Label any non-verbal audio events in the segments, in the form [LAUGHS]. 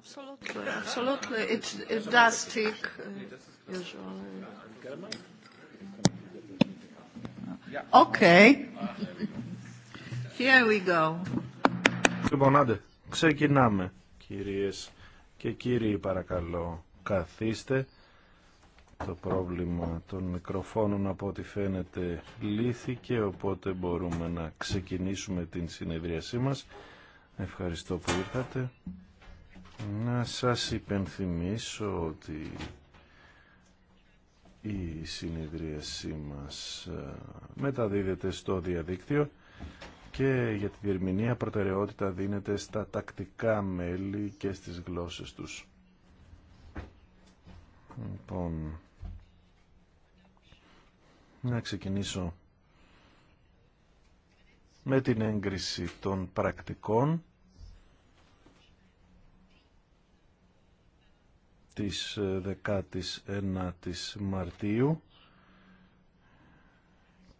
Absolutely, absolutely. It, it does take uh, usually. Okay. Here we go. Λοιπόν, άντε, ξεκινάμε, κυρίες και κύριοι, παρακαλώ, καθίστε. Το πρόβλημα των μικροφώνων, από ό,τι φαίνεται, λύθηκε, οπότε μπορούμε να ξεκινήσουμε την συνεδρίασή μας. Ευχαριστώ που ήρθατε. Να σας υπενθυμίσω ότι η συνεδρίασή μας ε, μεταδίδεται στο διαδίκτυο και για τη διερμηνία προτεραιότητα δίνεται στα τακτικά μέλη και στις γλώσσες τους. Λοιπόν, να ξεκινήσω με την έγκριση των πρακτικών της 19ης ε, Μαρτίου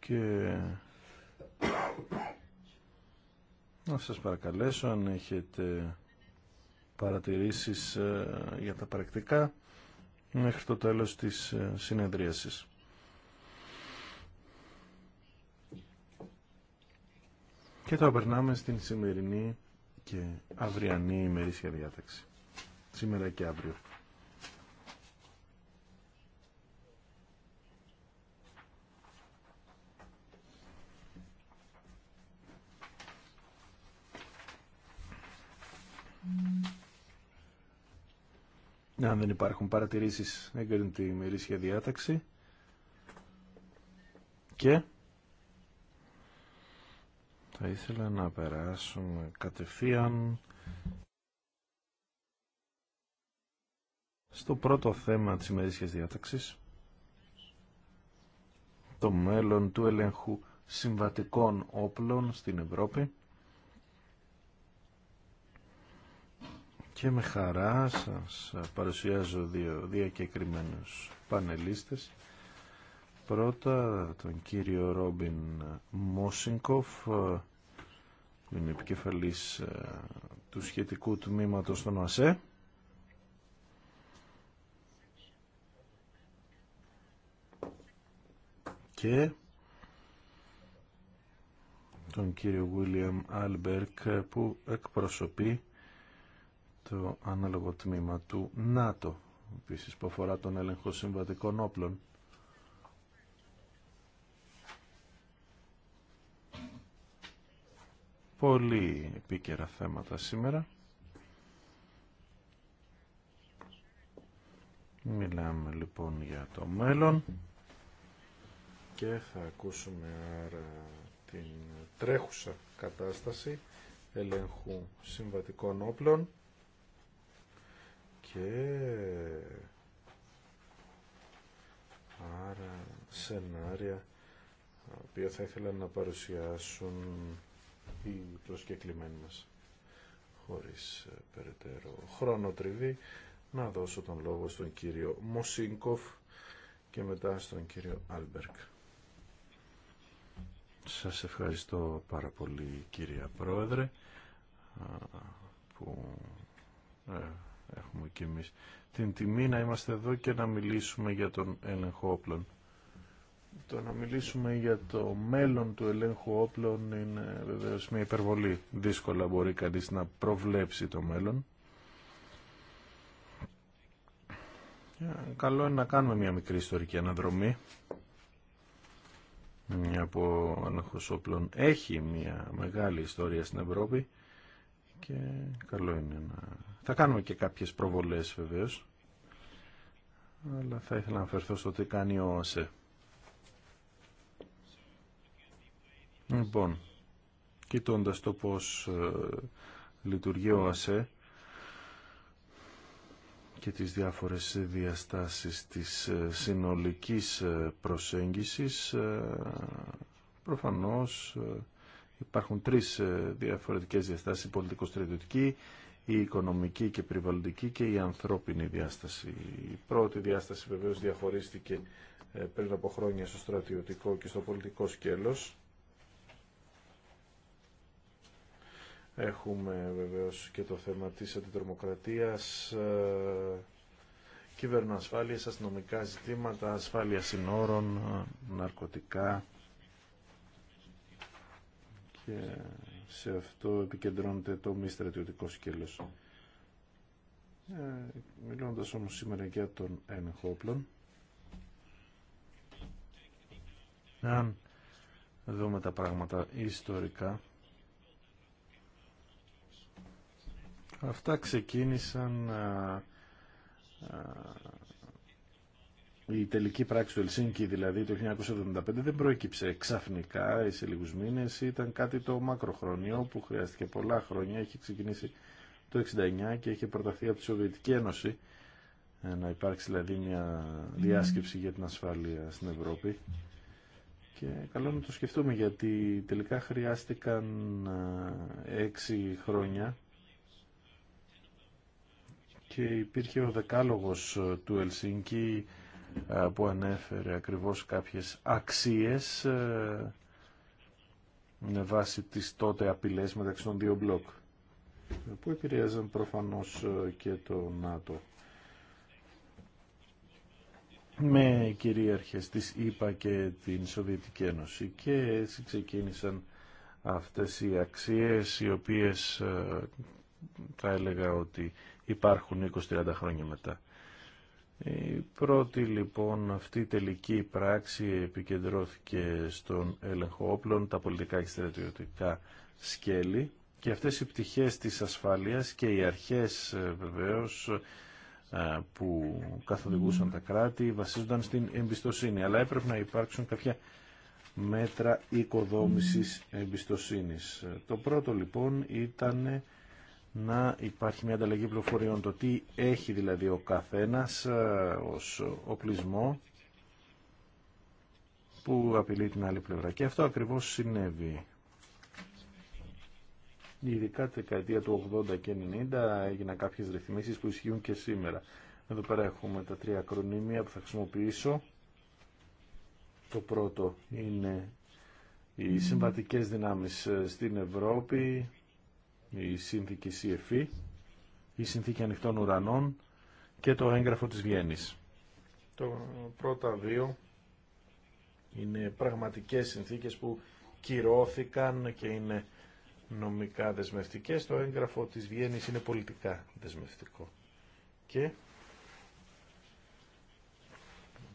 και να σας παρακαλέσω αν έχετε παρατηρήσεις ε, για τα πρακτικά μέχρι το τέλος της ε, συνεδρίασης. Και το περνάμε στην σημερινή και αυριανή ημερήσια διάταξη. Σήμερα και αύριο. Ναι, αν δεν υπάρχουν παρατηρήσεις, έγκρινε τη μερίσια διάταξη. Και θα ήθελα να περάσουμε κατευθείαν στο πρώτο θέμα της ημερήσιας διάταξης το μέλλον του ελέγχου συμβατικών όπλων στην Ευρώπη και με χαρά σας παρουσιάζω δύο διακεκριμένους πανελίστες. Πρώτα τον κύριο Ρόμπιν Μόσινκοφ, που είναι επικεφαλής ε, του σχετικού τμήματος των ΟΑΣΕ. Και τον κύριο Βίλιαμ Άλμπερκ που εκπροσωπεί το ανάλογο τμήμα του ΝΑΤΟ, επίσης που αφορά τον έλεγχο συμβατικών όπλων. Πολύ επίκαιρα θέματα σήμερα. Μιλάμε λοιπόν για το μέλλον και θα ακούσουμε άρα την τρέχουσα κατάσταση ελέγχου συμβατικών όπλων και άρα σενάρια τα οποία θα ήθελα να παρουσιάσουν οι προσκεκλημένοι μας χωρίς ε, περαιτέρω χρόνο τριβή να δώσω τον λόγο στον κύριο Μοσίνκοφ και μετά στον κύριο Άλμπερκ. Σας ευχαριστώ πάρα πολύ κυρία Πρόεδρε που ε, έχουμε και εμείς την τιμή να είμαστε εδώ και να μιλήσουμε για τον έλεγχο όπλων. Το να μιλήσουμε για το μέλλον του ελέγχου όπλων είναι βεβαίω μια υπερβολή. Δύσκολα μπορεί κανείς να προβλέψει το μέλλον. Ε, καλό είναι να κάνουμε μια μικρή ιστορική αναδρομή. Μια από έλεγχος όπλων έχει μια μεγάλη ιστορία στην Ευρώπη και καλό είναι να... Θα κάνουμε και κάποιες προβολές βεβαίως, αλλά θα ήθελα να αφαιρθώ στο τι κάνει ο ΟΣΕ. Λοιπόν, κοιτώντας το πώς ε, λειτουργεί ο ΑΣΕ και τις διάφορες διαστάσεις της ε, συνολικής ε, προσέγγισης, προφανώς Υπάρχουν τρεις ε, διαφορετικές διαστάσεις, η πολιτικο-στρατιωτική, η οικονομική και περιβαλλοντική και η ανθρώπινη διάσταση. Η πρώτη διάσταση βεβαίως διαχωρίστηκε ε, πριν από χρόνια στο στρατιωτικό και στο πολιτικό σκέλος. Έχουμε βεβαίως και το θέμα της αντιτρομοκρατίας, ε, κυβερνοασφάλειες, αστυνομικά ζητήματα, ασφάλεια συνόρων, ναρκωτικά σε αυτό επικεντρώνεται το μη στρατιωτικό σκέλος. Ε, μιλώντας όμως σήμερα για τον έλεγχο όπλων, αν δούμε τα πράγματα ιστορικά, αυτά ξεκίνησαν ε, ε, η τελική πράξη του Ελσίνκη δηλαδή το 1975 δεν προέκυψε ξαφνικά ή σε λίγου μήνε, ήταν κάτι το μακροχρόνιο που χρειάστηκε πολλά χρόνια, είχε ξεκινήσει το 1969 και είχε προταθεί από τη Σοβιετική Ένωση ε, να υπάρξει δηλαδή μια διάσκεψη για την ασφάλεια στην Ευρώπη και καλό να το σκεφτούμε γιατί τελικά χρειάστηκαν ε, έξι χρόνια και υπήρχε ο δεκάλογος ε, του Ελσίνκη ε, που ανέφερε ακριβώς κάποιες αξίες ε, με βάση τις τότε απειλές μεταξύ των δύο μπλοκ που επηρέαζαν προφανώς ε, και το ΝΑΤΟ με κυρίαρχες της ΙΠΑ και την Σοβιετική Ένωση και έτσι ξεκίνησαν αυτές οι αξίες οι οποίες θα έλεγα ότι υπάρχουν 20-30 χρόνια μετά. Η πρώτη λοιπόν αυτή τελική πράξη επικεντρώθηκε στον έλεγχο όπλων, τα πολιτικά και στρατιωτικά σκέλη και αυτές οι πτυχές της ασφάλειας και οι αρχές ε, βεβαίως ε, που καθοδηγούσαν τα κράτη βασίζονταν στην εμπιστοσύνη αλλά έπρεπε να υπάρξουν κάποια μέτρα οικοδόμησης εμπιστοσύνης. Ε, το πρώτο λοιπόν ήταν να υπάρχει μια ανταλλαγή πληροφοριών. Το τι έχει δηλαδή ο καθένας ε, ως οπλισμό που απειλεί την άλλη πλευρά. Και αυτό ακριβώς συνέβη. Ειδικά τη δεκαετία του 80 και 90 έγιναν κάποιες ρυθμίσεις που ισχύουν και σήμερα. Εδώ πέρα έχουμε τα τρία ακρονίμια που θα χρησιμοποιήσω. Το πρώτο είναι οι συμβατικές δυνάμεις ε, στην Ευρώπη, η σύνθηκη CFE, η συνθήκη ανοιχτών ουρανών και το έγγραφο της Βιέννης. Το πρώτα δύο είναι πραγματικές συνθήκες που κυρώθηκαν και είναι νομικά δεσμευτικές. Το έγγραφο της Βιέννης είναι πολιτικά δεσμευτικό. Και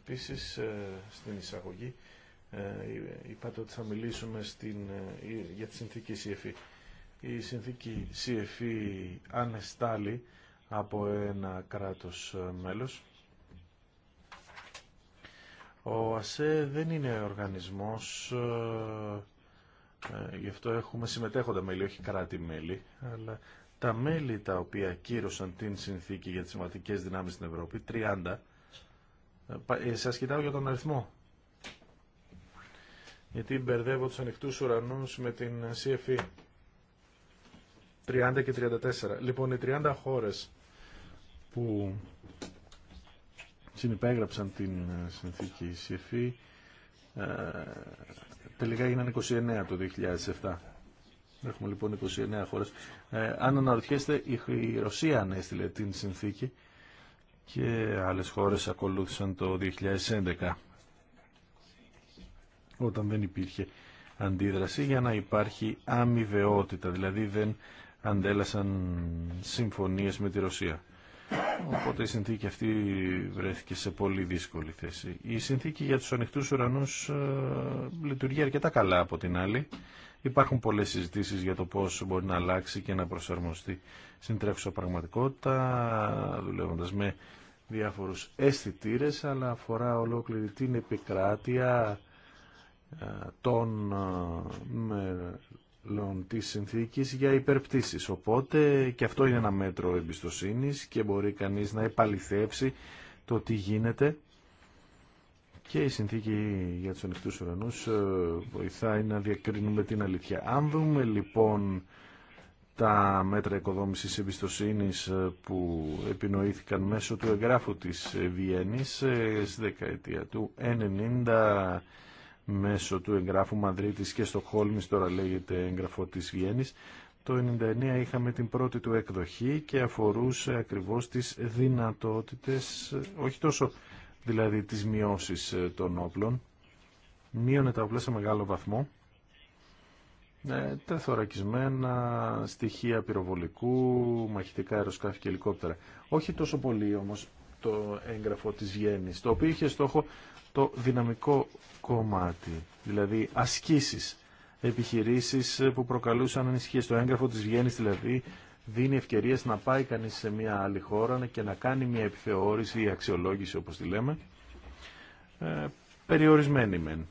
επίσης ε, στην εισαγωγή ε, είπατε ότι θα μιλήσουμε στην, ε, για τη συνθήκη CFE η συνθήκη CFE ανεστάλλει από ένα κράτος μέλος. Ο ΑΣΕ δεν είναι οργανισμός, ε, ε, γι' αυτό έχουμε συμμετέχοντα μέλη, όχι κράτη-μέλη, αλλά τα μέλη τα οποία κύρωσαν την συνθήκη για τις σημαντικές δυνάμεις στην Ευρώπη, 30, ε, σας κοιτάω για τον αριθμό. Γιατί μπερδεύω τους ανοιχτούς ουρανούς με την CFE. 30 και 34. Λοιπόν, οι 30 χώρες που συνυπέγραψαν την ε, συνθήκη ΣΥΕΦΗ ε, τελικά έγιναν 29 το 2007. Έχουμε λοιπόν 29 χώρες. Ε, αν αναρωτιέστε, η Ρωσία ανέστηλε την συνθήκη και άλλες χώρες ακολούθησαν το 2011 όταν δεν υπήρχε αντίδραση για να υπάρχει αμοιβαιότητα, δηλαδή δεν αντέλασαν συμφωνίες με τη Ρωσία. Οπότε η συνθήκη αυτή βρέθηκε σε πολύ δύσκολη θέση. Η συνθήκη για τους ανοιχτούς ουρανούς ε, λειτουργεί αρκετά καλά από την άλλη. Υπάρχουν πολλές συζητήσεις για το πώς μπορεί να αλλάξει και να προσαρμοστεί στην τρέχουσα πραγματικότητα, δουλεύοντας με διάφορους αισθητήρε, αλλά αφορά ολόκληρη την επικράτεια ε, των ε, λοιπόν της για υπερπτήσει. Οπότε και αυτό είναι ένα μέτρο εμπιστοσύνη και μπορεί κανεί να επαληθεύσει το τι γίνεται και η συνθήκη για τους ανοιχτούς ε, βοηθάει να διακρίνουμε την αλήθεια. Αν δούμε λοιπόν τα μέτρα οικοδόμηση εμπιστοσύνη ε, που επινοήθηκαν μέσω του εγγράφου της Βιέννης ε, στη δεκαετία του 90 μέσω του εγγράφου Μαδρίτης και Στοχόλμης, τώρα λέγεται εγγραφό της Βιέννης. Το 1999 είχαμε την πρώτη του εκδοχή και αφορούσε ακριβώς τις δυνατότητες, όχι τόσο δηλαδή τις μειώσεις ε, των όπλων, μείωνε τα όπλα σε μεγάλο βαθμό, ε, τα θωρακισμένα στοιχεία πυροβολικού, μαχητικά αεροσκάφη και ελικόπτερα. Όχι τόσο πολύ όμως το έγγραφο της Βιέννης, το οποίο είχε στόχο το δυναμικό κομμάτι, δηλαδή ασκήσεις επιχειρήσεις που προκαλούσαν ανησυχίε. στο έγγραφο της Βιέννης δηλαδή δίνει ευκαιρίες να πάει κανείς σε μια άλλη χώρα και να κάνει μια επιθεώρηση ή αξιολόγηση όπως τη λέμε, ε, περιορισμένη μεν.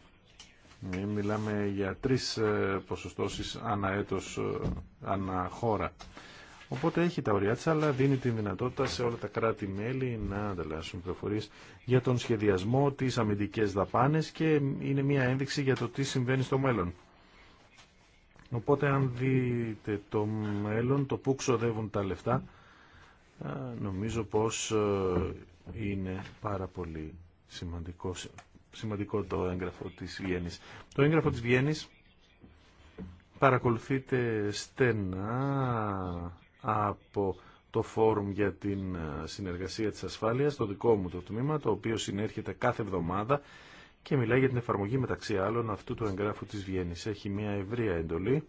Ε, μιλάμε για τρεις ε, ποσοστώσεις ανά έτος, ανά χώρα. Οπότε έχει τα ωριά της, αλλά δίνει την δυνατότητα σε όλα τα κράτη-μέλη να ανταλλάσσουν πληροφορίε για τον σχεδιασμό, τις αμυντικές δαπάνες και είναι μια ένδειξη για το τι συμβαίνει στο μέλλον. Οπότε αν δείτε το μέλλον, το που ξοδεύουν τα λεφτά, νομίζω πως είναι πάρα πολύ σημαντικό, σημαντικό το έγγραφο της Βιέννης. Το έγγραφο της Βιέννης παρακολουθείτε στενά από το Φόρουμ για την ε, Συνεργασία της Ασφάλειας, το δικό μου το τμήμα, το οποίο συνέρχεται κάθε εβδομάδα και μιλάει για την εφαρμογή μεταξύ άλλων αυτού του εγγράφου της Βιέννης. Έχει μια ευρεία εντολή,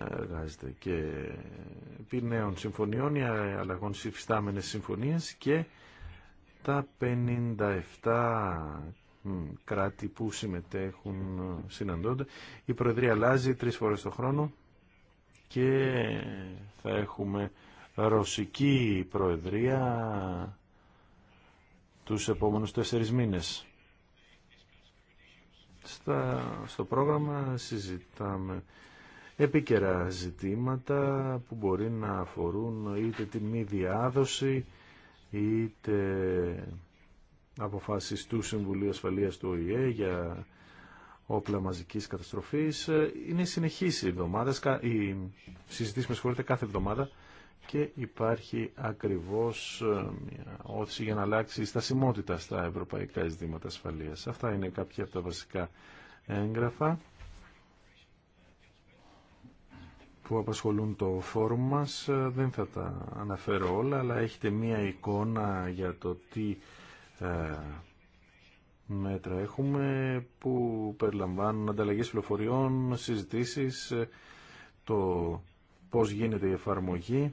ε, εργάζεται και επί νέων συμφωνιών, οι αλλαγών συμφιστάμενες συμφωνίες και τα 57 κράτη που συμμετέχουν ε, συναντώνται. Η Προεδρία αλλάζει τρεις φορές το χρόνο, και θα έχουμε ρωσική προεδρία τους επόμενους τέσσερις μήνες. στο πρόγραμμα συζητάμε επίκαιρα ζητήματα που μπορεί να αφορούν είτε την μη διάδοση είτε αποφάσεις του Συμβουλίου Ασφαλείας του ΟΗΕ για όπλα μαζικής καταστροφής. Ε, είναι συνεχής οι, εβδομάδες, οι συζητήσεις κάθε εβδομάδα και υπάρχει ακριβώς ε, μια όθηση για να αλλάξει η στασιμότητα στα ευρωπαϊκά ζητήματα ασφαλείας. Αυτά είναι κάποια από τα βασικά έγγραφα που απασχολούν το φόρουμ μας. Ε, δεν θα τα αναφέρω όλα, αλλά έχετε μία εικόνα για το τι μέτρα έχουμε που περιλαμβάνουν ανταλλαγέ πληροφοριών, συζητήσεις, το πώς γίνεται η εφαρμογή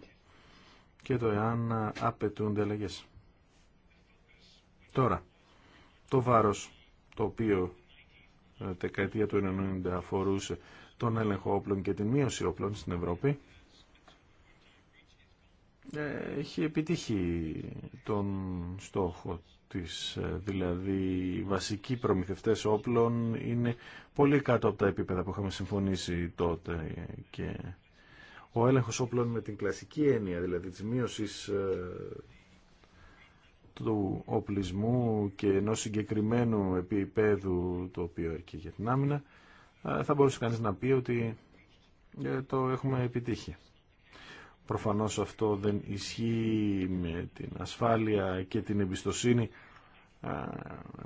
και το εάν απαιτούνται ανταλλαγέ. Τώρα, το βάρος το οποίο ε, δεκαετία του 1990 αφορούσε τον έλεγχο όπλων και τη μείωση όπλων στην Ευρώπη ε, έχει επιτύχει τον στόχο της. Ε, δηλαδή, οι βασικοί προμηθευτές όπλων είναι πολύ κάτω από τα επίπεδα που είχαμε συμφωνήσει τότε και ο έλεγχος όπλων με την κλασική έννοια, δηλαδή της μείωσης ε, του οπλισμού και ενό συγκεκριμένου επίπεδου το οποίο έρχεται για την άμυνα, ε, θα μπορούσε κανείς να πει ότι το έχουμε επιτύχει. Προφανώς αυτό δεν ισχύει με την ασφάλεια και την εμπιστοσύνη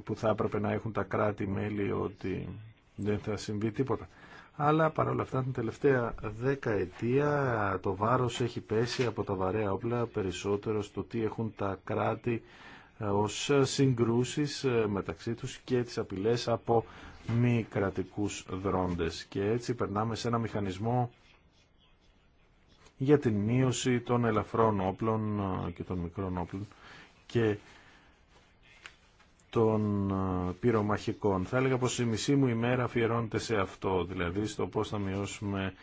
που θα έπρεπε να έχουν τα κράτη-μέλη ότι δεν θα συμβεί τίποτα. Αλλά παρόλα αυτά την τελευταία δέκα ετία το βάρος έχει πέσει από τα βαρέα όπλα περισσότερο στο τι έχουν τα κράτη ε, ως συγκρούσεις ε, μεταξύ τους και τις απειλές από μη κρατικούς δρόντες. Και έτσι περνάμε σε ένα μηχανισμό για την μείωση των ελαφρών όπλων ε, και των μικρών όπλων και των πυρομαχικών. Θα έλεγα πως η μισή μου ημέρα αφιερώνεται σε αυτό, δηλαδή στο πώς θα μειώσουμε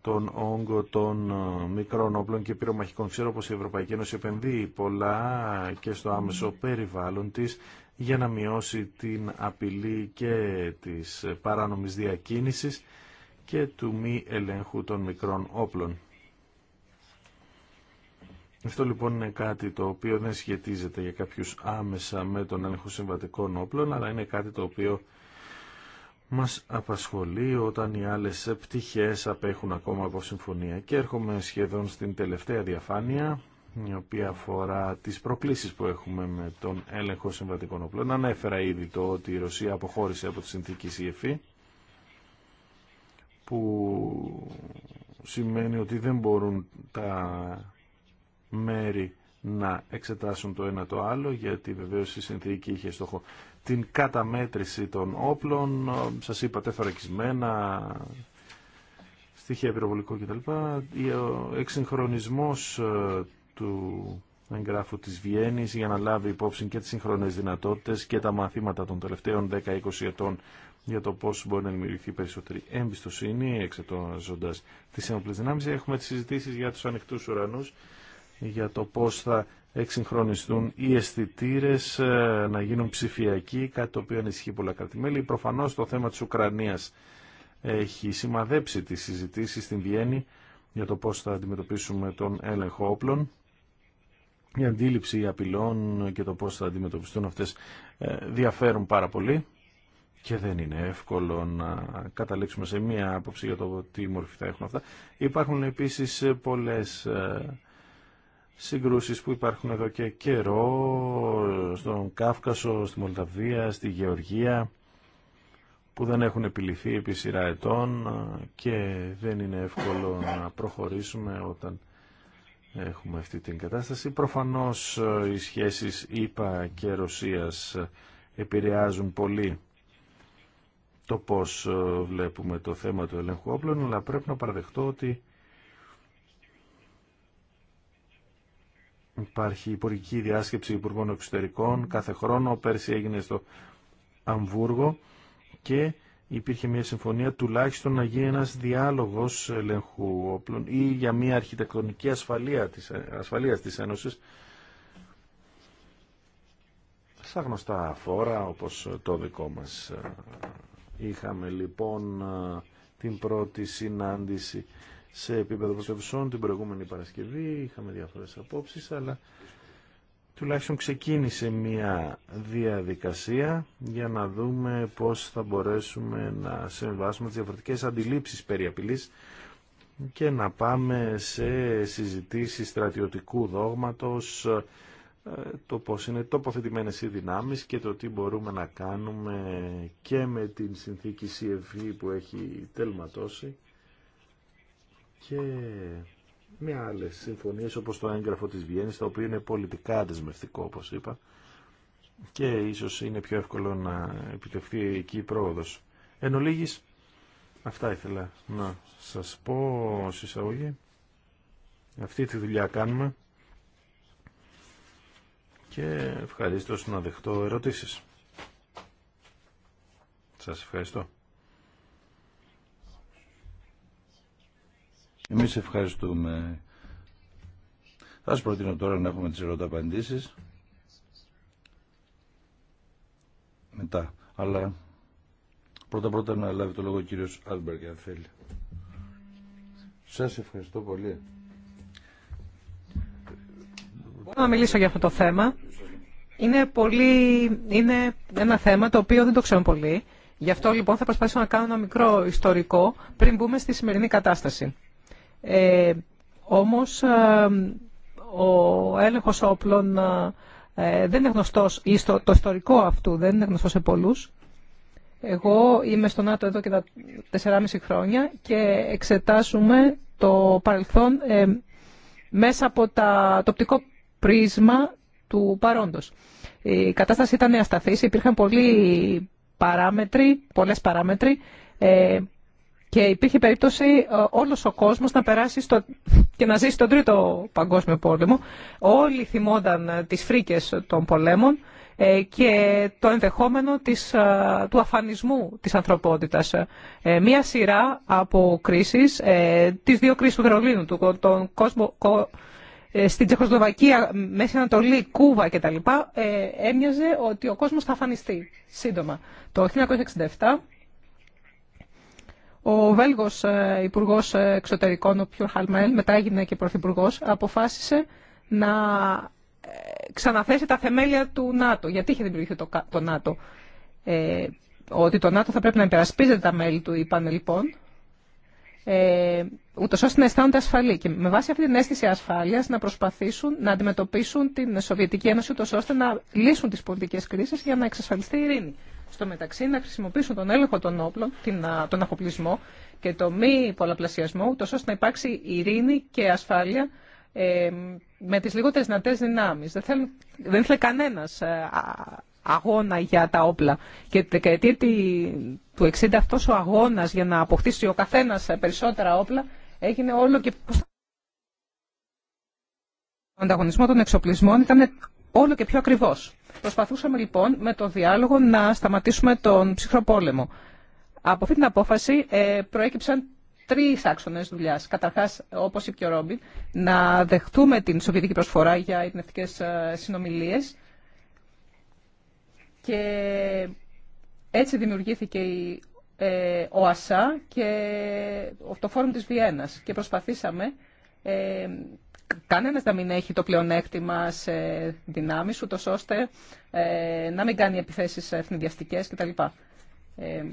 τον όγκο των μικρών όπλων και πυρομαχικών. Ξέρω πως η Ευρωπαϊκή Ένωση επενδύει πολλά και στο άμεσο περιβάλλον της για να μειώσει την απειλή και της παράνομης διακίνησης και του μη ελέγχου των μικρών όπλων. Αυτό λοιπόν είναι κάτι το οποίο δεν σχετίζεται για κάποιους άμεσα με τον έλεγχο συμβατικών όπλων, αλλά είναι κάτι το οποίο μας απασχολεί όταν οι άλλες πτυχές απέχουν ακόμα από συμφωνία. Και έρχομαι σχεδόν στην τελευταία διαφάνεια, η οποία αφορά τις προκλήσεις που έχουμε με τον έλεγχο συμβατικών όπλων. Ανέφερα ήδη το ότι η Ρωσία αποχώρησε από τη συνθήκη ΣΥΕΦΗ, e, που σημαίνει ότι δεν μπορούν τα μέρη να εξετάσουν το ένα το άλλο, γιατί βεβαίως η συνθήκη είχε στόχο την καταμέτρηση των όπλων, σας είπα τεθωρακισμένα, στοιχεία πυροβολικό κτλ. Ο εξυγχρονισμός ε, του εγγράφου της Βιέννης για να λάβει υπόψη και τις συγχρονές δυνατότητες και τα μαθήματα των τελευταίων 10-20 ετών για το πώς μπορεί να δημιουργηθεί περισσότερη εμπιστοσύνη εξετώνοντας τις ενόπλες δυνάμεις. Έχουμε τις συζητήσεις για τους ανοιχτούς ουρανούς για το πώς θα εξυγχρονιστούν οι αισθητήρε ε, να γίνουν ψηφιακοί, κάτι το οποίο ανησυχεί πολλά κρατημέλη. Προφανώς το θέμα της Ουκρανίας έχει σημαδέψει τις συζητήσεις στην Βιέννη για το πώς θα αντιμετωπίσουμε τον έλεγχο όπλων. Η αντίληψη απειλών και το πώς θα αντιμετωπιστούν αυτές ε, διαφέρουν πάρα πολύ και δεν είναι εύκολο να καταλήξουμε σε μία άποψη για το τι μορφή θα έχουν αυτά. Υπάρχουν επίσης πολλές ε, συγκρούσεις που υπάρχουν εδώ και καιρό στον Κάφκασο, στη Μολδαβία, στη Γεωργία που δεν έχουν επιληθεί επί σειρά ετών και δεν είναι εύκολο να προχωρήσουμε όταν έχουμε αυτή την κατάσταση. Προφανώς οι σχέσεις ΙΠΑ και Ρωσίας επηρεάζουν πολύ το πώς βλέπουμε το θέμα του ελέγχου όπλων, αλλά πρέπει να παραδεχτώ ότι Υπάρχει υπουργική διάσκεψη υπουργών εξωτερικών κάθε χρόνο. Πέρσι έγινε στο Αμβούργο και υπήρχε μια συμφωνία τουλάχιστον να γίνει ένας διάλογος ελεγχού όπλων ή για μια αρχιτεκτονική ασφαλεία της, ασφαλείας της Ένωσης στα γνωστά φόρα όπως το δικό μας ε, είχαμε λοιπόν ε, την πρώτη συνάντηση σε επίπεδο πρωτευουσών την προηγούμενη Παρασκευή, είχαμε διάφορες απόψεις, αλλά τουλάχιστον ξεκίνησε μια διαδικασία για να δούμε πώς θα μπορέσουμε να συμβάσουμε τις διαφορετικές αντιλήψεις περί απειλής και να πάμε σε συζητήσεις στρατιωτικού δόγματος, το πώς είναι τοποθετημένες οι δυνάμεις και το τι μπορούμε να κάνουμε και με την συνθήκη CFE που έχει τελματώσει και με άλλες συμφωνίες όπως το έγγραφο της Βιέννης το οποίο είναι πολιτικά δεσμευτικό όπως είπα και ίσως είναι πιο εύκολο να επιτευχθεί εκεί η πρόοδος. Εν ολίγης, αυτά ήθελα να σας πω ως εισαγωγή. Αυτή τη δουλειά κάνουμε και ευχαριστώ να δεχτώ ερωτήσεις. Σας ευχαριστώ. Εμείς ευχαριστούμε. Θα σας προτείνω τώρα να έχουμε τις ερωταπαντήσεις. Μετά. Αλλά πρώτα πρώτα να λάβει το λόγο ο κύριος Άλμπεργκ, αν θέλει. Σας ευχαριστώ πολύ. Μπορώ να μιλήσω για αυτό το θέμα. Είναι, πολύ, είναι ένα θέμα το οποίο δεν το ξέρουν πολύ. Γι' αυτό λοιπόν θα προσπαθήσω να κάνω ένα μικρό ιστορικό πριν μπούμε στη σημερινή κατάσταση. Ε, όμως ε, ο έλεγχος όπλων ε, δεν είναι γνωστός, ή το ιστορικό αυτού δεν είναι γνωστό σε πολλούς. Εγώ είμαι στον ΝΑΤΟ εδώ και τα 4,5 χρόνια και εξετάσουμε το παρελθόν ε, μέσα από τα, το οπτικό πρίσμα του παρόντος. Η κατάσταση ήταν ασταθής, υπήρχαν πολλοί παράμετροι, πολλές παράμετροι και υπήρχε περίπτωση ε, όλος ο κόσμος να περάσει και να ζήσει τον Τρίτο Παγκόσμιο Πόλεμο. Όλοι θυμόνταν ε, τι φρίκες των πολέμων ε, και το ενδεχόμενο της, του αφανισμού της ανθρωπότητας. Μία σειρά από κρίσεις, τις δύο κρίσεις του Βερολίνου, του, τον κόσμο, στην Τσεχοσλοβακία, Μέση Ανατολή, Κούβα κτλ. έμοιαζε ότι ο κόσμος θα αφανιστεί σύντομα. Το 1967 ο Βέλγος ε, Υπουργό ε, Εξωτερικών, ο Πιουρ Χαλμέλ, μετά έγινε και Πρωθυπουργό, αποφάσισε να ε, ξαναθέσει τα θεμέλια του ΝΑΤΟ. Γιατί είχε δημιουργηθεί το, το ΝΑΤΟ. Ε, ότι το ΝΑΤΟ θα πρέπει να υπερασπίζεται τα μέλη του, είπαν λοιπόν, ε, ούτω ώστε να αισθάνονται ασφαλή. Και με βάση αυτή την αίσθηση ασφάλεια να προσπαθήσουν να αντιμετωπίσουν την Σοβιετική Ένωση, ούτω ώστε να λύσουν τι πολιτικέ κρίσει για να εξασφαλιστεί η ειρήνη στο μεταξύ να χρησιμοποιήσουν τον έλεγχο των όπλων, τον αφοπλισμό και το μη πολλαπλασιασμό, ούτως ώστε να υπάρξει ειρήνη και ασφάλεια ε, με τις λιγότερες δυνατές δυνάμεις. Δεν, θέλουν, δεν θέλει κανένας ε, αγώνα για τα όπλα. Και τη δεκαετία του 60 αυτός ο αγώνας για να αποκτήσει ο καθένας ε, περισσότερα όπλα έγινε όλο και... Ο ανταγωνισμό των εξοπλισμών ήταν όλο και πιο ακριβώς. Προσπαθούσαμε λοιπόν με το διάλογο να σταματήσουμε τον ψυχρό πόλεμο. Από αυτή την απόφαση ε, προέκυψαν τρει άξονε δουλειά. Καταρχά, όπω είπε ο Ρόμπιν, να δεχτούμε την Σοβιετική προσφορά για ειρηνευτικέ ε, συνομιλίε. Και έτσι δημιουργήθηκε η ε, ΟΑΣΑ και το Φόρουμ της Βιέννας και προσπαθήσαμε Κανένα να μην έχει το πλεονέκτημα σε δυνάμει, ούτω ώστε ε, να μην κάνει επιθέσει εθνικιαστικέ κτλ. Ε,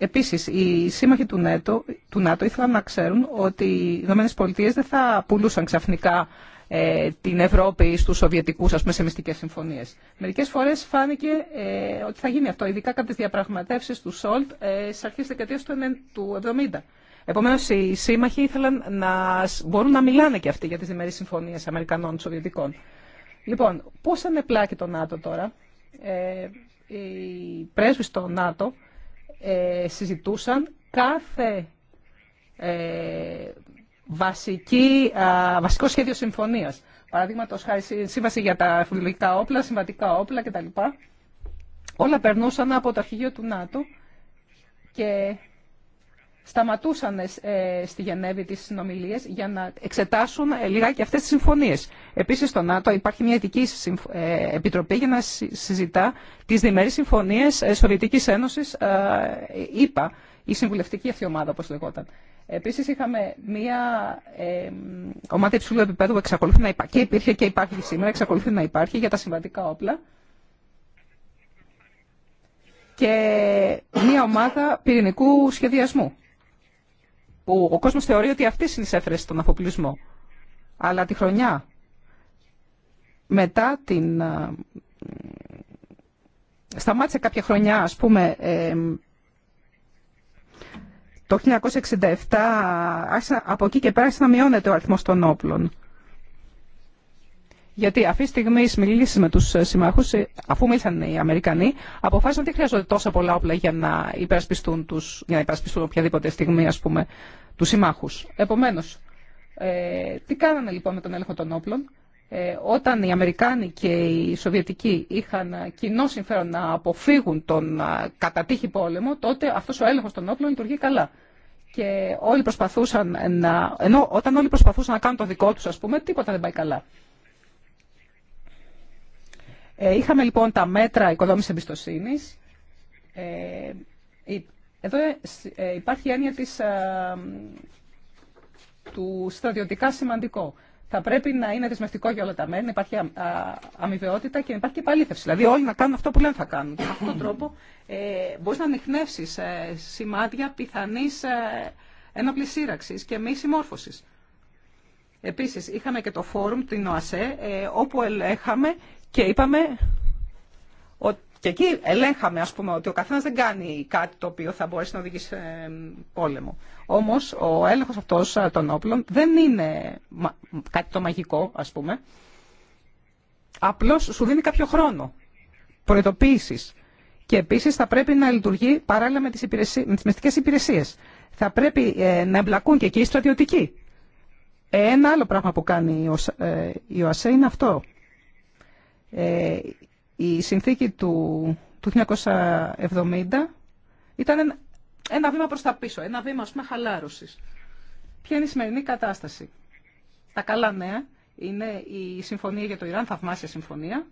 Επίση, οι σύμμαχοι του ΝΑΤΟ, του ΝΑΤΟ ήθελαν να ξέρουν ότι οι ΗΠΑ δεν θα πουλούσαν ξαφνικά ε, την Ευρώπη στους Σοβιετικούς, σε μυστικέ συμφωνίε. Μερικέ φορέ φάνηκε ότι θα γίνει αυτό, ειδικά κατά τι διαπραγματεύσει του ΣΟΛΤ ε, στις αρχές δεκαετία του 1970. Επομένως, οι σύμμαχοι ήθελαν να μπορούν να μιλάνε και αυτοί για τις διμερείς συμφωνίες Αμερικανών Σοβιετικών. Λοιπόν, πώς ανεπλάκει το ΝΑΤΟ τώρα. Ε, οι πρέσβοι στο ΝΑΤΟ ε, συζητούσαν κάθε ε, βασικό σχέδιο συμφωνίας. Παραδείγματο χάρη σύμβαση για τα φιλολογικά όπλα, συμβατικά όπλα κτλ. Όλα περνούσαν από το αρχηγείο του ΝΑΤΟ και σταματούσαν ε, στη Γενέβη τις συνομιλίες για να εξετάσουν ε, λιγάκι αυτές τις συμφωνίες. Επίσης στο ΝΑΤΟ υπάρχει μια ειδική ε, επιτροπή για να συζητά τις διμερείς συμφωνίες Σοβιετικής Ένωσης, ΗΠΑ, η συμβουλευτική αυτή ομάδα όπως λεγόταν. Επίσης είχαμε μια ε, ομάδα υψηλού επίπεδου που εξακολουθεί να υπάρχει και υπήρχε και υπάρχει σήμερα, εξακολουθεί να υπάρχει για τα συμβατικά όπλα και μια ομάδα πυρηνικού σχεδιασμού που ο κόσμος θεωρεί ότι αυτή συνεισέφερε στον αφοπλισμό. Αλλά τη χρονιά μετά την... Ε, σταμάτησε κάποια χρονιά, ας πούμε, ε, το 1967, από εκεί και πέρα να μειώνεται ο αριθμός των όπλων. Γιατί αυτή τη στιγμή μιλήσει με του ε, συμμάχου, ε, αφού μίλησαν οι Αμερικανοί, αποφάσισαν ότι χρειάζονται τόσα πολλά όπλα για να υπερασπιστούν, τους, για να υπερασπιστούν οποιαδήποτε στιγμή, πούμε, του συμμάχου. Επομένω, ε, τι κάνανε λοιπόν με τον έλεγχο των όπλων. Ε, όταν οι Αμερικάνοι και οι Σοβιετικοί είχαν κοινό συμφέρον να αποφύγουν τον ε, κατατύχη πόλεμο, τότε αυτό ο έλεγχο των όπλων λειτουργεί καλά και όλοι προσπαθούσαν να, ενώ όταν όλοι προσπαθούσαν να κάνουν το δικό του, α πούμε, τίποτα δεν πάει καλά. Ε, είχαμε λοιπόν τα μέτρα οικοδόμησης εμπιστοσύνης. Ε, εδώ ε, υπάρχει η έννοια της, του στρατιωτικά σημαντικό. Θα πρέπει να είναι δεσμευτικό για όλα τα μέρη, να υπάρχει αμοιβαιότητα και να υπάρχει επαλήθευση. Δηλαδή όλοι να κάνουν αυτό που λένε θα κάνουν. με αυτόν τον τρόπο ε, μπορεί να ανοιχνεύσει σημάδια πιθανή ε, ένοπλη σύραξη και μη συμμόρφωση. Επίση, είχαμε και το φόρουμ, την ΟΑΣΕ, ε, όπου ελέγχαμε και είπαμε ότι και εκεί ελέγχαμε, ας πούμε, ότι ο καθένας δεν κάνει κάτι το οποίο θα μπορέσει να οδηγήσει σε πόλεμο. Όμως, ο έλεγχος αυτός ε, των όπλων δεν είναι κάτι το μαγικό, ας πούμε. Απλώς σου δίνει κάποιο χρόνο προειδοποίησης. Και επίσης θα πρέπει να λειτουργεί παράλληλα με τις, υπηρεσί... με τις μυστικές υπηρεσίες. Θα πρέπει ε, να εμπλακούν και εκεί οι στρατιωτικοί. Ένα άλλο πράγμα που κάνει ε, η ΟΑΣΕ είναι αυτό. Ε, η συνθήκη του, του 1970 ήταν ένα βήμα προς τα πίσω, ένα βήμα ας πούμε χαλάρωσης. Ποια είναι η σημερινή κατάσταση. Τα καλά νέα είναι η συμφωνία για το Ιράν, θαυμάσια συμφωνία,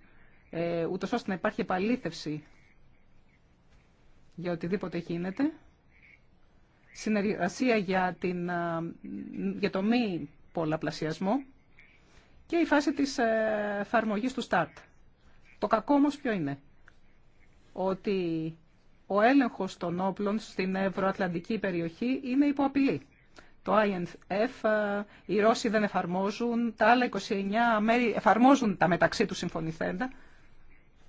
ε, ούτως ώστε να υπάρχει επαλήθευση για οτιδήποτε γίνεται, συνεργασία για, την, ε, για το μη πολλαπλασιασμό, και η φάση της ε, εφαρμογής του ΣΤΑΤ. Το κακό όμως ποιο είναι. Ότι ο έλεγχος των όπλων στην ευρωατλαντική περιοχή είναι υπό απειλή. Το INF, ε, οι Ρώσοι δεν εφαρμόζουν, τα άλλα 29 μέρη εφαρμόζουν τα μεταξύ του συμφωνηθέντα.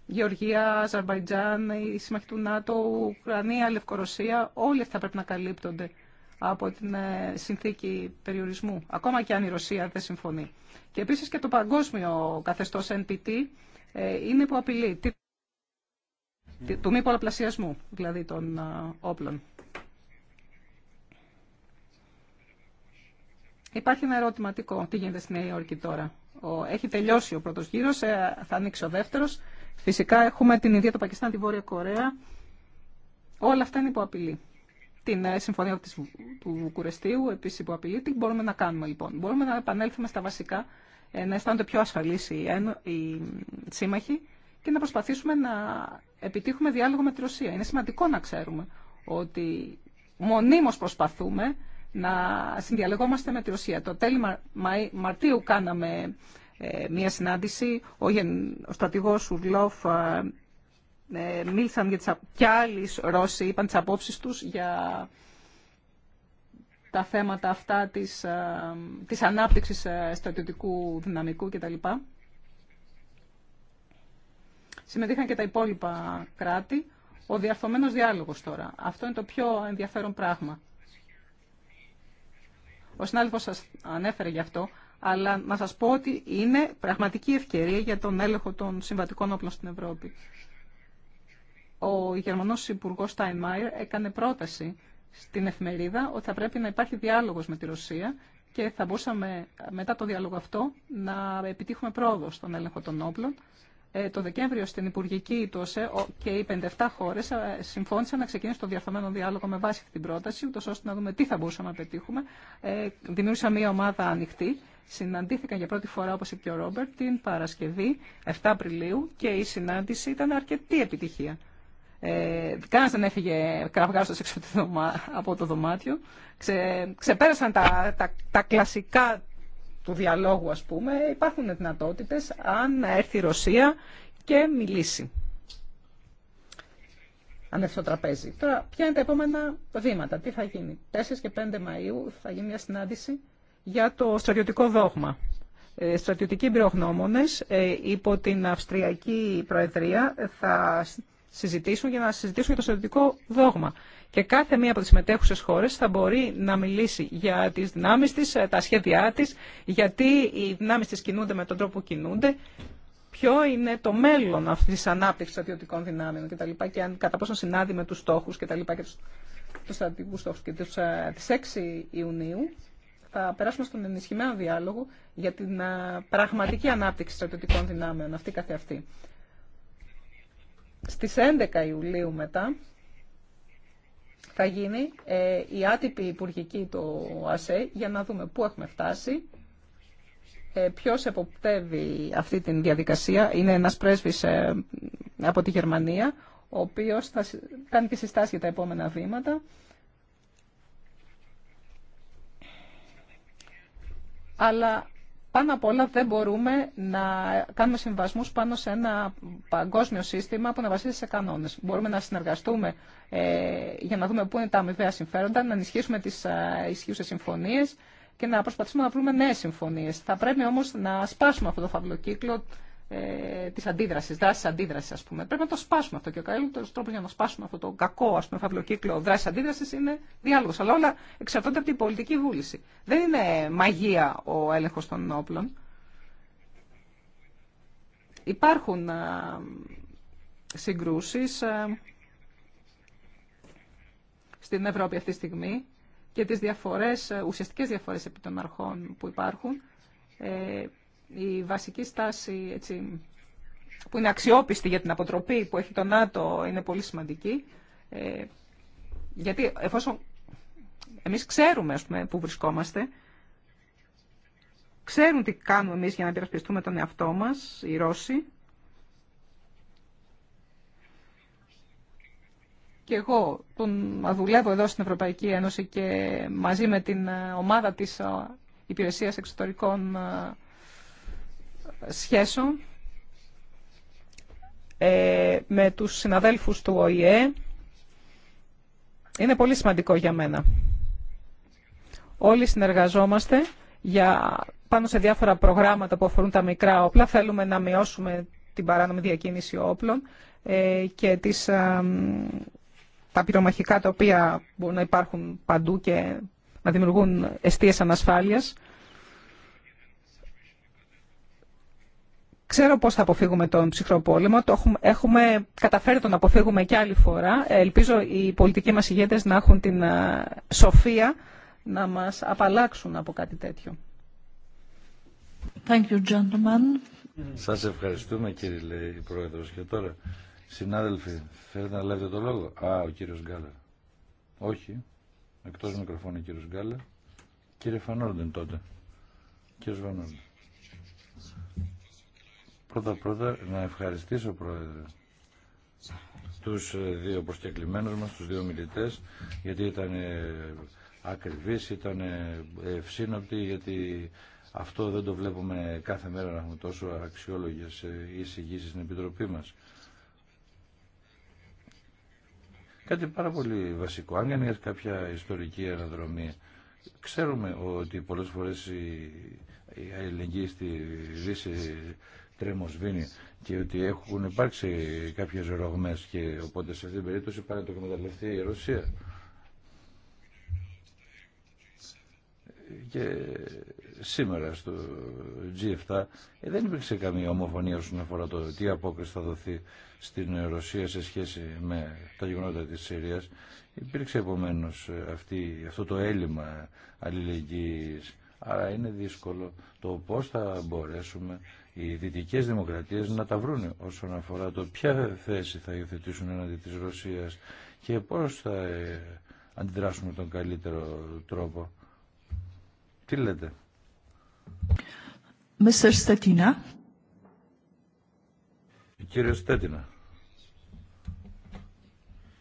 Γεωργία, Αζαρμπαϊτζάν, η συμμαχή του ΝΑΤΟ, Ουκρανία, Λευκορωσία, όλοι θα πρέπει να καλύπτονται από την ε, συνθήκη περιορισμού, ακόμα και αν η Ρωσία δεν συμφωνεί. Και επίση και το παγκόσμιο καθεστώ NPT ε, είναι που απειλεί του μη πολλαπλασιασμού, δηλαδή των ε, όπλων. Υπάρχει ένα ερωτηματικό. Τι γίνεται στη Νέα Υόρκη τώρα. Έχει τελειώσει ο πρώτος γύρος, ε, θα ανοίξει ο δεύτερος. Φυσικά έχουμε την Ινδία, το Πακιστάν, τη Βόρεια Κορέα. Όλα αυτά είναι υπό απειλή την ε, συμφωνία του Βουκουρεστίου, επίση που απειλεί, τι μπορούμε να κάνουμε λοιπόν. Μπορούμε να επανέλθουμε στα βασικά, ε, να αισθάνονται πιο ασφαλείς οι, οι σύμμαχοι και να προσπαθήσουμε να επιτύχουμε διάλογο με τη Ρωσία. Είναι σημαντικό να ξέρουμε ότι μονίμως προσπαθούμε να συνδιαλεγόμαστε με τη Ρωσία. Το τέλη Μαρτίου κάναμε ε, μία συνάντηση, ο στρατηγός Ουρλόφ ε, μίλησαν για τις, και άλλοι Ρώσοι, είπαν τις απόψεις τους για τα θέματα αυτά της, ε, της ανάπτυξης ε, στρατιωτικού δυναμικού κτλ. Συμμετείχαν και τα υπόλοιπα κράτη. Ο διαρθωμένος διάλογος τώρα. Αυτό είναι το πιο ενδιαφέρον πράγμα. Ο συνάδελφος σας ανέφερε γι' αυτό, αλλά να σας πω ότι είναι πραγματική ευκαιρία για τον έλεγχο των συμβατικών όπλων στην Ευρώπη ο Γερμανός Υπουργός Μάιρ έκανε πρόταση στην εφημερίδα ότι θα πρέπει να υπάρχει διάλογος με τη Ρωσία και θα μπορούσαμε μετά το διάλογο αυτό να επιτύχουμε πρόοδο στον έλεγχο των όπλων. Ε, το Δεκέμβριο στην Υπουργική του και οι 57 χώρε ε, συμφώνησαν να ξεκινήσουν το διαρθωμένο διάλογο με βάση αυτή την πρόταση, ούτω ώστε να δούμε τι θα μπορούσαμε να πετύχουμε. Ε, δημιούργησαν μια ομάδα ανοιχτή. Συναντήθηκαν για πρώτη φορά, όπω είπε και ο Ρόμπερτ, την Παρασκευή 7 Απριλίου και η συνάντηση ήταν αρκετή επιτυχία. Ε, Κανένα δεν έφυγε κραυγάζοντα έξω από το δωμάτιο. Ξε, ξεπέρασαν τα, τα, τα κλασικά του διαλόγου, ας πούμε. Υπάρχουν δυνατότητε αν έρθει η Ρωσία και μιλήσει. Αν έρθει τραπέζι. Τώρα, ποια είναι τα επόμενα βήματα, τι θα γίνει. 4 και 5 Μαΐου θα γίνει μια συνάντηση για το στρατιωτικό δόγμα ε, στρατιωτικοί ε, υπό την Αυστριακή Προεδρία θα συζητήσουν για να συζητήσουν για το στρατιωτικό δόγμα. Και κάθε μία από τι συμμετέχουσε χώρε θα μπορεί να μιλήσει για τι δυνάμει, της, ε, τα σχέδιά τη, γιατί οι δυνάμεις τη κινούνται με τον τρόπο που κινούνται, ποιο είναι το μέλλον αυτής τη ανάπτυξης στρατιωτικών δυνάμεων κτλ. Και αν κατά πόσο συνάδει με τους στόχους κτλ. Και του τους στόχου. στόχους. Και ε, τι 6 Ιουνίου θα περάσουμε στον ενισχυμένο διάλογο για την ε, πραγματική ανάπτυξη στρατιωτικών δυνάμεων αυτή καθεαυτή. Στις 11 Ιουλίου μετά θα γίνει ε, η άτυπη υπουργική του ΑΣΕ για να δούμε πού έχουμε φτάσει, ε, ποιος εποπτεύει αυτή την διαδικασία. Είναι ένας πρέσβης ε, από τη Γερμανία, ο οποίος θα κάνει και συστάσει για τα επόμενα βήματα. Αλλά πάνω απ' όλα δεν μπορούμε να κάνουμε συμβασμού πάνω σε ένα παγκόσμιο σύστημα που να βασίζεται σε κανόνες. Μπορούμε να συνεργαστούμε ε, για να δούμε πού είναι τα αμοιβαία συμφέροντα, να ενισχύσουμε τις ε, ισχύουσες συμφωνίες και να προσπαθήσουμε να βρούμε νέε συμφωνίες. Θα πρέπει όμως να σπάσουμε αυτό το φαυλοκύκλο ε, τη αντίδραση, δράση αντίδραση, α πούμε. Πρέπει να το σπάσουμε αυτό. Και ο καλύτερο τρόπο για να σπάσουμε αυτό το κακό, α πούμε, κύκλο δράση αντίδραση είναι διάλογο. Αλλά όλα εξαρτώνται από την πολιτική βούληση. Δεν είναι μαγεία ο έλεγχο των όπλων. Υπάρχουν α, συγκρούσεις στην Ευρώπη αυτή τη στιγμή και τις διαφορές, ουσιαστικές διαφορές επί των αρχών που υπάρχουν ε, η βασική στάση έτσι, που είναι αξιόπιστη για την αποτροπή που έχει το ΝΑΤΟ είναι πολύ σημαντική. Ε, γιατί εφόσον εμείς ξέρουμε ας που βρισκόμαστε, ξέρουν τι κάνουμε εμείς για να υπερασπιστούμε τον εαυτό μας, οι Ρώσοι. Και εγώ που δουλεύω εδώ στην Ευρωπαϊκή Ένωση και μαζί με την ε, ομάδα της ε, Υπηρεσίας Εξωτερικών σχέσεων με τους συναδέλφους του ΟΗΕ είναι πολύ σημαντικό για μένα. Όλοι συνεργαζόμαστε για, πάνω σε διάφορα προγράμματα που αφορούν τα μικρά όπλα. Θέλουμε να μειώσουμε την παράνομη διακίνηση όπλων ε, και τις, ε, τα πυρομαχικά τα οποία μπορούν να υπάρχουν παντού και να δημιουργούν αιστείες ανασφάλειας. Ξέρω πώς θα αποφύγουμε τον ψυχρό πόλεμο. Το έχουμε, καταφέρει τον αποφύγουμε και άλλη φορά. Ελπίζω οι πολιτικοί μας ηγέτες να έχουν την σοφία να μας απαλλάξουν από κάτι τέτοιο. Thank you, gentlemen. Σας ευχαριστούμε κύριε λέει η Πρόεδρος. Και τώρα, συνάδελφοι, θέλετε να λέτε το λόγο. Α, ο κύριος Γκάλερ. Όχι. Εκτός μικροφώνου ο κύριος Γκάλερ. Κύριε Φανόρντεν τότε. Κύριος Βανόρντεν. Πρώτα πρώτα να ευχαριστήσω πρόεδρε τους ε, δύο προσκεκλημένους μας, τους δύο μιλητές, γιατί ήταν ακριβείς, ήταν ευσύνοπτοι, γιατί αυτό δεν το βλέπουμε κάθε μέρα να έχουμε τόσο αξιόλογες ε, εισηγήσεις στην Επιτροπή μας. Κάτι πάρα πολύ βασικό. Αν για κάποια ιστορική αναδρομή, ξέρουμε ότι πολλές φορές η αλληλεγγύη στη Δύση τρεμοσβήνει και ότι έχουν υπάρξει κάποιε ρογμέ και οπότε σε αυτήν την περίπτωση πάνε το εκμεταλλευτεί η Ρωσία. Και σήμερα στο G7 ε, δεν υπήρξε καμία ομοφωνία όσον αφορά το τι απόκριση θα δοθεί στην Ρωσία σε σχέση με τα γεγονότα της Συρίας. Υπήρξε επομένως ε, αυτό το έλλειμμα αλληλεγγύης. Άρα είναι δύσκολο το πώς θα μπορέσουμε οι δυτικές δημοκρατίες να τα βρουν όσον αφορά το ποια θέση θα υιοθετήσουν έναντι της Ρωσίας και πώς θα ε, αντιδράσουμε τον καλύτερο τρόπο. Τι λέτε. Mr. Στέτινα. Κύριε Στέτινα.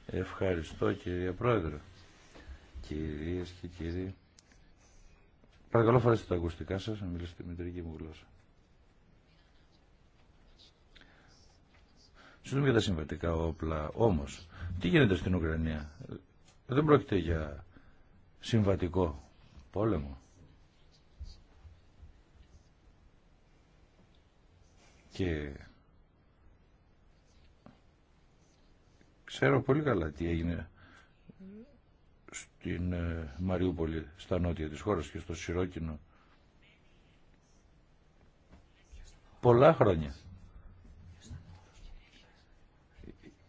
Ευχαριστώ κύριε Πρόεδρε. Κυρίες και κύριοι. Παρακαλώ φορέστε τα ακουστικά σας να μιλήσετε την μου γλώσσα. Συζητούμε για τα συμβατικά όπλα. Όμω, τι γίνεται στην Ουκρανία. Δεν πρόκειται για συμβατικό πόλεμο. Και ξέρω πολύ καλά τι έγινε στην ε, Μαριούπολη, στα νότια της χώρας και στο Σιρόκινο. Πολλά χρόνια.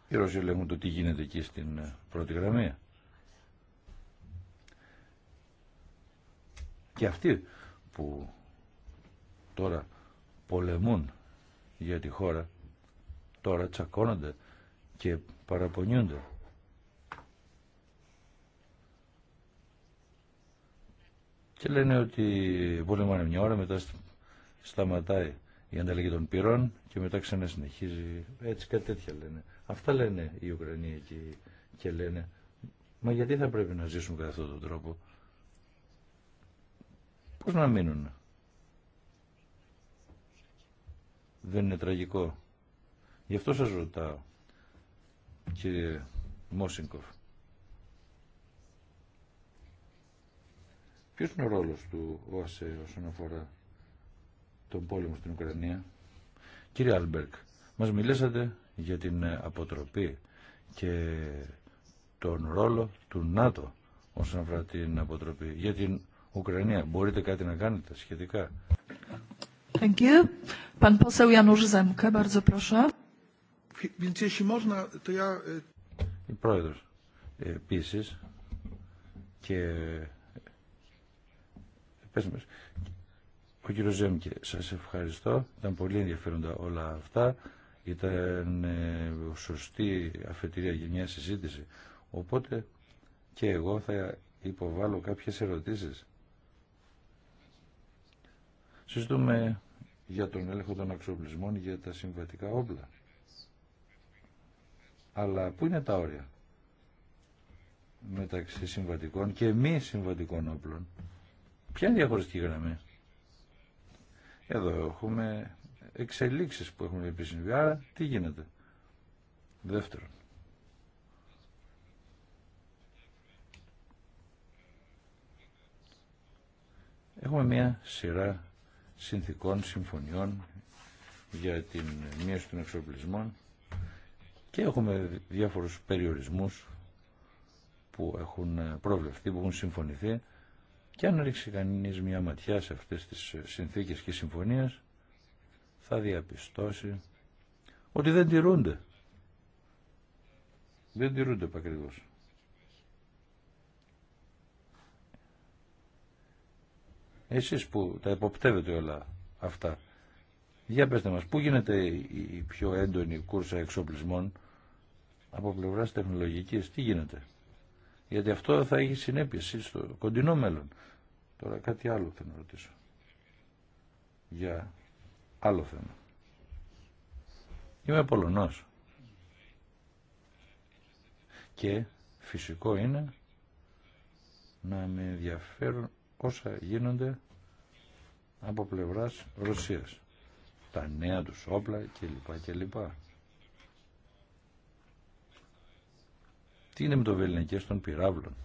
Οι Ρώσοι λέγουν το τι γίνεται εκεί στην ε, πρώτη γραμμή. Και αυτοί που τώρα πολεμούν για τη χώρα, τώρα τσακώνονται και παραπονιούνται. Και λένε ότι πολεμάνε μια ώρα, μετά σταματάει η ανταλλαγή των πυρών και μετά ξανασυνεχίζει. Έτσι κάτι τέτοια λένε. Αυτά λένε οι Ουκρανοί εκεί και λένε μα γιατί θα πρέπει να ζήσουν κατά αυτόν τον τρόπο. Πώς να μείνουν. Δεν είναι τραγικό. Γι' αυτό σας ρωτάω κύριε Μόσινκοφ. Ποιος είναι ο ρόλος του ΟΑΣΕ όσον αφορά τον πόλεμο στην Ουκρανία. Κύριε Άλμπερκ, μας μιλήσατε για την αποτροπή και τον ρόλο του ΝΑΤΟ όσον αφορά την αποτροπή. Για την Ουκρανία μπορείτε κάτι να κάνετε σχετικά. Thank you. πρόεδρος επίσης και ε, πες μας, ο κύριος Ζέμκε, σας ευχαριστώ. Ήταν πολύ ενδιαφέροντα όλα αυτά. Ήταν ε, σωστή αφετηρία για μια συζήτηση. Οπότε και εγώ θα υποβάλω κάποιες ερωτήσεις. Συζητούμε για τον έλεγχο των αξιοπλισμών για τα συμβατικά όπλα. Αλλά πού είναι τα όρια μεταξύ συμβατικών και μη συμβατικών όπλων. Ποια είναι η διαχωριστική γραμμή. Εδώ έχουμε εξελίξεις που έχουν επισυμβεί. Άρα τι γίνεται. Δεύτερον. Έχουμε μια σειρά συνθήκων, συμφωνιών για την μείωση των εξοπλισμών και έχουμε διάφορους περιορισμούς που έχουν προβλεφθεί, που έχουν συμφωνηθεί και αν ρίξει κανεί μια ματιά σε αυτές τις συνθήκες και συμφωνίες, θα διαπιστώσει ότι δεν τηρούνται. Δεν τηρούνται επακριβώς. Εσείς που τα υποπτεύετε όλα αυτά, για πέστε μας, πού γίνεται η πιο έντονη κούρσα εξοπλισμών από πλευράς τεχνολογικής, τι γίνεται. Γιατί αυτό θα έχει συνέπειες στο κοντινό μέλλον. Τώρα κάτι άλλο θέλω να ρωτήσω. Για άλλο θέμα. Είμαι Πολωνός. Και φυσικό είναι να με ενδιαφέρουν όσα γίνονται από πλευράς Ρωσίας. Τα νέα τους όπλα κλπ. κλπ. Τι είναι με το βελληνικές των πυράβλων.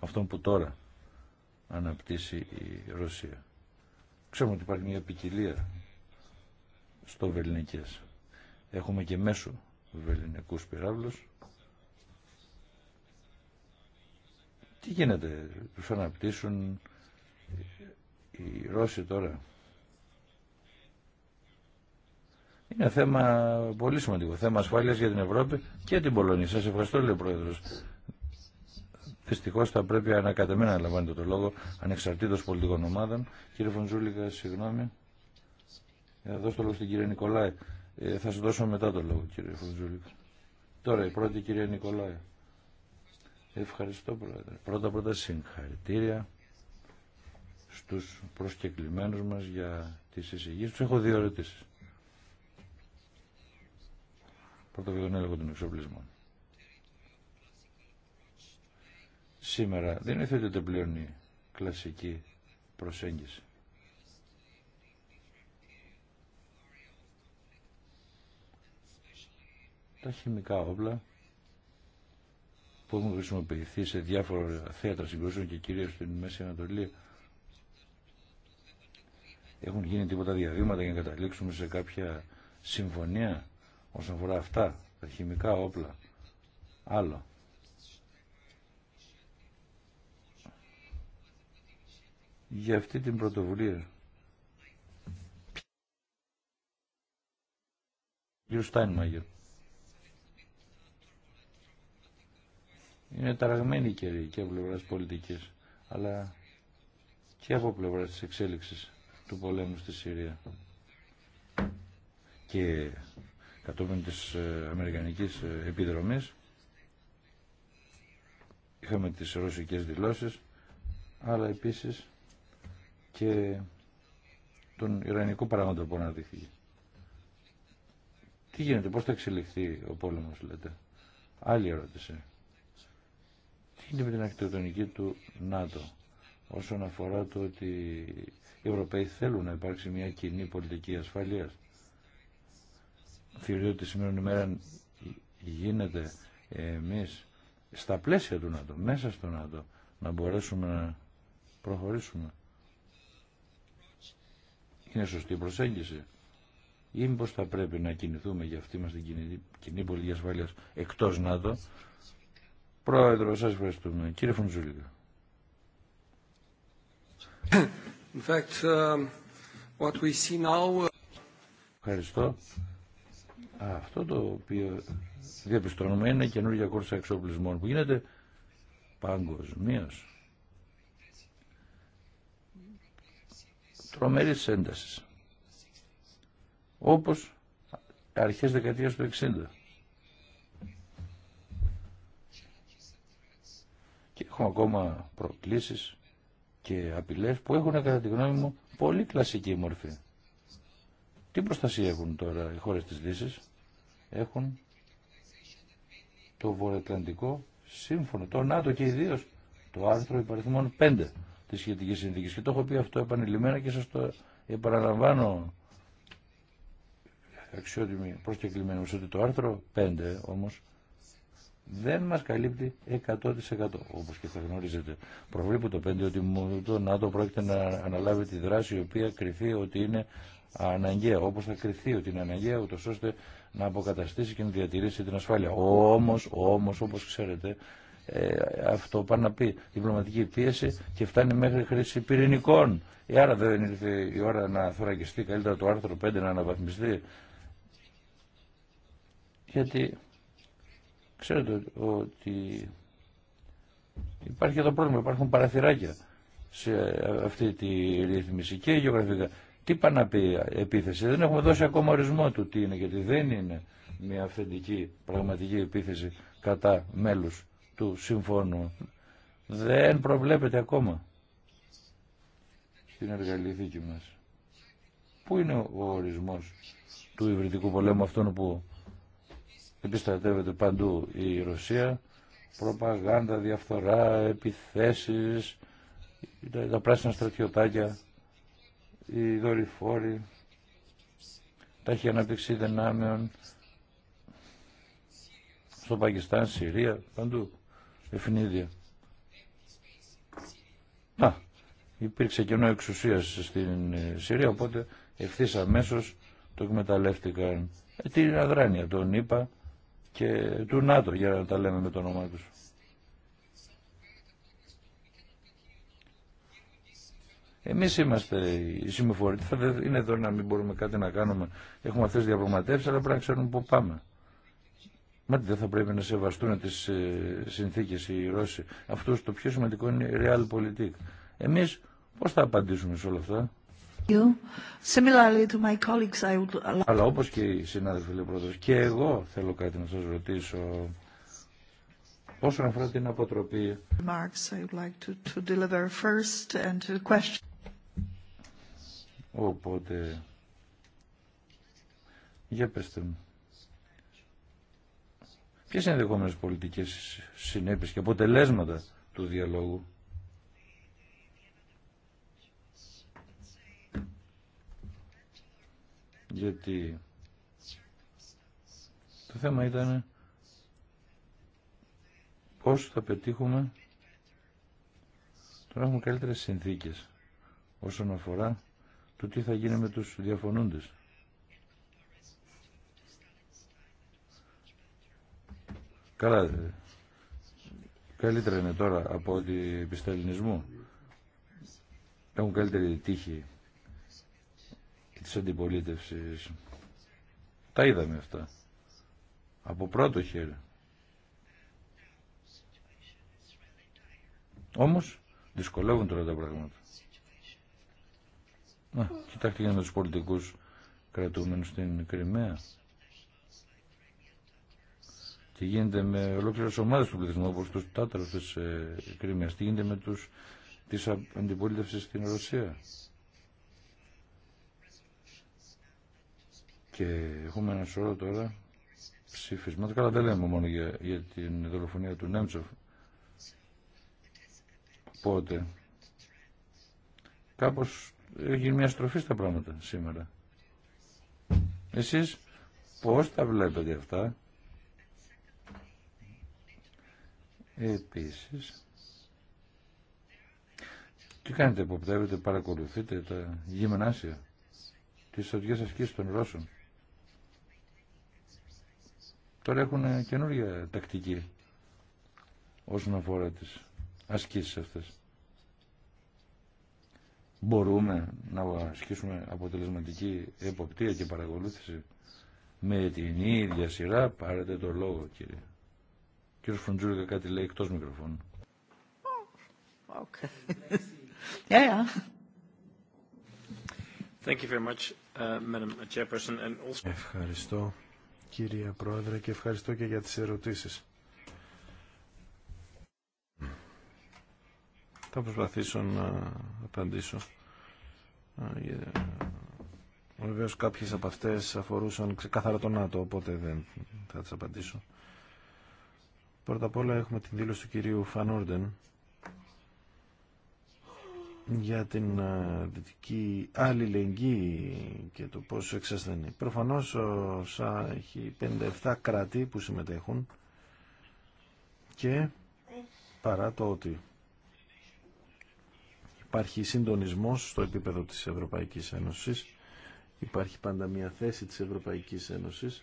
Αυτόν που τώρα αναπτύσσει η Ρωσία. Ξέρουμε ότι υπάρχει μια ποικιλία στο βελληνικές. Έχουμε και μέσω βελληνικούς πυράβλους. Τι γίνεται, τους αναπτύσσουν οι Ρώσοι τώρα Είναι θέμα πολύ σημαντικό. Θέμα ασφάλεια για την Ευρώπη και την Πολωνία. Σα ευχαριστώ, λέει ο Πρόεδρο. Δυστυχώ θα πρέπει ανακατεμένα να λαμβάνετε το λόγο ανεξαρτήτω πολιτικών ομάδων. Κύριε Φοντζούλικα, συγγνώμη. Ε, θα δώσω το λόγο στην κυρία Νικολάη. Ε, θα σα δώσω μετά το λόγο, κύριε Φοντζούλικα. Τώρα η πρώτη κυρία Νικολάη. Ευχαριστώ, Πρόεδρε. Πρώτα-πρώτα συγχαρητήρια στου προσκεκλημένου μα για τι εισηγήσει του έχω δύο ερωτήσει πρώτο για τον έλεγχο των εξοπλισμών. Σήμερα δεν υφέτεται πλέον η κλασική προσέγγιση. Τα χημικά όπλα που έχουν χρησιμοποιηθεί σε διάφορα θέατρα συγκρούσεων και κυρίως στην Μέση Ανατολή έχουν γίνει τίποτα διαβήματα για να καταλήξουμε σε κάποια συμφωνία όσον αφορά αυτά, τα χημικά όπλα. Άλλο. Για αυτή την πρωτοβουλία. Κύριο Στάινμαγερ. Είναι ταραγμένη και από πλευρά πολιτική, αλλά και από πλευρά τη εξέλιξη του πολέμου στη Συρία. Και κατόπιν της ε, Αμερικανικής ε, επιδρομής είχαμε τις ρωσικές δηλώσεις αλλά επίσης και τον Ιρανικό παράγοντα που αναδείχθηκε. Τι γίνεται, πώς θα εξελιχθεί ο πόλεμος λέτε. Άλλη ερώτηση. Τι γίνεται με την αρχιτεκτονική του ΝΑΤΟ όσον αφορά το ότι οι Ευρωπαίοι θέλουν να υπάρξει μια κοινή πολιτική ασφαλείας θεωρεί ότι σήμερα ημέρα γίνεται εμείς στα πλαίσια του ΝΑΤΟ, μέσα στο ΝΑΤΟ, να μπορέσουμε να προχωρήσουμε. Είναι σωστή προσέγγιση. Ή μήπω θα πρέπει να κινηθούμε για αυτή μας την κοινή, πολιτική ασφάλεια εκτός ΝΑΤΟ. Πρόεδρο, σας ευχαριστούμε. Κύριε Φουντζούλικα. Um, uh, Ευχαριστώ. Αυτό το οποίο διαπιστώνουμε είναι καινούργια κούρσα εξοπλισμών που γίνεται παγκοσμίω. Τρομερή ένταση. Όπω αρχέ δεκαετία του 60. Και έχουμε ακόμα προκλήσει και απειλές που έχουν κατά τη γνώμη μου πολύ κλασική μορφή. Τι προστασία έχουν τώρα οι χώρες της Δύσης έχουν το Βορειοατλαντικό Σύμφωνο, το ΝΑΤΟ και ιδίω το άρθρο υπαριθμών 5 τη σχετική συνθήκη. Και το έχω πει αυτό επανειλημμένα και σα το επαναλαμβάνω αξιότιμη προσκεκλημένη ότι το άρθρο 5 όμως δεν μας καλύπτει 100% όπως και θα γνωρίζετε. Προβλήπου το 5 ότι το ΝΑΤΟ πρόκειται να αναλάβει τη δράση η οποία κρυφεί ότι είναι αναγκαία, όπως θα κριθεί ότι είναι αναγκαία, ούτως ώστε να αποκαταστήσει και να διατηρήσει την ασφάλεια. Όμως, όμως, όπως ξέρετε, ε, αυτό πάνε να πει διπλωματική πίεση και φτάνει μέχρι χρήση πυρηνικών. Ε, άρα δεν ήρθε η ώρα να θωρακιστεί καλύτερα το άρθρο 5 να αναβαθμιστεί. Γιατί ξέρετε ότι υπάρχει εδώ πρόβλημα, υπάρχουν παραθυράκια σε αυτή τη ρύθμιση και γεωγραφικά τι πάει να πει επίθεση. Δεν έχουμε δώσει ακόμα ορισμό του τι είναι, γιατί δεν είναι μια αυθεντική πραγματική επίθεση κατά μέλους του συμφώνου. Δεν προβλέπεται ακόμα στην εργαλειοθήκη μας. Πού είναι ο ορισμός του υβριδικού πολέμου αυτόν που ειναι ο ορισμος του υβριτικου παντού η Ρωσία, προπαγάνδα, διαφθορά, επιθέσεις, τα πράσινα στρατιωτάκια οι δορυφόροι, έχει αναπτυξεί δυνάμεων στο Πακιστάν, Συρία, παντού, εφηνίδια. Α, υπήρξε κενό εξουσίας στην ε, Συρία, οπότε ευθύ αμέσω το εκμεταλλεύτηκαν. Ε, την αδράνεια τον είπα και του ΝΑΤΟ, για να τα λέμε με το όνομά τους. Εμείς είμαστε οι συμμεφορεί. θα είναι εδώ να μην μπορούμε κάτι να κάνουμε. Έχουμε αυτές τις διαπραγματεύσεις, αλλά πρέπει να ξέρουμε πού πάμε. Μα δεν θα πρέπει να σεβαστούν τις ε, συνθήκες οι Ρώσοι. Αυτό το πιο σημαντικό είναι η realpolitik. Εμείς πώς θα απαντήσουμε σε όλα αυτά. To my I would... Αλλά όπως και οι συνάδελφοι λέει και εγώ θέλω κάτι να σας ρωτήσω. Όσον αφορά την αποτροπή. Remarks, I would like to, to deliver first Οπότε, για πέστε μου. Ποιες είναι δεχόμενες πολιτικές συνέπειες και αποτελέσματα του διαλόγου. Γιατί το θέμα ήταν πώς θα πετύχουμε τώρα έχουμε καλύτερες συνθήκες όσον αφορά του τι θα γίνει με τους διαφωνούντες. Καλά, καλύτερα είναι τώρα από ότι επί Έχουν καλύτερη τύχη της αντιπολίτευσης. Τα είδαμε αυτά. Από πρώτο χέρι. Όμως δυσκολεύουν τώρα τα πράγματα. Α, κοιτάξτε για τους πολιτικούς κρατούμενους στην Κρυμαία. Τι γίνεται με ολόκληρες ομάδες του πληθυσμού, όπως τους τάτρους της ε, Κρυμαίας. Τι γίνεται με τους της αντιπολίτευσης στην Ρωσία. Και έχουμε ένα σωρό τώρα ψηφισμάτων. Καλά δεν λέμε μόνο για, για την δολοφονία του Νέμτσοφ. Οπότε, κάπως γίνει μια στροφή στα πράγματα σήμερα. Εσείς πώς τα βλέπετε αυτά. Επίσης, τι κάνετε, υποπτεύετε, παρακολουθείτε τα γυμνάσια, τις σωτιές ασκήσεις των Ρώσων. Τώρα έχουν καινούργια τακτική όσον αφορά τις ασκήσεις αυτές. Μπορούμε να ασκήσουμε αποτελεσματική εποπτεία και παρακολούθηση με την ίδια σειρά. Πάρετε το λόγο κύριε. Κύριο Φροντζούρικα κάτι λέει εκτός μικροφώνου. Ευχαριστώ κύριε Πρόεδρε και ευχαριστώ και για τις ερωτήσεις. Θα προσπαθήσω να απαντήσω. Βεβαίω κάποιε από αυτέ αφορούσαν ξεκάθαρα τον ΝΑΤΟ, οπότε δεν θα τι απαντήσω. Πρώτα απ' όλα έχουμε την δήλωση του κυρίου Φανόρντεν για την δυτική αλληλεγγύη και το πόσο εξασθενεί. Προφανώς ο ΣΑ έχει 57 κράτη που συμμετέχουν και παρά το ότι υπάρχει συντονισμός στο επίπεδο της Ευρωπαϊκής Ένωσης. Υπάρχει πάντα μια θέση της Ευρωπαϊκής Ένωσης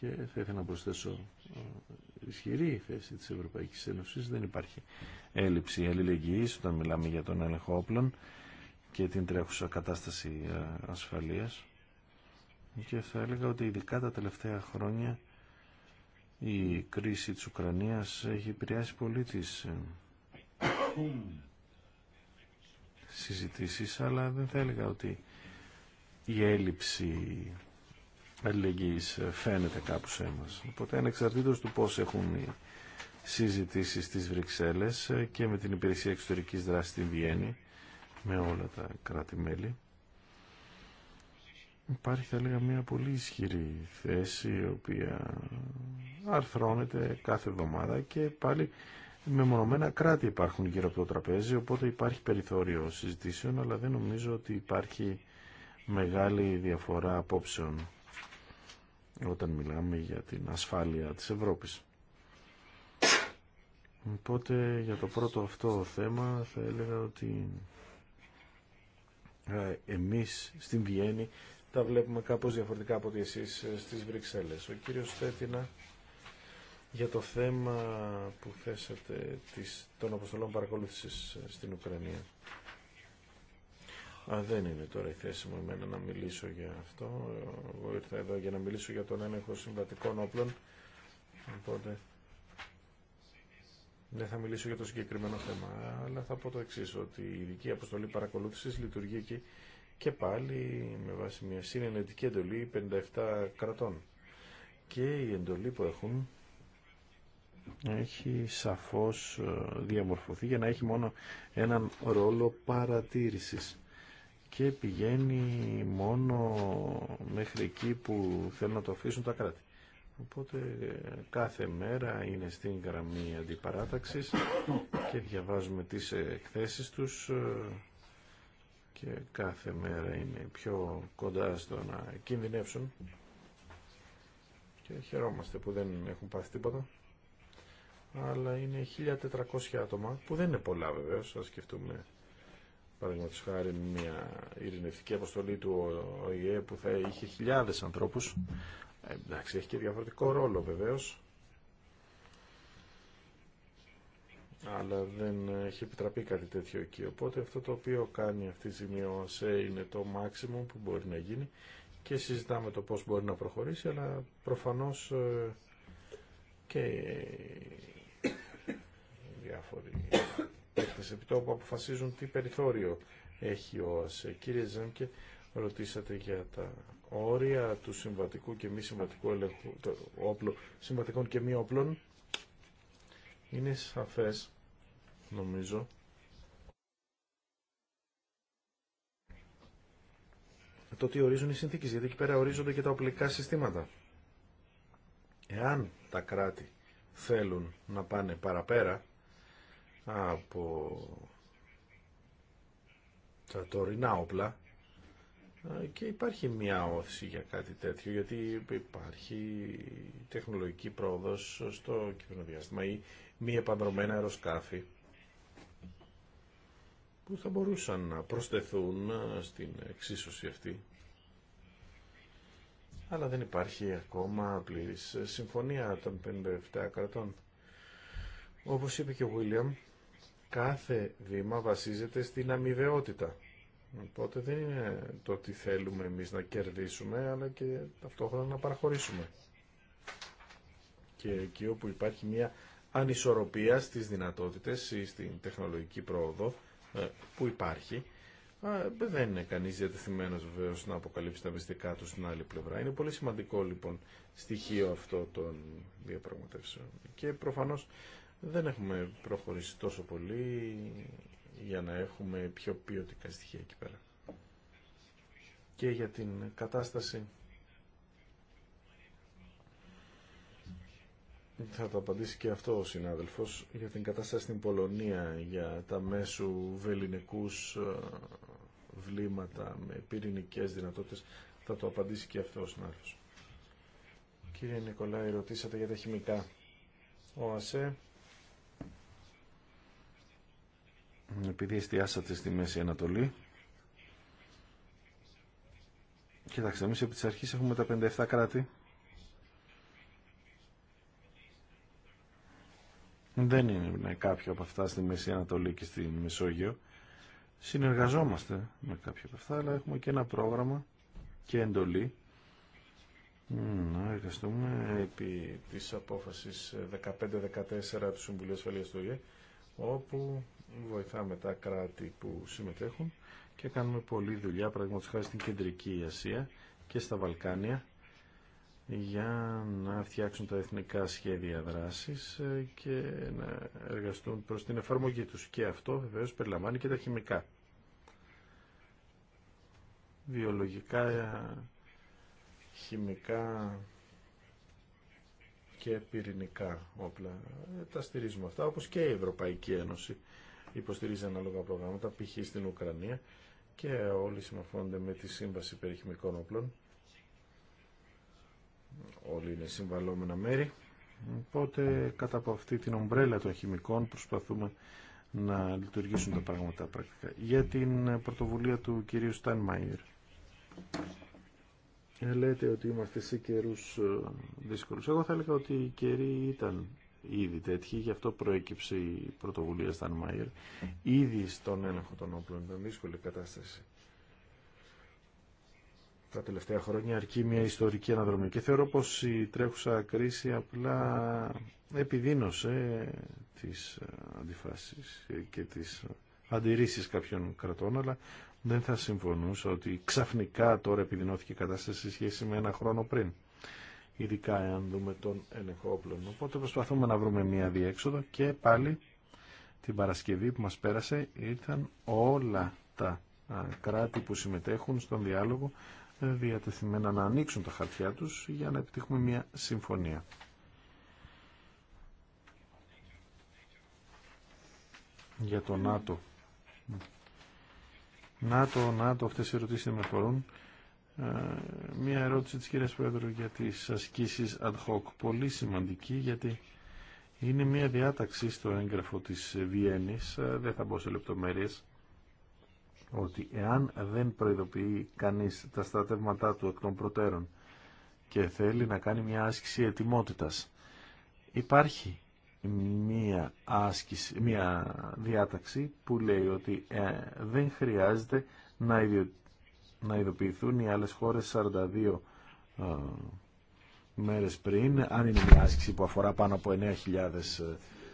και θα ήθελα να προσθέσω ε, ισχυρή θέση της Ευρωπαϊκής Ένωσης. Δεν υπάρχει έλλειψη αλληλεγγύης όταν μιλάμε για τον έλεγχο όπλων και την τρέχουσα κατάσταση ε, ασφαλείας. Και θα έλεγα ότι ειδικά τα τελευταία χρόνια η κρίση της Ουκρανίας έχει επηρεάσει πολύ τις ε, συζητήσεις, αλλά δεν θα έλεγα ότι η έλλειψη αλληλεγγύης φαίνεται κάπου σε μας. Οπότε ανεξαρτήτως του πώς έχουν οι συζητήσεις στις Βρυξέλλες και με την υπηρεσία εξωτερικής δράσης στην Βιέννη, με όλα τα κράτη-μέλη, υπάρχει θα έλεγα μια πολύ ισχυρή θέση η οποία αρθρώνεται κάθε εβδομάδα και πάλι μεμονωμένα κράτη υπάρχουν γύρω από το τραπέζι, οπότε υπάρχει περιθώριο συζητήσεων, αλλά δεν νομίζω ότι υπάρχει μεγάλη διαφορά απόψεων όταν μιλάμε για την ασφάλεια της Ευρώπης. Οπότε για το πρώτο αυτό θέμα θα έλεγα ότι ε, εμείς στην Βιέννη τα βλέπουμε κάπως διαφορετικά από ότι εσείς ε, στις Βρυξέλλες. Ο κύριος Στέτινα για το θέμα που θέσατε της, των αποστολών παρακολούθησης ε, στην Ουκρανία. Α, δεν είναι τώρα η θέση μου εμένα να μιλήσω για αυτό. Εγώ ήρθα εδώ για να μιλήσω για τον έλεγχο συμβατικών όπλων. Οπότε δεν θα μιλήσω για το συγκεκριμένο θέμα, αλλά θα πω το εξή ότι η ειδική αποστολή παρακολούθησης λειτουργεί εκεί και πάλι με βάση μια συνενετική εντολή 57 κρατών. Και η εντολή που έχουν έχει σαφώς ε, διαμορφωθεί για να έχει μόνο έναν ρόλο παρατήρησης και πηγαίνει μόνο μέχρι εκεί που θέλουν να το αφήσουν τα κράτη. Οπότε ε, κάθε μέρα είναι στην γραμμή αντιπαράταξης και διαβάζουμε τις εκθέσεις τους ε, και κάθε μέρα είναι πιο κοντά στο να κινδυνεύσουν και χαιρόμαστε που δεν έχουν πάθει τίποτα αλλά είναι 1.400 άτομα, που δεν είναι πολλά βεβαίω, θα σκεφτούμε παραδείγματο χάρη μια ειρηνευτική αποστολή του ΟΗΕ που θα είχε χιλιάδε ανθρώπου. Ε, εντάξει, έχει και διαφορετικό ρόλο βεβαίω. Αλλά δεν έχει επιτραπεί κάτι τέτοιο εκεί. Οπότε αυτό το οποίο κάνει αυτή τη στιγμή ο είναι το μάξιμο που μπορεί να γίνει και συζητάμε το πώς μπορεί να προχωρήσει, αλλά προφανώς ε, και διάφοροι παίκτες επιτόπου αποφασίζουν τι περιθώριο έχει ο ΑΣΕ. Κύριε Ζέμκε, ρωτήσατε για τα όρια του συμβατικού και μη συμβατικού ελεγχού, το όπλο, συμβατικών και μη όπλων. Είναι σαφές, νομίζω, το τι ορίζουν οι συνθήκες, γιατί εκεί πέρα ορίζονται και τα οπλικά συστήματα. Εάν τα κράτη θέλουν να πάνε παραπέρα, από τα τωρινά όπλα και υπάρχει μια όθηση για κάτι τέτοιο γιατί υπάρχει τεχνολογική πρόοδος στο κυβερνοδιάστημα ή μη επανδρομένα αεροσκάφη που θα μπορούσαν να προσθεθούν στην εξίσωση αυτή αλλά δεν υπάρχει ακόμα πλήρης συμφωνία των 57 κρατών όπως είπε και ο Βίλιαμ κάθε βήμα βασίζεται στην αμοιβαιότητα. Οπότε δεν είναι το τι θέλουμε εμείς να κερδίσουμε, αλλά και ταυτόχρονα να παραχωρήσουμε. Και εκεί όπου υπάρχει μια ανισορροπία στις δυνατότητες ή στην τεχνολογική πρόοδο ε, που υπάρχει, ε, δεν είναι κανείς διατεθειμένος βεβαίω να αποκαλύψει τα μυστικά του στην άλλη πλευρά. Είναι πολύ σημαντικό λοιπόν στοιχείο αυτό των διαπραγματεύσεων. Και προφανώς δεν έχουμε προχωρήσει τόσο πολύ για να έχουμε πιο ποιοτικά στοιχεία εκεί πέρα. Και για την κατάσταση Θα το απαντήσει και αυτό ο συνάδελφος για την κατάσταση στην Πολωνία, για τα μέσου βεληνικούς ε, βλήματα με πυρηνικές δυνατότητες. Θα το απαντήσει και αυτό ο συνάδελφος. Κύριε Νικολάη, ρωτήσατε για τα χημικά. Ο ΑΣΕ επειδή εστιάσατε στη Μέση Ανατολή, κοιτάξτε, εμείς από της αρχής έχουμε τα 57 κράτη. Δεν είναι κάποιο από αυτά στη Μέση Ανατολή και στη Μεσόγειο. Συνεργαζόμαστε με κάποια από αυτά, αλλά έχουμε και ένα πρόγραμμα και εντολή να εργαστούμε επί της απόφασης 15-14 του Συμβουλίου Ασφαλείας του όπου βοηθάμε τα κράτη που συμμετέχουν και κάνουμε πολλή δουλειά, πραγματικά χάρη στην Κεντρική Ασία και στα Βαλκάνια, για να φτιάξουν τα εθνικά σχέδια δράσης ε, και να εργαστούν προς την εφαρμογή τους. Και αυτό βεβαίως περιλαμβάνει και τα χημικά. Βιολογικά, ε, χημικά και πυρηνικά όπλα. Ε, τα στηρίζουμε αυτά, όπως και η Ευρωπαϊκή Ένωση υποστηρίζει ανάλογα προγράμματα, π.χ. στην Ουκρανία και όλοι συμμορφώνονται με τη Σύμβαση Περιχημικών όπλων. Όλοι είναι συμβαλόμενα μέρη. Οπότε κατά από αυτή την ομπρέλα των χημικών προσπαθούμε να λειτουργήσουν τα πράγματα πρακτικά. Για την πρωτοβουλία του κυρίου Στάνμαϊρ. Ε, λέτε ότι είμαστε σε καιρούς ε, δύσκολους. Εγώ θα έλεγα ότι οι καιροί ήταν ήδη τέτοιοι, γι' αυτό προέκυψε η πρωτοβουλία Στανμάιερ. Ήδη στον έλεγχο των όπλων ήταν δύσκολη κατάσταση. Τα τελευταία χρόνια αρκεί μια ιστορική αναδρομή και θεωρώ πως η τρέχουσα κρίση απλά επιδίνωσε τις ε, αντιφάσεις και τις αντιρρήσεις κάποιων κρατών, αλλά δεν θα συμφωνούσα ότι ξαφνικά τώρα επιδεινώθηκε η κατάσταση σε σχέση με ένα χρόνο πριν ειδικά εάν δούμε τον έλεγχο Οπότε προσπαθούμε να βρούμε μία διέξοδο και πάλι την Παρασκευή που μας πέρασε ήταν όλα τα κράτη που συμμετέχουν στον διάλογο ε, διατεθειμένα να ανοίξουν τα χαρτιά τους για να επιτύχουμε μία συμφωνία. Για το ΝΑΤΟ. ΝΑΤΟ, ΝΑΤΟ, αυτές οι ερωτήσεις με αφορούν. Ε, μία ερώτηση της κυρίας Πρόεδρου για τις ασκήσεις ad hoc. Πολύ σημαντική γιατί είναι μία διάταξη στο έγγραφο της Βιέννης, ε, δεν θα μπω σε λεπτομέρειες, ότι εάν δεν προειδοποιεί κανείς τα στρατεύματά του εκ των προτέρων και θέλει να κάνει μια άσκηση ετοιμότητας, υπάρχει μία, άσκηση, μία διάταξη που λέει ότι ε, δεν χρειάζεται να να ειδοποιηθούν οι άλλες χώρες 42 ε, μέρες πριν, αν είναι μια άσκηση που αφορά πάνω από 9.000 ε,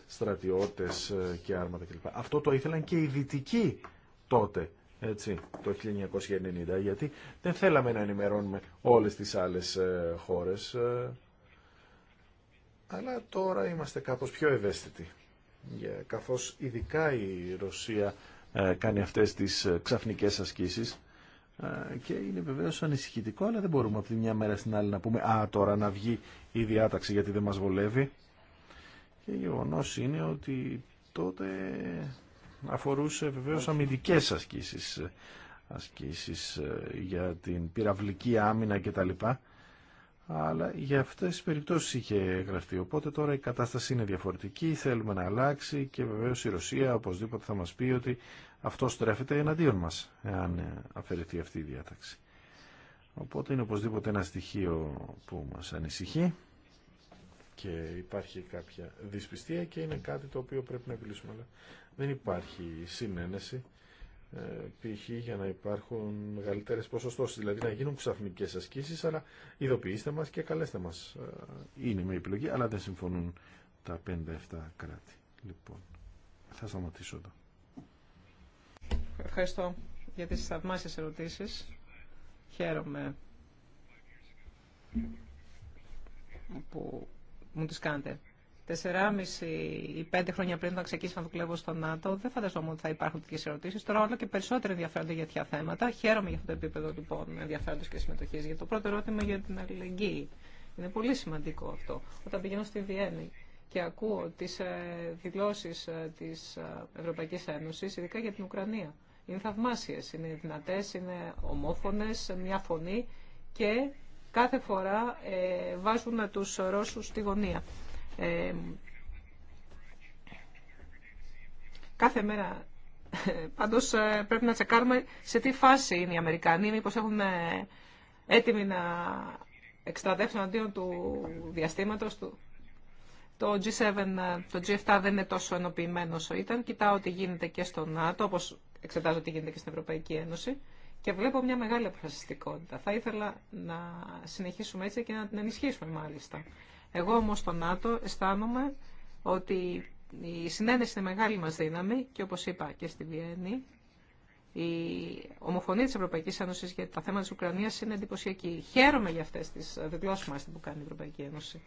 στρατιώτες ε, και άρματα κλπ. Αυτό το ήθελαν και οι δυτικοί τότε, έτσι, το 1990, γιατί δεν θέλαμε να ενημερώνουμε όλες τις άλλες χώρες, αλλά τώρα είμαστε κάπως πιο ευαίσθητοι, καθώς ειδικά η Ρωσία κάνει αυτές τις ξαφνικές ασκήσεις, και είναι βεβαίως ανησυχητικό, αλλά δεν μπορούμε από τη μια μέρα στην άλλη να πούμε «Α, τώρα να βγει η διάταξη γιατί δεν μας βολεύει». Και γεγονό είναι ότι τότε αφορούσε βεβαίως αμυντικές ασκήσεις, ασκήσεις ε, για την πυραυλική άμυνα κτλ. Αλλά για αυτές τις περιπτώσεις είχε γραφτεί. Οπότε τώρα η κατάσταση είναι διαφορετική, θέλουμε να αλλάξει και βεβαίως η Ρωσία οπωσδήποτε θα μας πει ότι αυτό στρέφεται εναντίον μας, εάν ε, αφαιρεθεί αυτή η διάταξη. Οπότε είναι οπωσδήποτε ένα στοιχείο που μας ανησυχεί και υπάρχει κάποια δυσπιστία και είναι κάτι το οποίο πρέπει να επιλύσουμε. δεν υπάρχει συνένεση ε, π.χ. για να υπάρχουν μεγαλύτερες ποσοστώσεις, δηλαδή να γίνουν ξαφνικές ασκήσεις, αλλά ειδοποιήστε μας και καλέστε μας. Ε, είναι με επιλογή, αλλά δεν συμφωνούν τα 5-7 κράτη. Λοιπόν, θα σταματήσω εδώ. Ευχαριστώ για τις θαυμάσιες ερωτήσεις. Χαίρομαι που μου τις κάνετε. Τεσσερά μισή ή πέντε χρόνια πριν, όταν ξεκίνησα να δουλεύω στο ΝΑΤΟ, δεν φανταζόμουν ότι θα υπάρχουν τέτοιε ερωτήσει. Τώρα όλο και περισσότερο ενδιαφέρονται για τέτοια θέματα. Χαίρομαι για αυτό το επίπεδο λοιπόν ενδιαφέροντο και συμμετοχή. Για το πρώτο ερώτημα για την αλληλεγγύη. Είναι πολύ σημαντικό αυτό. Όταν πηγαίνω στη Βιέννη και ακούω τις ε, δηλώσεις ε, της ε, Ευρωπαϊκής Ένωσης, ειδικά για την Ουκρανία. Είναι θαυμάσιες, είναι δυνατές, είναι ομόφωνες, μια φωνή και κάθε φορά βάζουν τους Ρώσους στη γωνία. κάθε μέρα [LAUGHS] πάντως πρέπει να τσεκάρουμε σε τι φάση είναι οι Αμερικανοί, μήπως έχουν έτοιμοι να εκστρατεύσουν αντίον του διαστήματος του το G7, το G7 δεν είναι τόσο ενοποιημένο όσο ήταν. Κοιτάω τι γίνεται και στο ΝΑΤΟ, όπω εξετάζω τι γίνεται και στην Ευρωπαϊκή Ένωση. Και βλέπω μια μεγάλη αποφασιστικότητα. Θα ήθελα να συνεχίσουμε έτσι και να την ενισχύσουμε μάλιστα. Εγώ όμως στο ΝΑΤΟ αισθάνομαι ότι η συνένεση είναι μεγάλη μας δύναμη και όπως είπα και στη Βιέννη η ομοφωνία της Ευρωπαϊκής Ένωσης για τα θέματα της Ουκρανίας είναι εντυπωσιακή. Χαίρομαι για αυτές τις δηλώσεις που κάνει η Ευρωπαϊκή Ένωση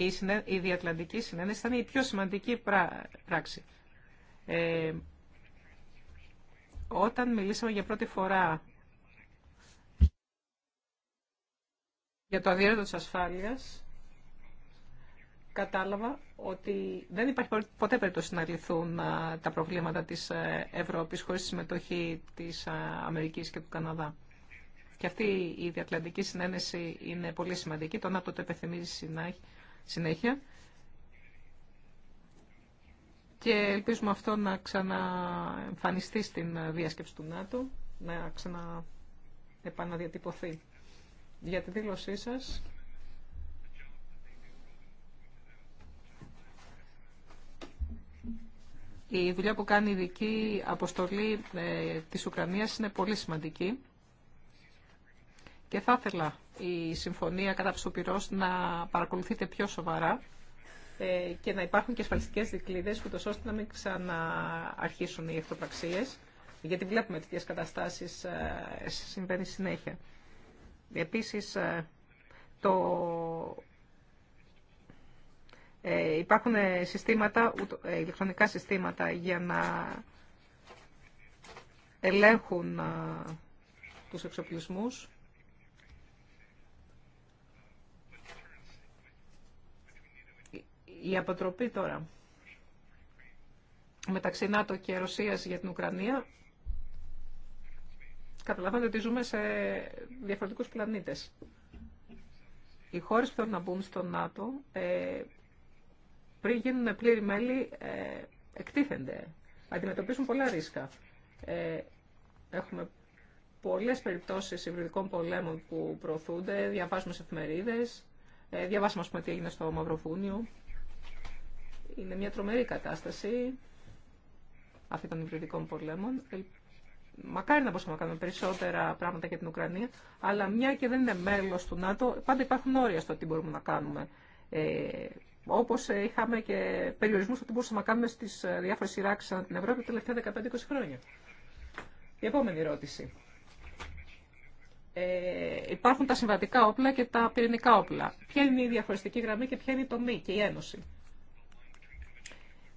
και η διατλαντική συνένεση ήταν η πιο σημαντική πράξη. Ε, όταν μιλήσαμε για πρώτη φορά για το αδιέρετο της ασφάλειας, κατάλαβα ότι δεν υπάρχει ποτέ περίπτωση να λυθούν τα προβλήματα της ε, Ευρώπης χωρίς τη συμμετοχή της Αμερικής και του Καναδά. Και αυτή η διατλαντική συνένεση είναι πολύ σημαντική. Το ΝΑΤΟ το επιθυμίζει συνάχη συνέχεια. Και ελπίζουμε αυτό να ξαναεμφανιστεί στην διάσκεψη του ΝΑΤΟ, να ξαναεπαναδιατυπωθεί. Για τη δήλωσή σας, Η δουλειά που κάνει η ειδική αποστολή ε, της Ουκρανίας είναι πολύ σημαντική και θα ήθελα η συμφωνία κατά ψωπυρός να παρακολουθείται πιο σοβαρά ε, και να υπάρχουν και ασφαλιστικές που το ώστε να μην ξανααρχίσουν οι εχθροπραξίες, γιατί βλέπουμε τέτοιες καταστάσεις ε, συμβαίνει συνέχεια. Επίσης, ε, το... Ε, υπάρχουν συστήματα, ηλεκτρονικά συστήματα για να ελέγχουν τους εξοπλισμούς η αποτροπή τώρα μεταξύ ΝΑΤΟ και Ρωσίας για την Ουκρανία καταλαβαίνετε ότι ζούμε σε διαφορετικούς πλανήτες. Οι χώρες που θέλουν να μπουν στο ΝΑΤΟ ε, πριν γίνουν πλήρη μέλη ε, εκτίθενται, αντιμετωπίζουν πολλά ρίσκα. Ε, έχουμε πολλές περιπτώσεις υβριδικών πολέμων που προωθούνται, διαβάζουμε σε εφημερίδες, ε, διαβάσαμε τι έγινε στο Μαυροβούνιο. Είναι μια τρομερή κατάσταση αυτή των υβριδικών πολέμων. Ε, μακάρι να μπορούσαμε να κάνουμε περισσότερα πράγματα για την Ουκρανία, αλλά μια και δεν είναι μέλο του ΝΑΤΟ, πάντα υπάρχουν όρια στο τι μπορούμε να κάνουμε. Ε, Όπω ε, είχαμε και περιορισμού στο τι μπορούσαμε να κάνουμε στι ε, διάφορε σειράξει ανά την Ευρώπη τα τελευταία 15-20 χρόνια. Η επόμενη ερώτηση. Ε, υπάρχουν τα συμβατικά όπλα και τα πυρηνικά όπλα. Ποια είναι η διαφορετική γραμμή και ποια είναι η τομή και η ένωση.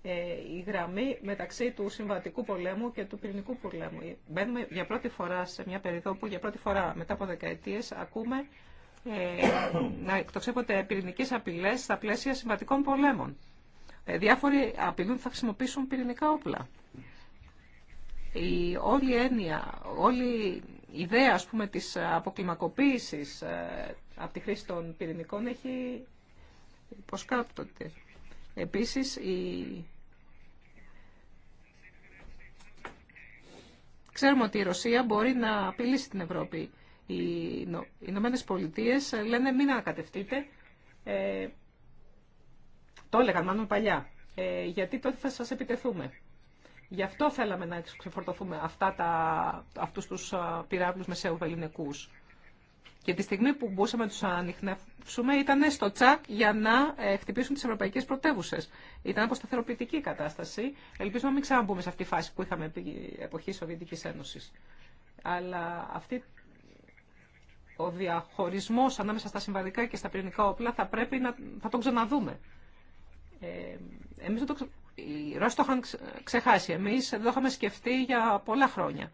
Ε, η γραμμή μεταξύ του συμβατικού πολέμου και του πυρηνικού πολέμου. Μπαίνουμε για πρώτη φορά σε μια περίοδο που για πρώτη φορά μετά από δεκαετίες ακούμε ε, να εκτοξεύονται πυρηνικές απειλές στα πλαίσια συμβατικών πολέμων. Ε, διάφοροι απειλούν θα χρησιμοποιήσουν πυρηνικά όπλα. Η όλη έννοια, όλη η ιδέα ας πούμε, της αποκλιμακοποίησης ε, από τη χρήση των πυρηνικών έχει υποσκάπτονται. Επίσης, η Ξέρουμε ότι η Ρωσία μπορεί να απειλήσει την Ευρώπη. Οι Ηνωμένε Πολιτείε ε, λένε μην ανακατευτείτε. Ε, το έλεγαν μάλλον παλιά. Ε, γιατί τότε θα σας επιτεθούμε. Γι' αυτό θέλαμε να ξεφορτωθούμε αυτά τα, αυτούς τους πυράβλους μεσαίου βεληνικούς. Και τη στιγμή που μπούσαμε να του ανοιχνεύσουμε ήταν στο τσακ για να ε, χτυπήσουν τι ευρωπαϊκέ πρωτεύουσε. Ήταν αποσταθεροποιητική η κατάσταση. Ελπίζω να μην ξαναμπούμε σε αυτή τη φάση που είχαμε επί εποχή Σοβιετική Ένωση. Αλλά αυτή ο διαχωρισμό ανάμεσα στα συμβατικά και στα πυρηνικά όπλα θα πρέπει να θα τον ξαναδούμε. Ε, εμείς το, οι Ρώσοι το είχαν ξεχάσει. Εμεί δεν το είχαμε σκεφτεί για πολλά χρόνια.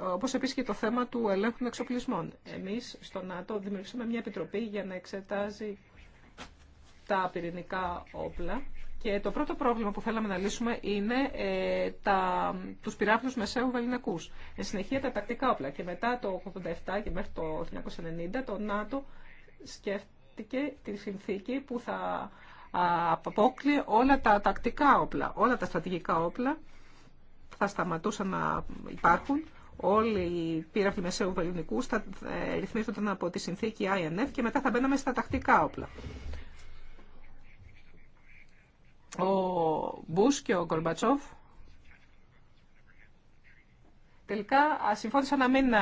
Όπω επίσης και το θέμα του ελέγχου των εξοπλισμών. Εμείς στο ΝΑΤΟ δημιουργήσαμε μια επιτροπή για να εξετάζει τα πυρηνικά όπλα και το πρώτο πρόβλημα που θέλαμε να λύσουμε είναι ε, τα, τους πυράβλους μεσαίου βεληνικούς. Εν συνεχεία τα τακτικά όπλα και μετά το 1987 και μέχρι το 1990 το ΝΑΤΟ σκέφτηκε τη συνθήκη που θα απόκλει όλα τα τακτικά όπλα, όλα τα στρατηγικά όπλα θα σταματούσαν να υπάρχουν όλοι οι πύραυλοι μεσαίου βελληνικούς θα ε, ρυθμίζονταν από τη συνθήκη INF και μετά θα μπαίναμε στα τακτικά όπλα. Ο Μπούς και ο Γκορμπατσόφ τελικά συμφώνησαν να μην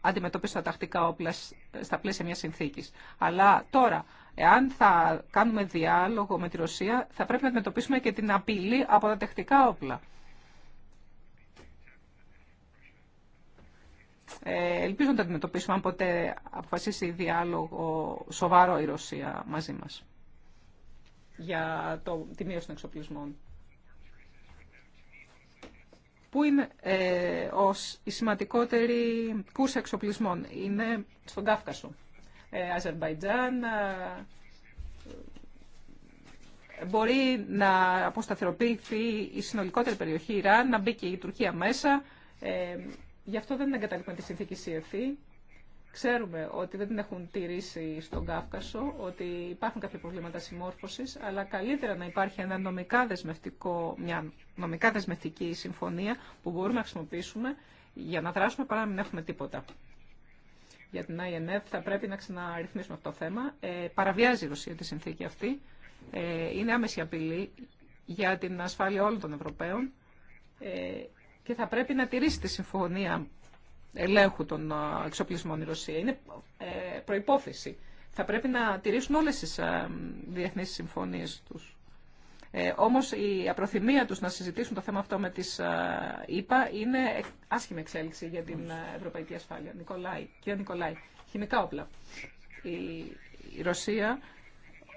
αντιμετωπίσουν τα τακτικά όπλα στα πλαίσια μιας συνθήκης. Αλλά τώρα, εάν θα κάνουμε διάλογο με τη Ρωσία, θα πρέπει να αντιμετωπίσουμε και την απειλή από τα τακτικά όπλα. Ε, ελπίζω να τα αντιμετωπίσουμε αν ποτέ αποφασίσει διάλογο σοβαρό η Ρωσία μαζί μας για το, τη μείωση των εξοπλισμών. Πού είναι ε, ως η σημαντικότερη κούρση εξοπλισμών. Είναι στον Κάφκασο. Ε, Αζερβαϊτζάν ε, μπορεί να αποσταθεροποιηθεί η συνολικότερη περιοχή Ιράν, να μπει και η Τουρκία μέσα. Γι' αυτό δεν εγκαταλείπουμε τη συνθήκη CFE. Ξέρουμε ότι δεν την έχουν τηρήσει στον Κάφκασο, ότι υπάρχουν κάποια προβλήματα συμμόρφωσης, αλλά καλύτερα να υπάρχει ένα νομικά δεσμευτικό, μια νομικά δεσμευτική συμφωνία που μπορούμε να χρησιμοποιήσουμε για να δράσουμε παρά να μην έχουμε τίποτα. Για την INF θα πρέπει να ξαναρυθμίσουμε αυτό το θέμα. Ε, παραβιάζει η Ρωσία τη συνθήκη αυτή. Ε, είναι άμεση απειλή για την ασφάλεια όλων των Ευρωπαίων. Ε, και θα πρέπει να τηρήσει τη συμφωνία ελέγχου των ε, εξοπλισμών η Ρωσία. Είναι ε, προϋπόθεση. Θα πρέπει να τηρήσουν όλες τις ε, διεθνείς συμφωνίες τους. Ε, όμως η απροθυμία τους να συζητήσουν το θέμα αυτό με τις ΗΠΑ είναι άσχημη εξέλιξη για την ευρωπαϊκή ασφάλεια. Νικολάη, κύριε Νικολάη, χημικά όπλα. Η, Ρωσία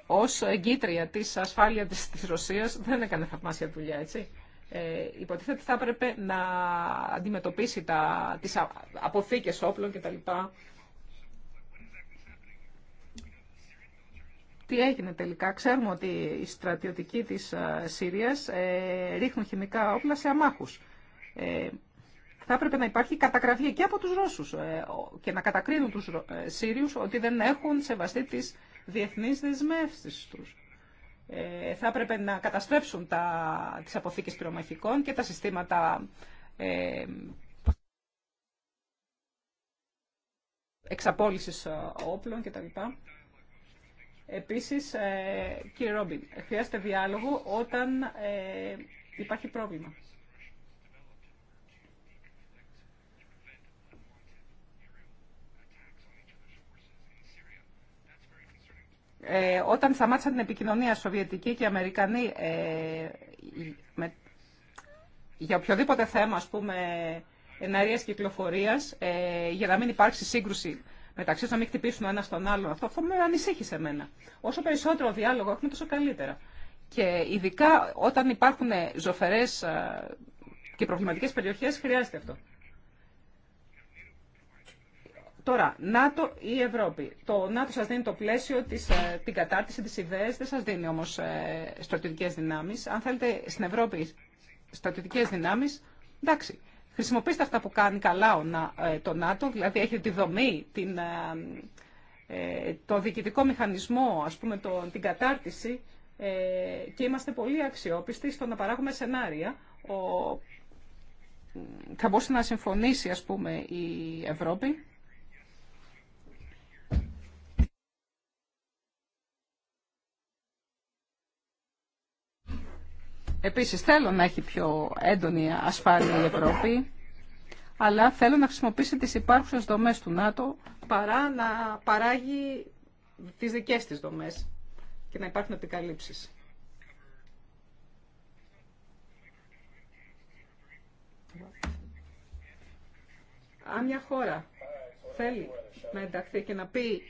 ως εγκύτρια της ασφάλειας της, της Ρωσίας δεν έκανε θαυμάσια δουλειά, έτσι ε, υποτίθεται ότι θα έπρεπε να αντιμετωπίσει τα, τις αποθήκες όπλων κτλ. Τι έγινε τελικά. Ξέρουμε ότι οι στρατιωτικοί της ε, Συρίας ε, ρίχνουν χημικά όπλα σε αμάχους. Ε, θα έπρεπε να υπάρχει καταγραφή και από τους Ρώσους και να κατακρίνουν τους Σύριους ότι δεν έχουν σεβαστεί τις διεθνείς δεσμεύσεις τους. Ε, θα έπρεπε να καταστρέψουν τα, τις αποθήκες πυρομαχικών και τα συστήματα ε, εξαπόλυσης όπλων κτλ. Επίσης, ε, κύριε Ρόμπιν, χρειάζεται διάλογο όταν ε, υπάρχει πρόβλημα. ε, όταν σταμάτησαν την επικοινωνία σοβιετική και Αμερικανοί ε, με, για οποιοδήποτε θέμα, ας πούμε, εναρίας κυκλοφορίας, ε, για να μην υπάρξει σύγκρουση μεταξύ να μην χτυπήσουν ένα στον τον Αυτό, αυτό με ανησύχησε εμένα. Όσο περισσότερο διάλογο έχουμε, τόσο καλύτερα. Και ειδικά όταν υπάρχουν ζωφερές ε, και προβληματικές περιοχές, χρειάζεται αυτό. Τώρα, ΝΑΤΟ ή Ευρώπη. Το ΝΑΤΟ σας δίνει το πλαίσιο, της, ε, την κατάρτιση, τις ιδέες, δεν σας δίνει όμως ε, στρατιωτικές δυνάμεις. Αν θέλετε στην Ευρώπη στρατιωτικές δυνάμεις, εντάξει. Χρησιμοποιήστε αυτά που κάνει καλά ο, ε, το ΝΑΤΟ, δηλαδή έχετε τη δομή, την, ε, το διοικητικό μηχανισμό, ας πούμε, το, την κατάρτιση και είμαστε πολύ αξιόπιστοι στο να παράγουμε σενάρια. Ο, θα μπορούσε να συμφωνήσει, πούμε, η Ευρώπη Επίσης θέλω να έχει πιο έντονη ασφάλεια η Ευρώπη, αλλά θέλω να χρησιμοποιήσει τις υπάρχουσες δομές του ΝΑΤΟ παρά να παράγει τις δικές της δομές και να υπάρχουν επικαλύψεις. Αν μια χώρα θέλει να ενταχθεί και να πει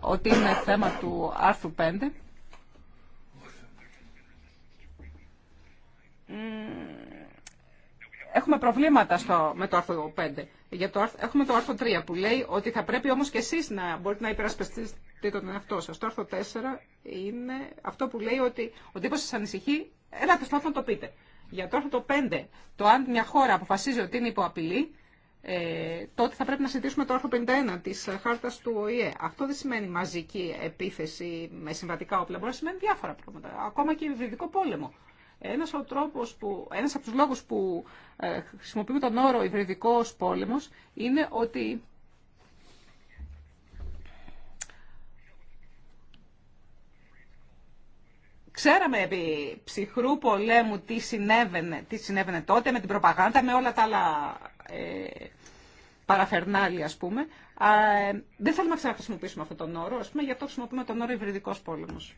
ότι είναι θέμα του άρθρου 5, έχουμε προβλήματα στο, με το άρθρο 5. Για το, έχουμε το άρθρο 3 που λέει ότι θα πρέπει όμως και εσείς να μπορείτε να υπερασπιστείτε τον εαυτό σας. Το άρθρο 4 είναι αυτό που λέει ότι ο τύπος σας ανησυχεί, έλατε στο άρθρο να το πείτε. Για το άρθρο 5, το αν μια χώρα αποφασίζει ότι είναι υποαπειλή, ε, τότε θα πρέπει να συζητήσουμε το άρθρο 51 της χάρτας του ΟΗΕ. Αυτό δεν σημαίνει μαζική επίθεση με συμβατικά όπλα, μπορεί να σημαίνει διάφορα πράγματα, ακόμα και βιβλικό πόλεμο. Ένας, ένας από τους λόγους που ε, χρησιμοποιούμε τον όρο υβριδικός πόλεμος είναι ότι Ξέραμε επί ψυχρού πολέμου τι συνέβαινε, τι συνέβαινε τότε με την προπαγάνδα, με όλα τα άλλα ε, παραφερνάλια, ας πούμε. Ε, δεν θέλουμε να ξαναχρησιμοποιήσουμε αυτόν τον όρο, ας πούμε, γι' αυτό χρησιμοποιούμε τον όρο υβριδικός πόλεμος.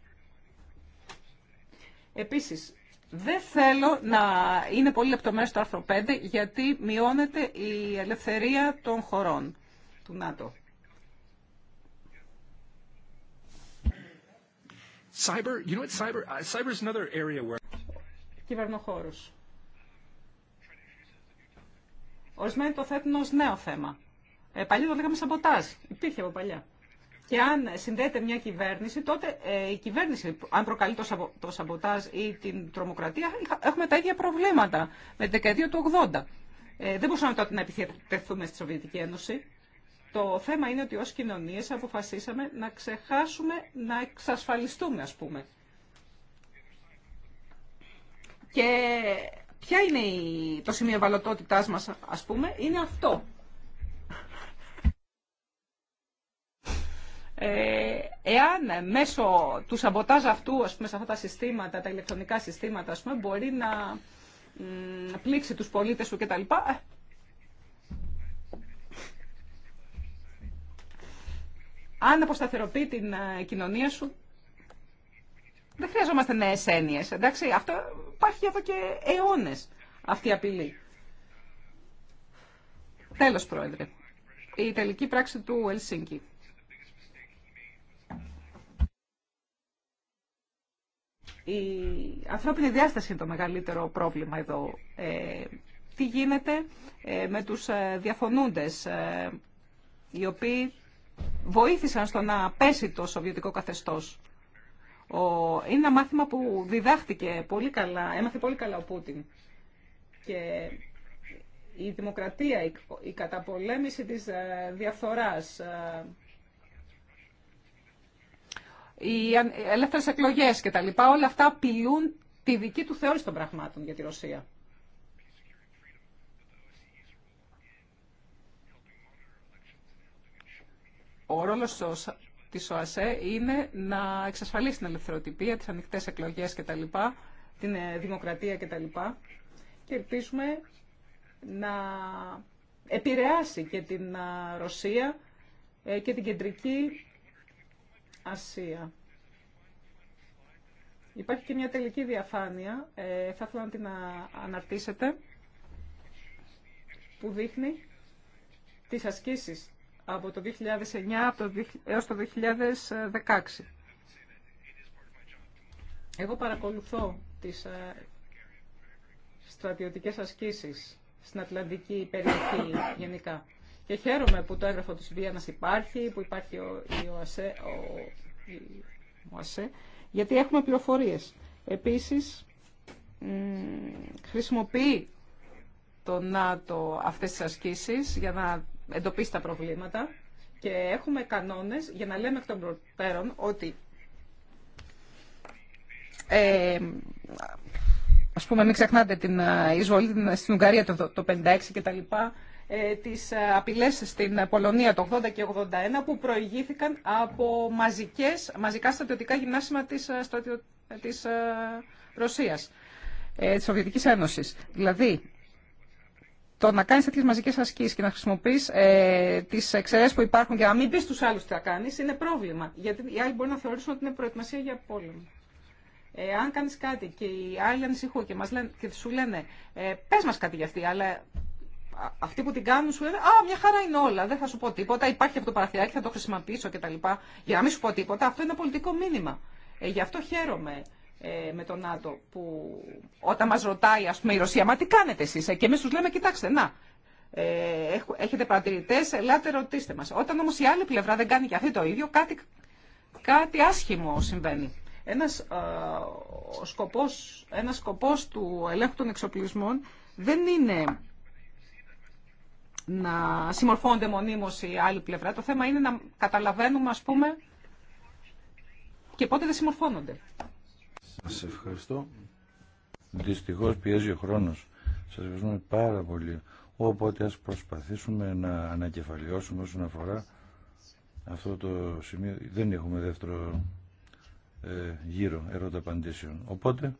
Επίσης, δεν θέλω να είναι πολύ λεπτομέρειε το άρθρο 5, γιατί μειώνεται η ελευθερία των χωρών του ΝΑΤΟ. Cyber, you know what cyber, uh, cyber is another area where... Κυβερνοχώρους. Ορισμένοι το θέτουν ως νέο θέμα. Ε, παλιά το λέγαμε σαμποτάζ. Υπήρχε από παλιά. Και αν συνδέεται μια κυβέρνηση, τότε ε, η κυβέρνηση, αν προκαλεί το σαμποτάζ ή την τρομοκρατία, έχουμε τα ίδια προβλήματα με την δεκαετία του 80. Ε, δεν μπορούσαμε τότε να επιθετεθούμε στη Σοβιετική Ένωση. Το θέμα είναι ότι ως κοινωνίες αποφασίσαμε να ξεχάσουμε να εξασφαλιστούμε, ας πούμε. Και ποια είναι η... το σημείο ευαλωτότητάς μας, ας πούμε, είναι αυτό. Ε, εάν μέσω του σαμποτάζ αυτού, ας πούμε, σε αυτά τα συστήματα, τα ηλεκτρονικά συστήματα, ας πούμε, μπορεί να πλήξει τους πολίτες του κτλ. Ε, αν αποσταθεροποιεί την ε, κοινωνία σου, δεν χρειαζόμαστε νέε έννοιε. εντάξει. Αυτό υπάρχει εδώ και αιώνες αυτή η απειλή. Τέλος, Πρόεδρε. Η τελική πράξη του Ελσίνκη. Η ανθρώπινη διάσταση είναι το μεγαλύτερο πρόβλημα εδώ. Ε, τι γίνεται ε, με τους ε, διαφωνούντες, οι οποίοι βοήθησαν στο να πέσει το σοβιετικό καθεστώς. Ο, είναι ένα μάθημα που διδάχτηκε πολύ καλά, έμαθε πολύ καλά ο Πούτιν. Και η δημοκρατία, η, η καταπολέμηση της διαφθοράς, οι ελεύθερες εκλογές και τα λοιπά, όλα αυτά απειλούν τη δική του θεώρηση των πραγμάτων για τη Ρωσία. Ο ρόλος της ΟΑΣΕ είναι να εξασφαλίσει την ελευθεροτυπία, τις ανοιχτές εκλογές λοιπά, την ε, δημοκρατία και τα λοιπά. Και ελπίζουμε να επηρεάσει και την ε, Ρωσία ε, και την κεντρική Ασία. Υπάρχει και μια τελική διαφάνεια, ε, θα ήθελα να την αναρτήσετε, που δείχνει τις ασκήσεις από το 2009 έως το 2016. Εγώ παρακολουθώ τις ε, στρατιωτικές ασκήσεις στην Ατλαντική περιοχή γενικά. Και χαίρομαι που το έγγραφο της να υπάρχει, που υπάρχει ο, η ΟΑΣΕ, ο, η γιατί έχουμε πληροφορίες. Επίσης, χρησιμοποιεί το ΝΑΤΟ αυτές τις ασκήσεις για να εντοπίσει τα προβλήματα και έχουμε κανόνες για να λέμε εκ των προτέρων ότι ε, ας πούμε μην ξεχνάτε την ε, εισβολή στην Ουγγαρία το 1956 το, και τα λοιπά ε, τις ε, απειλές στην Πολωνία το 80 και 81 που προηγήθηκαν από μαζικές, μαζικά στρατιωτικά γυμνάσιμα της, ε, στρατιω... της Ρωσίας, της Σοβιετικής Ένωσης. Δηλαδή, το να κάνεις τέτοιες μαζικές ασκήσεις και να χρησιμοποιείς ε, τις εξαιρέσεις που υπάρχουν και να μην πεις στους άλλους τι θα κάνεις είναι πρόβλημα. Γιατί οι άλλοι μπορεί να θεωρήσουν ότι είναι προετοιμασία για πόλεμο. Ε, αν κάνεις κάτι και οι άλλοι ανησυχούν και, μας λένε, και σου λένε ε, πες μας κάτι για αυτή, αλλά αυτοί που την κάνουν σου λένε Α, μια χαρά είναι όλα, δεν θα σου πω τίποτα. Υπάρχει αυτό το παραθυράκι, θα το χρησιμοποιήσω κτλ. Για να μην σου πω τίποτα, αυτό είναι ένα πολιτικό μήνυμα. Ε, γι' αυτό χαίρομαι ε, με τον ΝΑΤΟ που όταν μα ρωτάει, α πούμε, η Ρωσία, Μα τι κάνετε εσεί, ε?» και εμεί του λέμε, Κοιτάξτε, να. Ε, έχετε παρατηρητέ, ε, ελάτε ρωτήστε μα. Όταν όμω η άλλη πλευρά δεν κάνει και αυτή το ίδιο, κάτι, κάτι άσχημο συμβαίνει. Ένας, ε, σκοπός, του ελέγχου των εξοπλισμών δεν είναι να συμμορφώνονται μονίμως η άλλη πλευρά. Το θέμα είναι να καταλαβαίνουμε, ας πούμε, και πότε δεν συμμορφώνονται. Σας ευχαριστώ. Δυστυχώ πιέζει ο χρόνος. Σας ευχαριστούμε πάρα πολύ. Οπότε ας προσπαθήσουμε να ανακεφαλαιώσουμε όσον αφορά αυτό το σημείο. Δεν έχουμε δεύτερο ε, γύρο ερώτα απαντήσεων. Οπότε,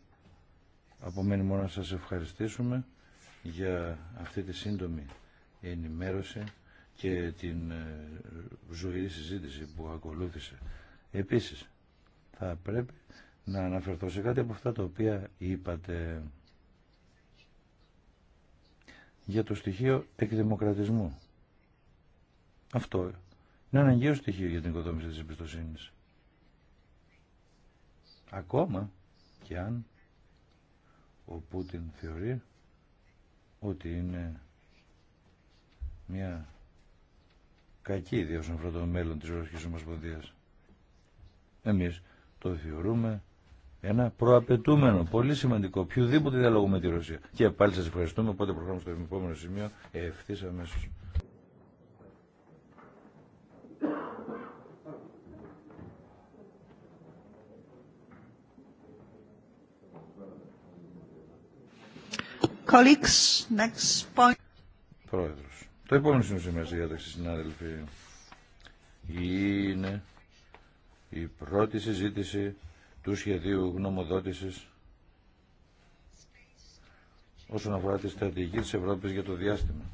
απομένει μόνο να σας ευχαριστήσουμε για αυτή τη σύντομη Ενημέρωση και την ε, ζωηρή συζήτηση που ακολούθησε. Επίσης, θα πρέπει να αναφερθώ σε κάτι από αυτά τα οποία είπατε για το στοιχείο εκδημοκρατισμού. Αυτό είναι αναγκαίο στοιχείο για την οικοδόμηση της εμπιστοσύνη. Ακόμα και αν ο Πούτιν θεωρεί ότι είναι μια κακή ιδέα όσον αφορά το μέλλον της Ρωσικής Ομοσπονδίας. Εμείς το θεωρούμε ένα προαπαιτούμενο, πολύ σημαντικό, οποιοδήποτε διάλογο με τη Ρωσία. Και πάλι σας ευχαριστούμε, οπότε προχωράμε στο επόμενο σημείο ευθύς αμέσως. Colleagues, next point. Πρόεδρος. Το επόμενο σημείο σήμερα στη διάταξη, συνάδελφοι, είναι η πρώτη συζήτηση του σχεδίου γνωμοδότησης όσον αφορά τη στρατηγική της Ευρώπης για το διάστημα.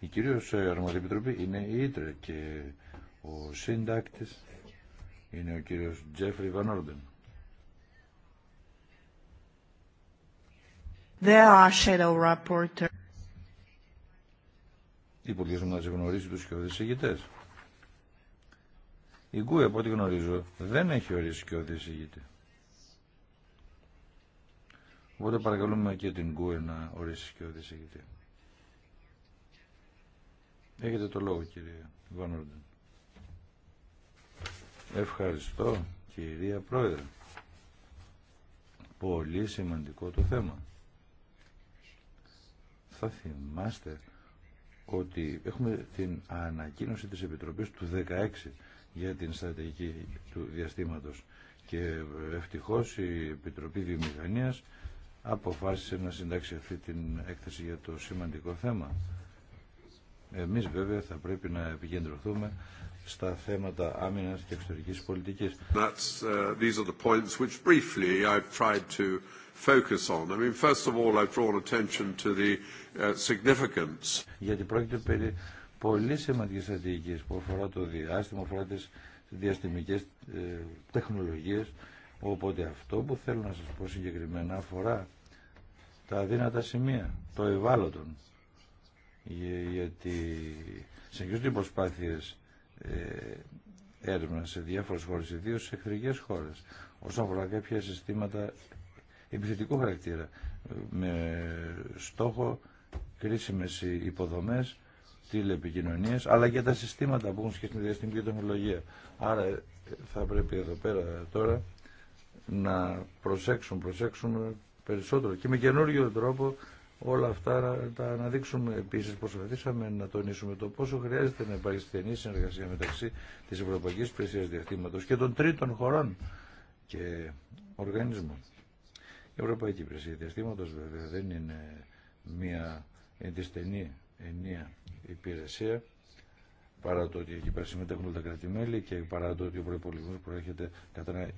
Η κυρίως αρμόδια επιτροπή είναι η Ήτρε και ο σύντακτης είναι ο κύριος Τζέφρι Βανόρντεν. There are shadow rapporteurs. Οι τους και Η Γκουε, από ό,τι γνωρίζω, δεν έχει ορίσει και Οπότε παρακαλούμε και την Γκουε να ορίσει και Έχετε το λόγο, κύριε Βανόρντεν. Ευχαριστώ, κυρία Πρόεδρε. Πολύ σημαντικό το θέμα θα θυμάστε ότι έχουμε την ανακοίνωση της Επιτροπής του 16 για την στρατηγική του διαστήματος και ευτυχώς η Επιτροπή Βιομηχανίας αποφάσισε να συντάξει αυτή την έκθεση για το σημαντικό θέμα. Εμείς βέβαια θα πρέπει να επικεντρωθούμε στα θέματα άμυνας και εξωτερικής πολιτικής focus on. I mean, first of all, I've drawn attention to the uh, significance. Γιατί πρόκειται περί πολύ σημαντικής στρατηγικής που αφορά το διάστημα, αφορά τι διαστημικέ τεχνολογίε, τεχνολογίες, οπότε αυτό που θέλω να σας πω συγκεκριμένα αφορά τα αδύνατα σημεία, το ευάλωτον, γιατί συνεχίζονται οι προσπάθειες ε, έρευνα σε διάφορες χώρε, ιδίω σε εχθρικές χώρες, όσον αφορά κάποια συστήματα επιθετικού χαρακτήρα με στόχο κρίσιμες υποδομές, τηλεπικοινωνίες, αλλά και τα συστήματα που έχουν σχέση με τη διαστημική τεχνολογία. Άρα ε, θα πρέπει εδώ πέρα τώρα να προσέξουν, προσέξουμε περισσότερο και με καινούριο τρόπο όλα αυτά τα αναδείξουμε. Επίσης προσπαθήσαμε να τονίσουμε το πόσο χρειάζεται να υπάρχει στενή συνεργασία μεταξύ της Ευρωπαϊκής Υπηρεσίας Διαστήματος και των τρίτων χωρών και οργανισμών. Η Ευρωπαϊκή Υπηρεσία Διαστήματο βέβαια δεν είναι μια εντιστενή ενία υπηρεσία παρά το ότι εκεί πέρα συμμετέχουν τα τα μελη και παρά το ότι ο προπολογισμό προέρχεται κατά ένα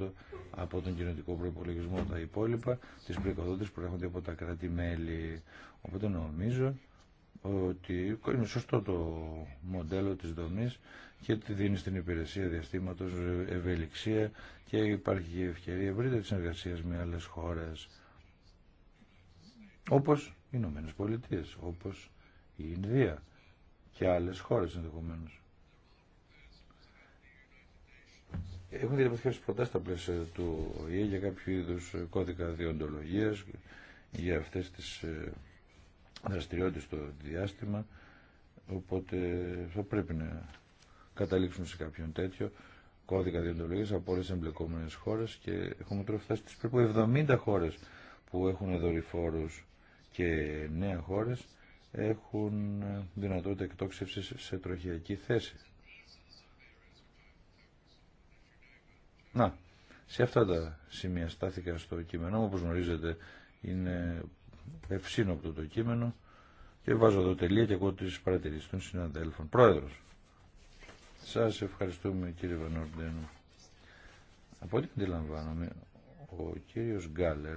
20% από τον κοινωτικό προπολογισμό. Τα υπόλοιπα τη προεκοδότη προέρχονται από τα κράτη-μέλη Οπότε νομίζω ότι είναι σωστό το μοντέλο της δομής και τη δίνει στην υπηρεσία διαστήματος ευελιξία και υπάρχει και ευκαιρία ευρύτερη συνεργασία με άλλες χώρες όπως οι Ηνωμένε Πολιτείε, όπως η Ινδία και άλλες χώρες ενδεχομένω. Έχουν διαπιστώσει προτάσει στα πλαίσια του ΟΗΕ για κάποιο είδου κώδικα διοντολογία για αυτέ τι ε, δραστηριότητε στο διάστημα. Οπότε θα πρέπει να καταλήξουν σε κάποιον τέτοιο κώδικα διοντολογίας από όλες τις εμπλεκόμενες χώρες και έχουμε τώρα φτάσει στις περίπου 70 χώρες που έχουν δορυφόρους και νέα χώρες έχουν δυνατότητα εκτόξευσης σε τροχιακή θέση. Να, σε αυτά τα σημεία στάθηκα στο κείμενό μου, όπως γνωρίζετε είναι ευσύνοπτο το κείμενο και βάζω εδώ τελεία και ακούω τις παρατηρήσεις των συναδέλφων. Πρόεδρος. Σας ευχαριστούμε κύριε Βανόρντεν. Από ό,τι αντιλαμβάνομαι, ο κύριος Γκάλερ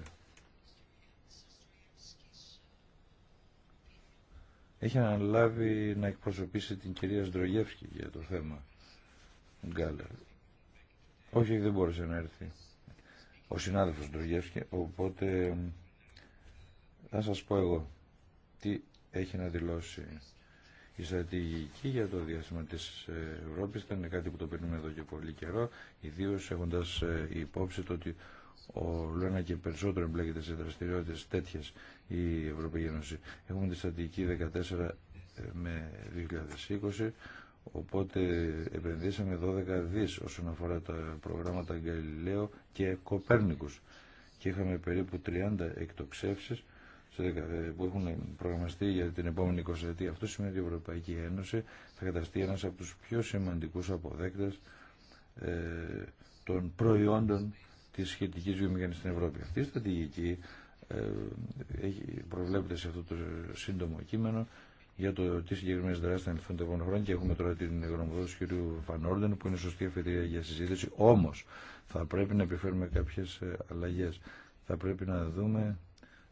έχει αναλάβει να εκπροσωπήσει την κυρία Σντρογεύσκη για το θέμα Γκάλερ. Όχι, δεν μπόρεσε να έρθει ο συνάδελφος Σντρογεύσκη, οπότε ε, θα σας πω εγώ τι έχει να δηλώσει η στρατηγική για το διάστημα της ε, Ευρώπης ήταν κάτι που το περνούμε εδώ και πολύ καιρό, ιδίως έχοντας ε, υπόψη το ότι όλο ένα και περισσότερο εμπλέκεται σε δραστηριότητες τέτοιες η Ευρωπαϊκή Ένωση. Έχουμε τη στρατηγική 14 ε, με 2020, οπότε επενδύσαμε 12 δις όσον αφορά τα προγράμματα Galileo και Copernicus και είχαμε περίπου 30 εκτοξεύσεις ε, που έχουν προγραμματιστεί για την επόμενη 20 Αυτό σημαίνει ότι η Ευρωπαϊκή Ένωση θα καταστεί ένας από τους πιο σημαντικούς αποδέκτες ε, των προϊόντων της σχετικής βιομηχανία στην Ευρώπη. Αυτή η στρατηγική ε, προβλέπεται σε αυτό το σύντομο κείμενο για το τι συγκεκριμένε δράσει θα ληφθούν τα επόμενα χρόνια και έχουμε τώρα την γνωμοδότηση του κ. Φανόρντεν που είναι σωστή αφετηρία για συζήτηση. Όμω θα πρέπει να επιφέρουμε κάποιε αλλαγέ. Θα πρέπει να δούμε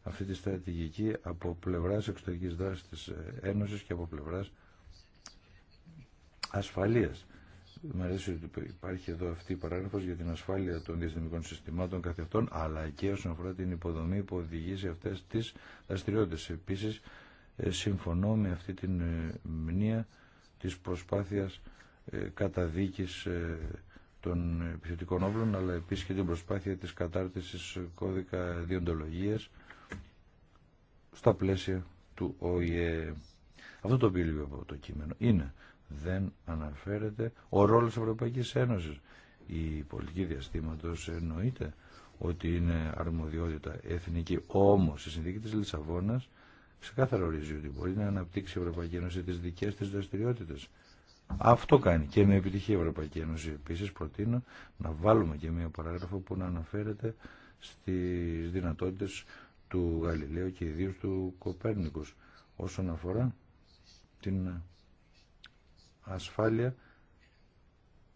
αυτή τη στρατηγική από πλευράς εξωτερικής δράσης της ε, Ένωσης και από πλευράς ασφαλείας. Μ' αρέσει ότι υπάρχει εδώ αυτή η παράγραφος για την ασφάλεια των διεθνικών συστημάτων καθευτών, αλλά και όσον αφορά την υποδομή που οδηγεί σε αυτές τις δραστηριότητες. Επίσης, ε, συμφωνώ με αυτή την ε, μνήμα της προσπάθειας καταδίκης των επιθετικών όπλων αλλά επίσης και την προσπάθεια της κατάρτισης κώδικα διοντολογίας στα πλαίσια του ΟΗΕ. Αυτό το οποίο λείπει από το κείμενο είναι δεν αναφέρεται ο ρόλος της Ευρωπαϊκής Ένωσης. Η πολιτική διαστήματος εννοείται ότι είναι αρμοδιότητα εθνική. Όμως η συνθήκη της Λισαβόνας ξεκάθαρα ορίζει ότι μπορεί να αναπτύξει η Ευρωπαϊκή Ένωση τις δικές της δραστηριότητες αυτό κάνει και με επιτυχία η Ευρωπαϊκή Ένωση. Επίση, προτείνω να βάλουμε και μία παράγραφο που να αναφέρεται στι δυνατότητε του Γαλιλαίου και ιδίω του Κοπέρνικου όσον αφορά την ασφάλεια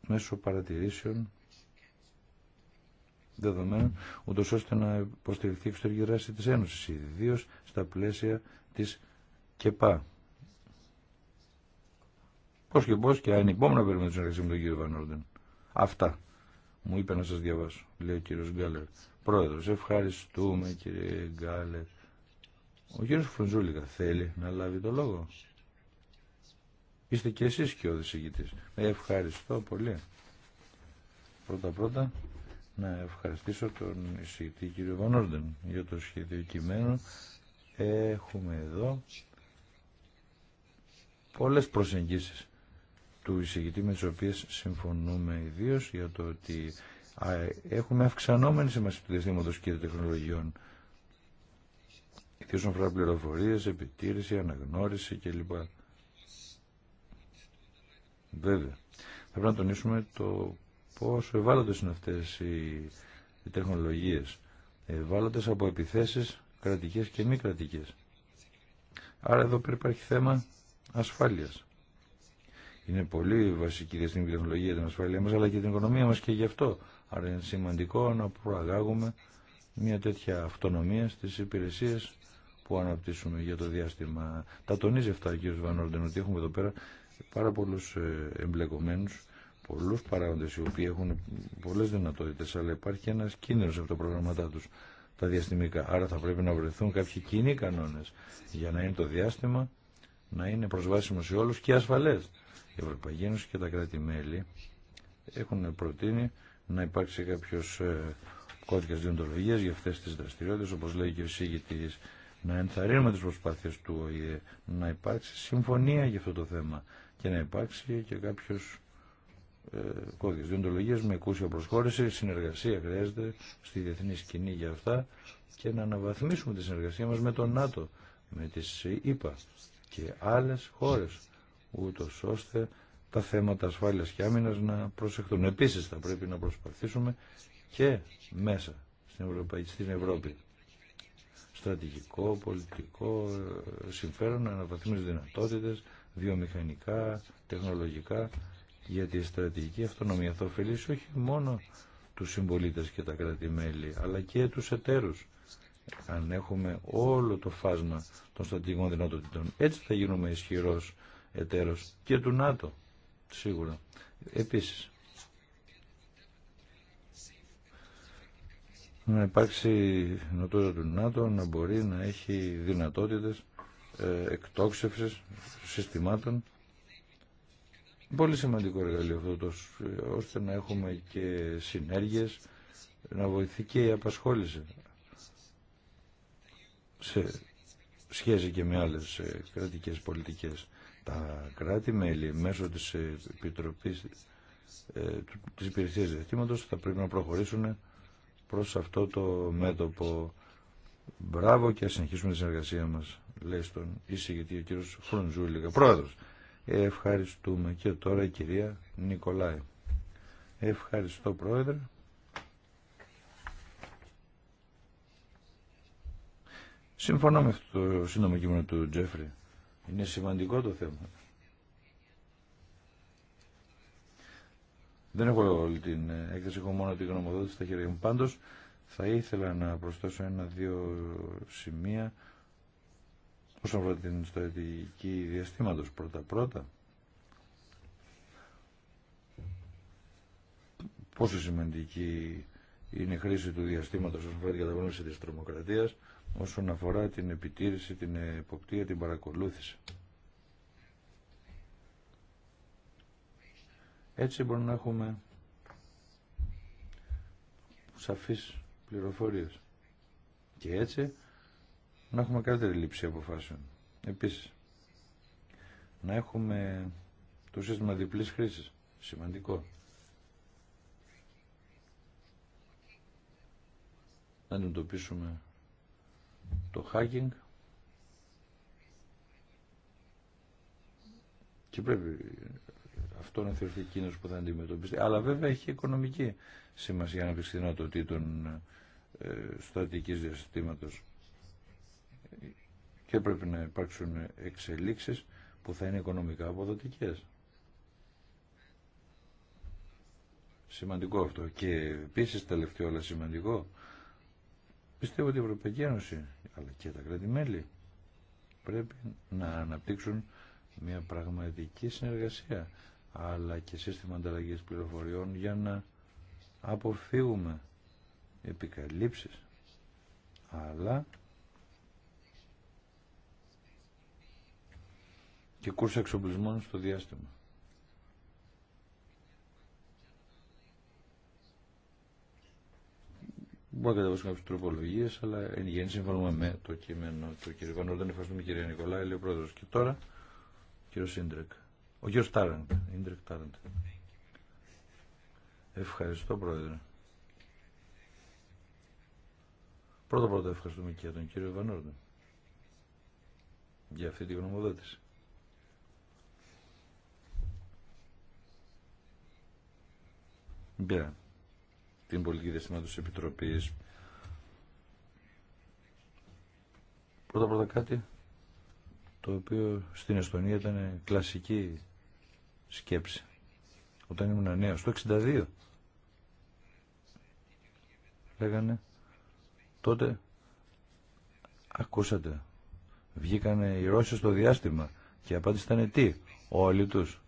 μέσω παρατηρήσεων δεδομένων, ούτως ώστε να υποστηριχθεί η εξωτερική δράση της Ένωσης, ιδίω στα πλαίσια της ΚΕΠΑ. Πώς και πω και ανυπόμονα περιμένω τη συνεργασία με τον κύριο Βανόρντεν. Αυτά μου είπε να σα διαβάσω, λέει ο κύριος Γκάλερ. Πρόεδρο. ευχαριστούμε κύριε Γκάλερ. Ο κύριος Φρουντζούλικα θέλει να λάβει το λόγο. Είστε και εσεί και ο δισηγητής. Ευχαριστώ πολύ. Πρώτα πρώτα να ευχαριστήσω τον εισηγητή κύριο Βανόρντεν για το σχέδιο κειμένου. Έχουμε εδώ πολλές προσεγγίσεις του εισηγητή με τις οποίες συμφωνούμε ιδίω για το ότι έχουμε αυξανόμενη σημασία του διαστήματος και των τεχνολογιών ιδίω αφορά πληροφορίες, επιτήρηση, αναγνώριση κλπ. Βέβαια, θα πρέπει να τονίσουμε το πόσο ευάλωτες είναι αυτές οι, τεχνολογίες. Ευάλωτες από επιθέσεις κρατικές και μη κρατικές. Άρα εδώ πρέπει υπάρχει θέμα ασφάλειας είναι πολύ βασική διαστημική τεχνολογία για την ασφαλεία μας αλλά και την οικονομία μας και γι' αυτό. Άρα είναι σημαντικό να προαγάγουμε μια τέτοια αυτονομία στις υπηρεσίες που αναπτύσσουμε για το διάστημα. Τα τονίζει αυτά ο κ. Βανόρντεν ότι έχουμε εδώ πέρα πάρα πολλούς ε, εμπλεκομένους πολλούς παράγοντες οι οποίοι έχουν πολλές δυνατότητες αλλά υπάρχει ένας κίνδυνος από τα προγραμματά τους τα διαστημικά. Άρα θα πρέπει να βρεθούν κάποιοι κοινοί κανόνες για να είναι το διάστημα να είναι προσβάσιμο σε όλου και ασφαλές. Η Ευρωπαϊκή Ένωση και τα κράτη-μέλη έχουν προτείνει να υπάρξει κάποιος ε, κώδικα διοντολογία για αυτές τις δραστηριότητες, όπως λέει και ο εισήγητης, να ενθαρρύνουμε τις προσπάθειες του ΟΗΕ, να υπάρξει συμφωνία για αυτό το θέμα και να υπάρξει και κάποιο ε, κώδικας με εκούσια προσχώρηση, συνεργασία χρειάζεται στη διεθνή σκηνή για αυτά και να αναβαθμίσουμε τη συνεργασία μα με τον ΝΑΤΟ, με τι ΗΠΑ και άλλε χώρε ούτω ώστε τα θέματα ασφάλειας και άμυνας να προσεχθούν. Επίσης θα πρέπει να προσπαθήσουμε και μέσα στην, Ευρωπαϊκή, στην Ευρώπη στρατηγικό, πολιτικό ε, συμφέρον, αναβαθμίζουν δυνατότητες, βιομηχανικά, τεχνολογικά, γιατί η στρατηγική αυτονομία θα ωφελήσει όχι μόνο τους συμπολίτες και τα μέλη αλλά και τους εταίρους. Αν έχουμε όλο το φάσμα των στρατηγικών δυνατοτήτων, έτσι θα γίνουμε ισχυρός εταίρος και του ΝΑΤΟ, σίγουρα. Επίσης, να υπάρξει νοτόζα του ΝΑΤΟ να μπορεί να έχει δυνατότητες ε, εκτόξευσης συστημάτων. Πολύ σημαντικό εργαλείο αυτό, το, ώστε να έχουμε και συνέργειες, να βοηθεί και η απασχόληση σε σχέση και με άλλες ε, κρατικές πολιτικές. Τα κράτη-μέλη μέσω της Επιτροπής ε, της Υπηρεσίας Διευθύματος θα πρέπει να προχωρήσουν προς αυτό το μέτωπο. Μπράβο και ας συνεχίσουμε τη συνεργασία μας, λέει στον εισηγητή ο κύριος Φροντζούλικα. Πρόεδρος, ευχαριστούμε και τώρα η κυρία Νικολάη. Ευχαριστώ πρόεδρε. Συμφωνώ με αυτό το σύντομο κείμενο του Τζέφρι είναι σημαντικό το θέμα. Δεν έχω όλη την έκθεση, έχω μόνο την γνωμοδότηση στα χέρια μου. Πάντως, θα ήθελα να προσθέσω ένα-δύο σημεία όσον αφορά την στρατηγική διαστήματος πρώτα-πρώτα. Πόσο σημαντική είναι η χρήση του διαστήματος όσον αφορά την καταπολέμηση της τρομοκρατίας όσον αφορά την επιτήρηση, την εποπτεία, την παρακολούθηση. Έτσι μπορούμε να έχουμε σαφείς πληροφορίες και έτσι να έχουμε καλύτερη λήψη αποφάσεων. Επίσης, να έχουμε το σύστημα διπλής χρήσης. Σημαντικό. Να αντιμετωπίσουμε το hacking και πρέπει αυτό να θεωρηθεί εκείνο που θα αντιμετωπιστεί. Αλλά βέβαια έχει οικονομική σημασία να δυνατοτήτων των ε, στρατηγικής διαστήματος και πρέπει να υπάρξουν εξελίξεις που θα είναι οικονομικά αποδοτικές. Σημαντικό αυτό. Και επίσης τελευταίο αλλά σημαντικό, πιστεύω ότι η Ευρωπαϊκή Ένωση αλλά και τα κράτη-μέλη πρέπει να αναπτύξουν μια πραγματική συνεργασία αλλά και σύστημα ανταλλαγή πληροφοριών για να αποφύγουμε επικαλύψεις αλλά και κούρσα εξοπλισμών στο διάστημα. Μπορεί να κατεβάσουμε κάποιε τροπολογίε, αλλά εν γέννη συμφωνούμε με το κείμενο του κ. Βανόρδεν. Ευχαριστούμε κύριε Νικολάη, λέει ο πρόεδρο. Και τώρα, κ. Σίντρεκ. Ο κ. Τάραντ. Ίντρεκ Τάραντ. Ευχαριστώ, πρόεδρε. Πρώτα πρώτα ευχαριστούμε και τον κύριο Βανόρντεν για αυτή τη γνωμοδότηση. Μπέρα την πολιτική διαστημάτωση επιτροπής. Πρώτα πρώτα κάτι το οποίο στην Εστονία ήταν κλασική σκέψη όταν ήμουν νέο, το 62. Λέγανε, τότε ακούσατε, βγήκανε οι Ρώσοι στο διάστημα και η απάντηση ήταν «Ε, τι, όλοι τους.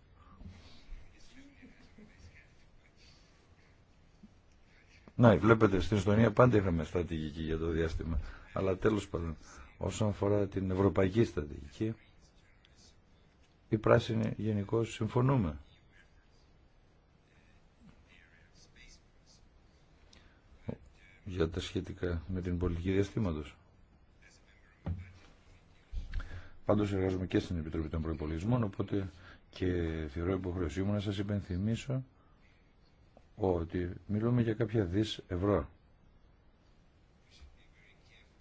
Ναι, βλέπετε, στην Εστονία πάντα είχαμε στρατηγική για το διάστημα. Αλλά τέλος πάντων, όσον αφορά την ευρωπαϊκή στρατηγική, οι πράσινοι γενικώ συμφωνούμε. για τα σχετικά με την πολιτική διαστήματος. Πάντως εργάζομαι και στην Επιτροπή των Προϋπολογισμών, οπότε και θεωρώ υποχρεωσή μου να σας υπενθυμίσω ότι μιλούμε για κάποια δις ευρώ.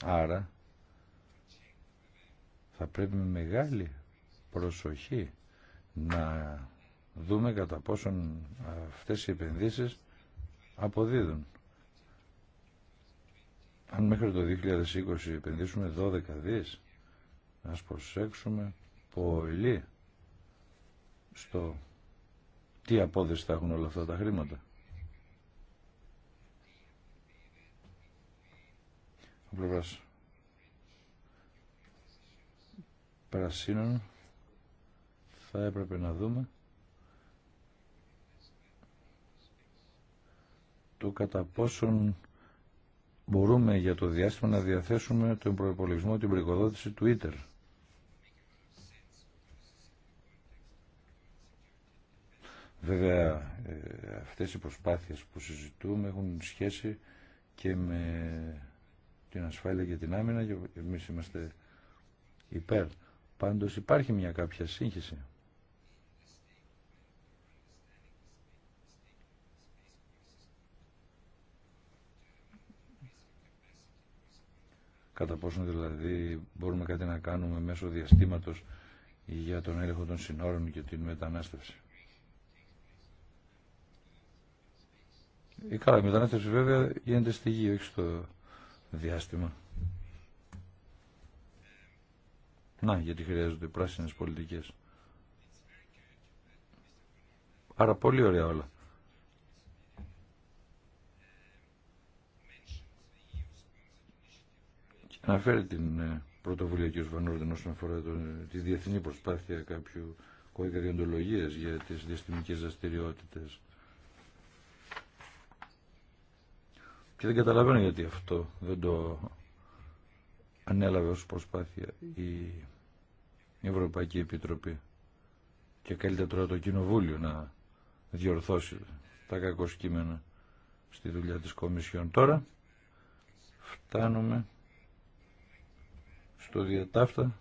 Άρα θα πρέπει με μεγάλη προσοχή να δούμε κατά πόσον αυτές οι επενδύσεις αποδίδουν. Αν μέχρι το 2020 επενδύσουμε 12 δις, να προσέξουμε πολύ στο τι απόδειξη θα έχουν όλα αυτά τα χρήματα. πλευρά πρασίνων θα έπρεπε να δούμε το κατά πόσον μπορούμε για το διάστημα να διαθέσουμε τον προϋπολογισμό, την του Twitter. Βέβαια, ε, αυτές οι προσπάθειες που συζητούμε έχουν σχέση και με την ασφάλεια και την άμυνα και εμείς είμαστε υπέρ. Πάντως υπάρχει μια κάποια σύγχυση. Κατά πόσο δηλαδή μπορούμε κάτι να κάνουμε μέσω διαστήματος για τον έλεγχο των συνόρων και την μετανάστευση. Η καλά, η μετανάστευση βέβαια γίνεται στη γη, όχι στο διάστημα. Να, γιατί χρειάζονται πράσινες πολιτικές. Άρα πολύ ωραία όλα. Και αναφέρει την ε, πρωτοβουλία κ. Βανόρδεν όσον αφορά τον, τη διεθνή προσπάθεια κάποιου κώδικα διοντολογίας για τις διαστημικές δραστηριότητες. Και δεν καταλαβαίνω γιατί αυτό δεν το ανέλαβε ως προσπάθεια η Ευρωπαϊκή Επιτροπή. Και καλύτερα τώρα το Κοινοβούλιο να διορθώσει τα κακοσκήμενα στη δουλειά της Κομισιόν. Τώρα φτάνουμε στο διατάφτα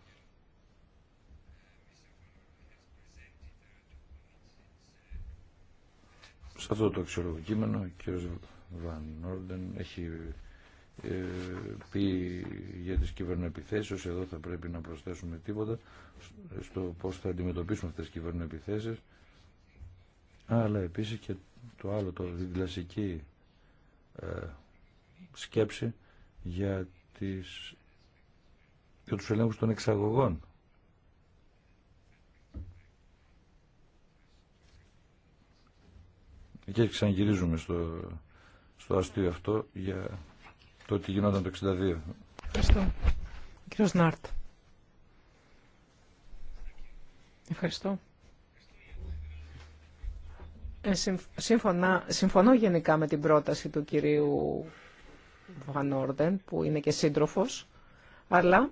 σε αυτό το αξιολογικό κείμενο, Βαν Όρντεν έχει ε, πει για τις κυβερνοεπιθέσεις εδώ θα πρέπει να προσθέσουμε τίποτα στο πώς θα αντιμετωπίσουμε αυτές τις κυβερνοεπιθέσεις αλλά επίσης και το άλλο το την ε, σκέψη για, τις, για τους ελέγχους των εξαγωγών και ξαναγυρίζουμε στο στο αστείο αυτό για το ότι γινόταν το 62. Ευχαριστώ. Κύριος Νάρτ. Ευχαριστώ. Ε, συμφωνα, συμφωνώ γενικά με την πρόταση του κυρίου Βανόρντεν, που είναι και σύντροφος, αλλά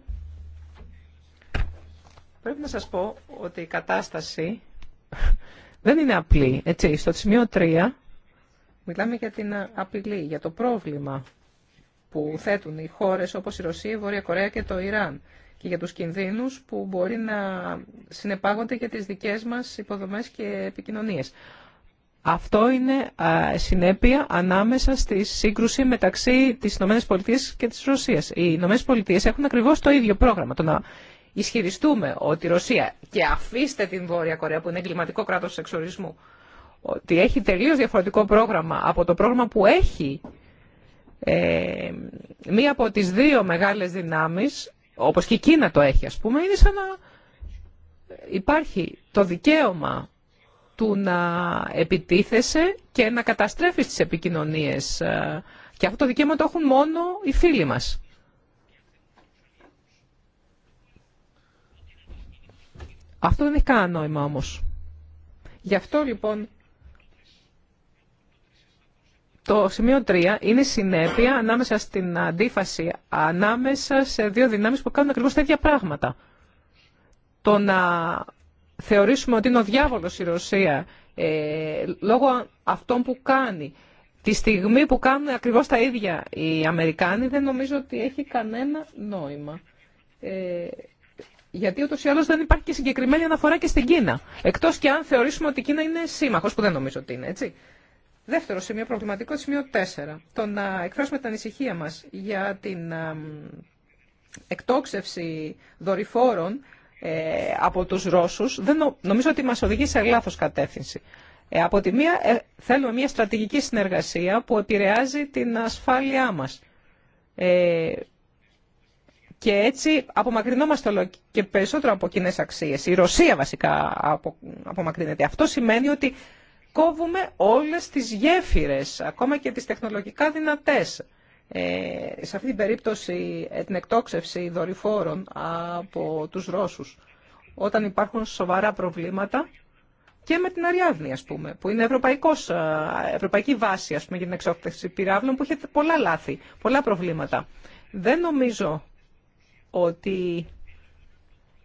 πρέπει να σας πω ότι η κατάσταση δεν είναι απλή. Έτσι, στο σημείο 3 Μιλάμε για την ε, απειλή, για το πρόβλημα που θέτουν οι χώρες όπως η Ρωσία, η Βόρεια Κορέα και το Ιράν και για τους κινδύνους που μπορεί να συνεπάγονται για τις δικές μας υποδομές και επικοινωνίες. Αυτό είναι συνέπεια ανάμεσα στη σύγκρουση μεταξύ της ΗΠΑ και της Ρωσίας. Οι ΗΠΑ έχουν ακριβώς το ίδιο πρόγραμμα, το να ισχυριστούμε ότι η Ρωσία και αφήστε την Βόρεια Κορέα που είναι εγκληματικό κράτος εξορισμού ότι έχει τελείως διαφορετικό πρόγραμμα από το πρόγραμμα που έχει ε, μία από τις δύο μεγάλες δυνάμεις, όπως και η Κίνα το έχει ας πούμε, είναι σαν να υπάρχει το δικαίωμα του να επιτίθεσαι και να καταστρέφεις τις επικοινωνίες. Ε, και αυτό το δικαίωμα το έχουν μόνο οι φίλοι μας. Αυτό δεν έχει κανένα νόημα όμως. Γι' αυτό λοιπόν το σημείο 3 είναι συνέπεια ανάμεσα στην αντίφαση, ανάμεσα σε δύο δυνάμεις που κάνουν ακριβώς τα ίδια πράγματα. Το να θεωρήσουμε ότι είναι ο διάβολος η Ρωσία ε, λόγω αυτών που κάνει, τη στιγμή που κάνουν ακριβώς τα ίδια οι Αμερικάνοι, δεν νομίζω ότι έχει κανένα νόημα. Ε, γιατί ούτω ή άλλω δεν υπάρχει και συγκεκριμένη αναφορά και στην Κίνα. Εκτό και αν θεωρήσουμε ότι η Κίνα είναι σύμμαχο, που δεν νομίζω ότι είναι έτσι. Δεύτερο σημείο, προβληματικό σημείο 4. Το να εκφράσουμε την ανησυχία μας για την εκτόξευση δορυφόρων ε, από τους Ρώσους, δεν νομίζω ότι μας οδηγεί σε λάθος κατεύθυνση. Ε, από τη μία ε, θέλουμε μια στρατηγική συνεργασία που επηρεάζει την ασφάλειά μας. και έτσι απομακρυνόμαστε όλο και περισσότερο από κοινέ αξίες. Η Ρωσία βασικά απομακρύνεται. Αυτό σημαίνει ότι κόβουμε όλες τις γέφυρες, ακόμα και τις τεχνολογικά δυνατές. Ε, σε αυτή την περίπτωση την εκτόξευση δορυφόρων από τους Ρώσους, όταν υπάρχουν σοβαρά προβλήματα και με την Αριάδνη, ας πούμε, που είναι ευρωπαϊκός, ευρωπαϊκή βάση ας πούμε, για την πυράβλων, που έχει πολλά λάθη, πολλά προβλήματα. Δεν νομίζω ότι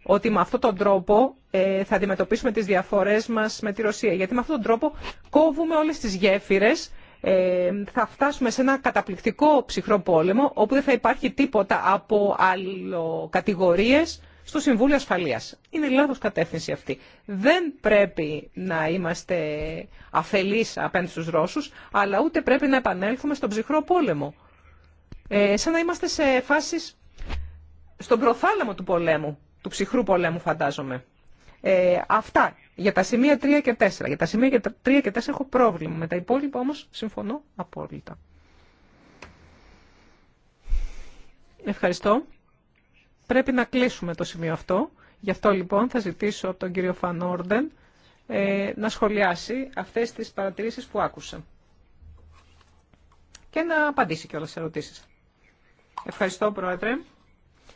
ότι με αυτόν τον τρόπο ε, θα αντιμετωπίσουμε τις διαφορές μας με τη Ρωσία. Γιατί με αυτόν τον τρόπο κόβουμε όλες τις γέφυρες, ε, θα φτάσουμε σε ένα καταπληκτικό ψυχρό πόλεμο, όπου δεν θα υπάρχει τίποτα από άλλο κατηγορίες στο Συμβούλιο Ασφαλείας. Είναι λάθος κατεύθυνση αυτή. Δεν πρέπει να είμαστε αφελείς απέναντι στους Ρώσους, αλλά ούτε πρέπει να επανέλθουμε στον ψυχρό πόλεμο. Ε, σαν να είμαστε σε φάσεις στον προθάλαμο του πολέμου του ψυχρού πολέμου φαντάζομαι. Ε, αυτά για τα σημεία 3 και 4. Για τα σημεία 3 και 4 έχω πρόβλημα. Με τα υπόλοιπα όμως συμφωνώ απόλυτα. Ευχαριστώ. Πρέπει να κλείσουμε το σημείο αυτό. Γι' αυτό λοιπόν θα ζητήσω από τον κύριο Φανόρντεν ε, να σχολιάσει αυτές τις παρατηρήσεις που άκουσα. Και να απαντήσει και όλες τις ερωτήσεις. Ευχαριστώ Πρόεδρε.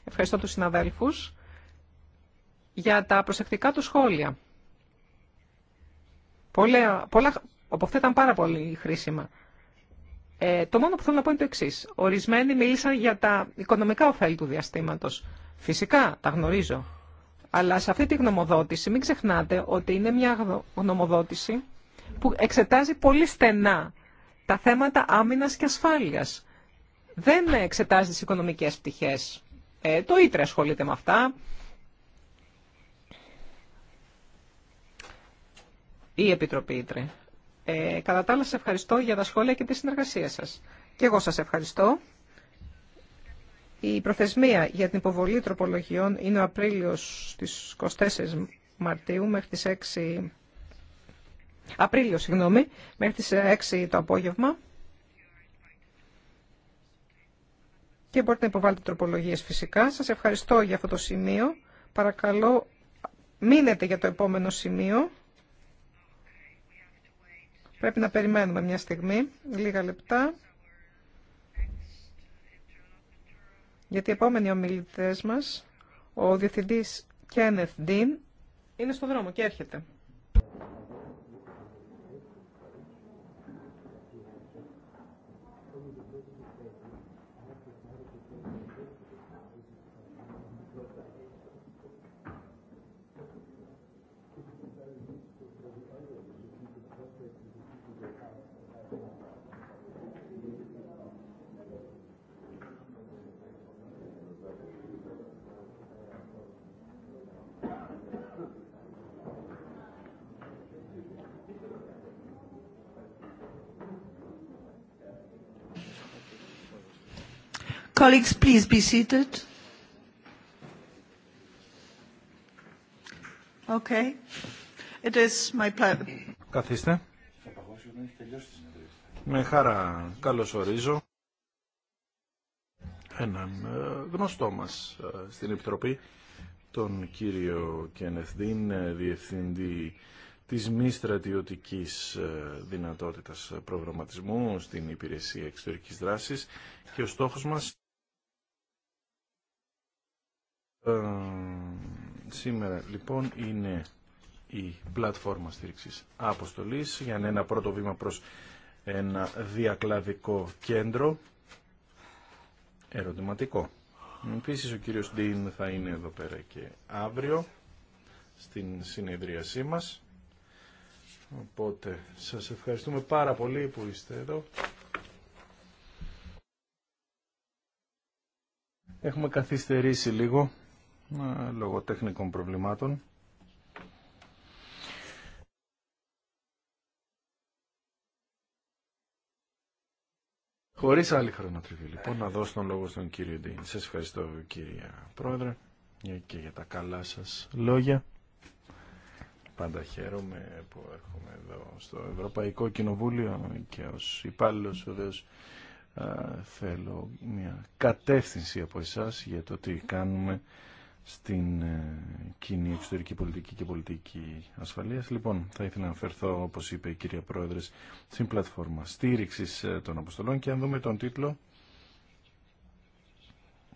Ευχαριστώ τους συναδέλφους για τα προσεκτικά του σχόλια. Πολλά, πολλά από αυτά ήταν πάρα πολύ χρήσιμα. Ε, το μόνο που θέλω να πω είναι το εξή. Ορισμένοι μίλησαν για τα οικονομικά ωφέλη του διαστήματο. Φυσικά, τα γνωρίζω. Αλλά σε αυτή τη γνωμοδότηση μην ξεχνάτε ότι είναι μια γνωμοδότηση που εξετάζει πολύ στενά τα θέματα άμυνα και ασφάλεια. Δεν εξετάζει τι οικονομικέ πτυχέ. Ε, το Ήτρε ασχολείται με αυτά, η Επιτροπή Ήτρε. Ε, κατά τα άλλα, σας ευχαριστώ για τα σχόλια και τη συνεργασία σας. Και εγώ σας ευχαριστώ. Η προθεσμία για την υποβολή τροπολογιών είναι ο Απρίλιος στις 24 Μαρτίου μέχρι τις 6... Απρίλιο, συγγνώμη, μέχρι τις 6 το απόγευμα. Και μπορείτε να υποβάλλετε τροπολογίες φυσικά. Σας ευχαριστώ για αυτό το σημείο. Παρακαλώ, μείνετε για το επόμενο σημείο. Πρέπει να περιμένουμε μια στιγμή, λίγα λεπτά, γιατί οι επόμενοι ομιλητές μας, ο Διευθυντής Κένεθ Ντίν, είναι στο δρόμο και έρχεται. Colleagues, please be seated. Okay. It is my pleasure. Καθίστε. Με χαρά καλωσορίζω έναν ε, γνωστό μας ε, στην Επιτροπή, τον κύριο Δίν, ε, Διευθυντή της μη στρατιωτικής δυνατότητας προγραμματισμού στην Υπηρεσία Εξωτερικής Δράσης και ο στόχος μας ε, σήμερα λοιπόν είναι η πλατφόρμα στήριξης αποστολής για ένα πρώτο βήμα προς ένα διακλαδικό κέντρο ερωτηματικό. Επίση ο κύριος Ντίν θα είναι εδώ πέρα και αύριο στην συνεδρίασή μας. Οπότε σας ευχαριστούμε πάρα πολύ που είστε εδώ. Έχουμε καθυστερήσει λίγο λόγω τεχνικών προβλημάτων. Χωρίς άλλη χρονοτριβή, λοιπόν, να δώσω τον λόγο στον κύριο Ντίν. Σας ευχαριστώ, κύριε Πρόεδρε, και για τα καλά σας λόγια. Πάντα χαίρομαι που έρχομαι εδώ στο Ευρωπαϊκό Κοινοβούλιο και ως υπάλληλος βεβαίως θέλω μια κατεύθυνση από εσάς για το τι κάνουμε στην ε, κοινή εξωτερική πολιτική και πολιτική ασφαλείας. Λοιπόν, θα ήθελα να φερθώ, όπως είπε η κυρία Πρόεδρε, στην πλατφόρμα στήριξης ε, των αποστολών και αν δούμε τον τίτλο,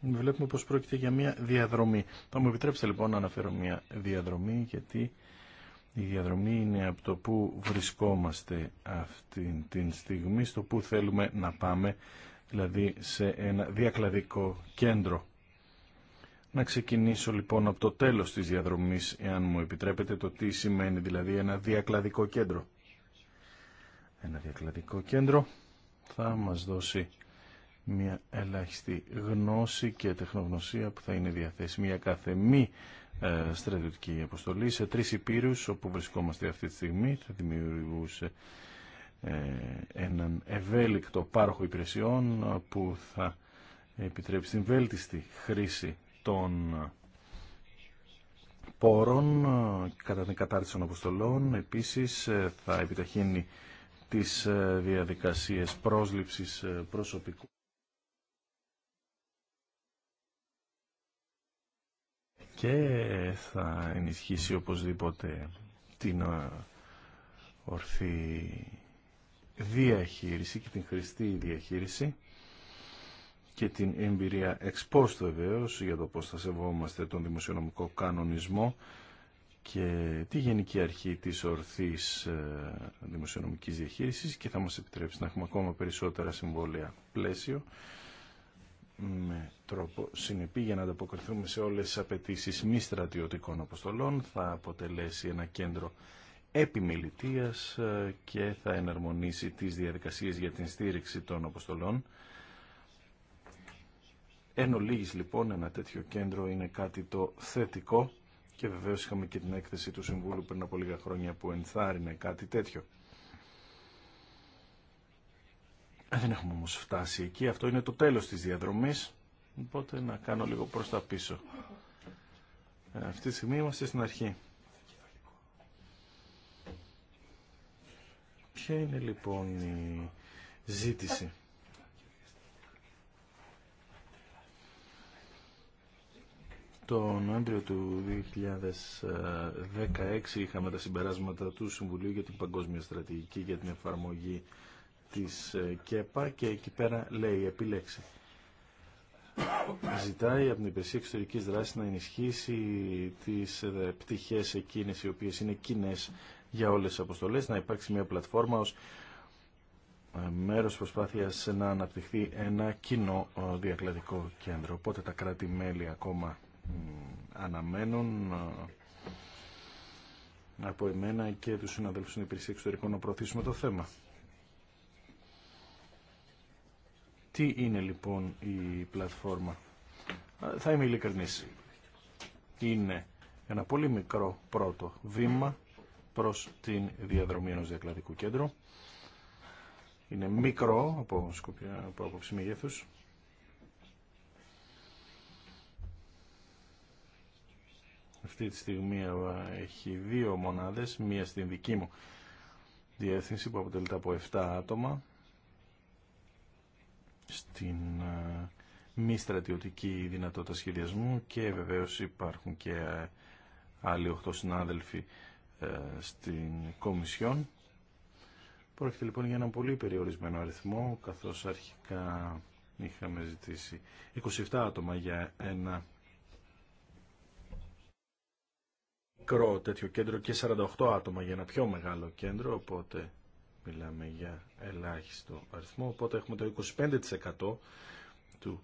βλέπουμε πως πρόκειται για μια διαδρομή. Θα μου επιτρέψετε λοιπόν να αναφέρω μια διαδρομή, γιατί η διαδρομή είναι από το που βρισκόμαστε αυτή την στιγμή, στο που θέλουμε να πάμε, δηλαδή σε ένα διακλαδικό κέντρο να ξεκινήσω λοιπόν από το τέλος της διαδρομής, εάν μου επιτρέπετε, το τι σημαίνει δηλαδή ένα διακλαδικό κέντρο. Ένα διακλαδικό κέντρο θα μας δώσει μια ελάχιστη γνώση και τεχνογνωσία που θα είναι διαθέσιμη για κάθε μη ε, στρατιωτική αποστολή σε τρεις υπήρους όπου βρισκόμαστε αυτή τη στιγμή θα δημιουργούσε ε, έναν ευέλικτο πάροχο υπηρεσιών που θα επιτρέψει την βέλτιστη χρήση των πόρων κατά την κατάρτιση των αποστολών. Επίσης ε, θα επιταχύνει τις ε, διαδικασίες πρόσληψης ε, προσωπικού. Και θα ενισχύσει οπωσδήποτε την ορθή διαχείριση και την χρηστή διαχείριση και την εμπειρία εξπόστ βεβαίω για το πώς θα σεβόμαστε τον δημοσιονομικό κανονισμό και τη γενική αρχή της ορθής ε, δημοσιονομικής διαχείρισης και θα μας επιτρέψει να έχουμε ακόμα περισσότερα συμβόλαια πλαίσιο με τρόπο συνεπή για να ανταποκριθούμε σε όλες τις απαιτήσει μη στρατιωτικών αποστολών θα αποτελέσει ένα κέντρο επιμελητίας ε, και θα εναρμονίσει τις διαδικασίες για την στήριξη των αποστολών Εν ολίγης λοιπόν ένα τέτοιο κέντρο είναι κάτι το θετικό και βεβαίως είχαμε και την έκθεση του Συμβούλου πριν από λίγα χρόνια που ενθάρρυνε κάτι τέτοιο. Δεν έχουμε όμως φτάσει εκεί, αυτό είναι το τέλος της διαδρομής, οπότε να κάνω λίγο προς τα πίσω. Ε, αυτή τη στιγμή είμαστε στην αρχή. Ποια είναι λοιπόν η ζήτηση. Το Νοέμβριο του 2016 είχαμε τα συμπεράσματα του Συμβουλίου για την Παγκόσμια Στρατηγική για την εφαρμογή της ε, ΚΕΠΑ και εκεί πέρα λέει επιλέξει. Ζητάει από την υπηρεσία εξωτερική δράση να ενισχύσει τις ε, πτυχές εκείνες οι οποίες είναι κοινέ για όλες τις αποστολές, να υπάρξει μια πλατφόρμα ως ε, μέρος προσπάθειας να αναπτυχθεί ένα κοινό διακλαδικό κέντρο. Οπότε τα κράτη-μέλη ακόμα αναμένουν από εμένα και τους συναδέλφους στην υπηρεσία εξωτερικών να προωθήσουμε το θέμα. Τι είναι λοιπόν η πλατφόρμα. Θα είμαι ειλικρινής. Είναι ένα πολύ μικρό πρώτο βήμα προς την διαδρομή ενός διακλαδικού κέντρου. Είναι μικρό από, σκοπιά, από άποψη μεγέθους Αυτή τη στιγμή ε, έχει δύο μονάδες, μία στην δική μου διεύθυνση που αποτελείται από 7 άτομα στην ε, μη στρατιωτική δυνατότητα σχεδιασμού και βεβαίως υπάρχουν και ε, άλλοι 8 συνάδελφοι στην Κομισιόν. Πρόκειται λοιπόν για έναν πολύ περιορισμένο αριθμό καθώς αρχικά είχαμε ζητήσει 27 άτομα για ένα μικρό τέτοιο κέντρο και 48 άτομα για ένα πιο μεγάλο κέντρο, οπότε μιλάμε για ελάχιστο αριθμό, οπότε έχουμε το 25% του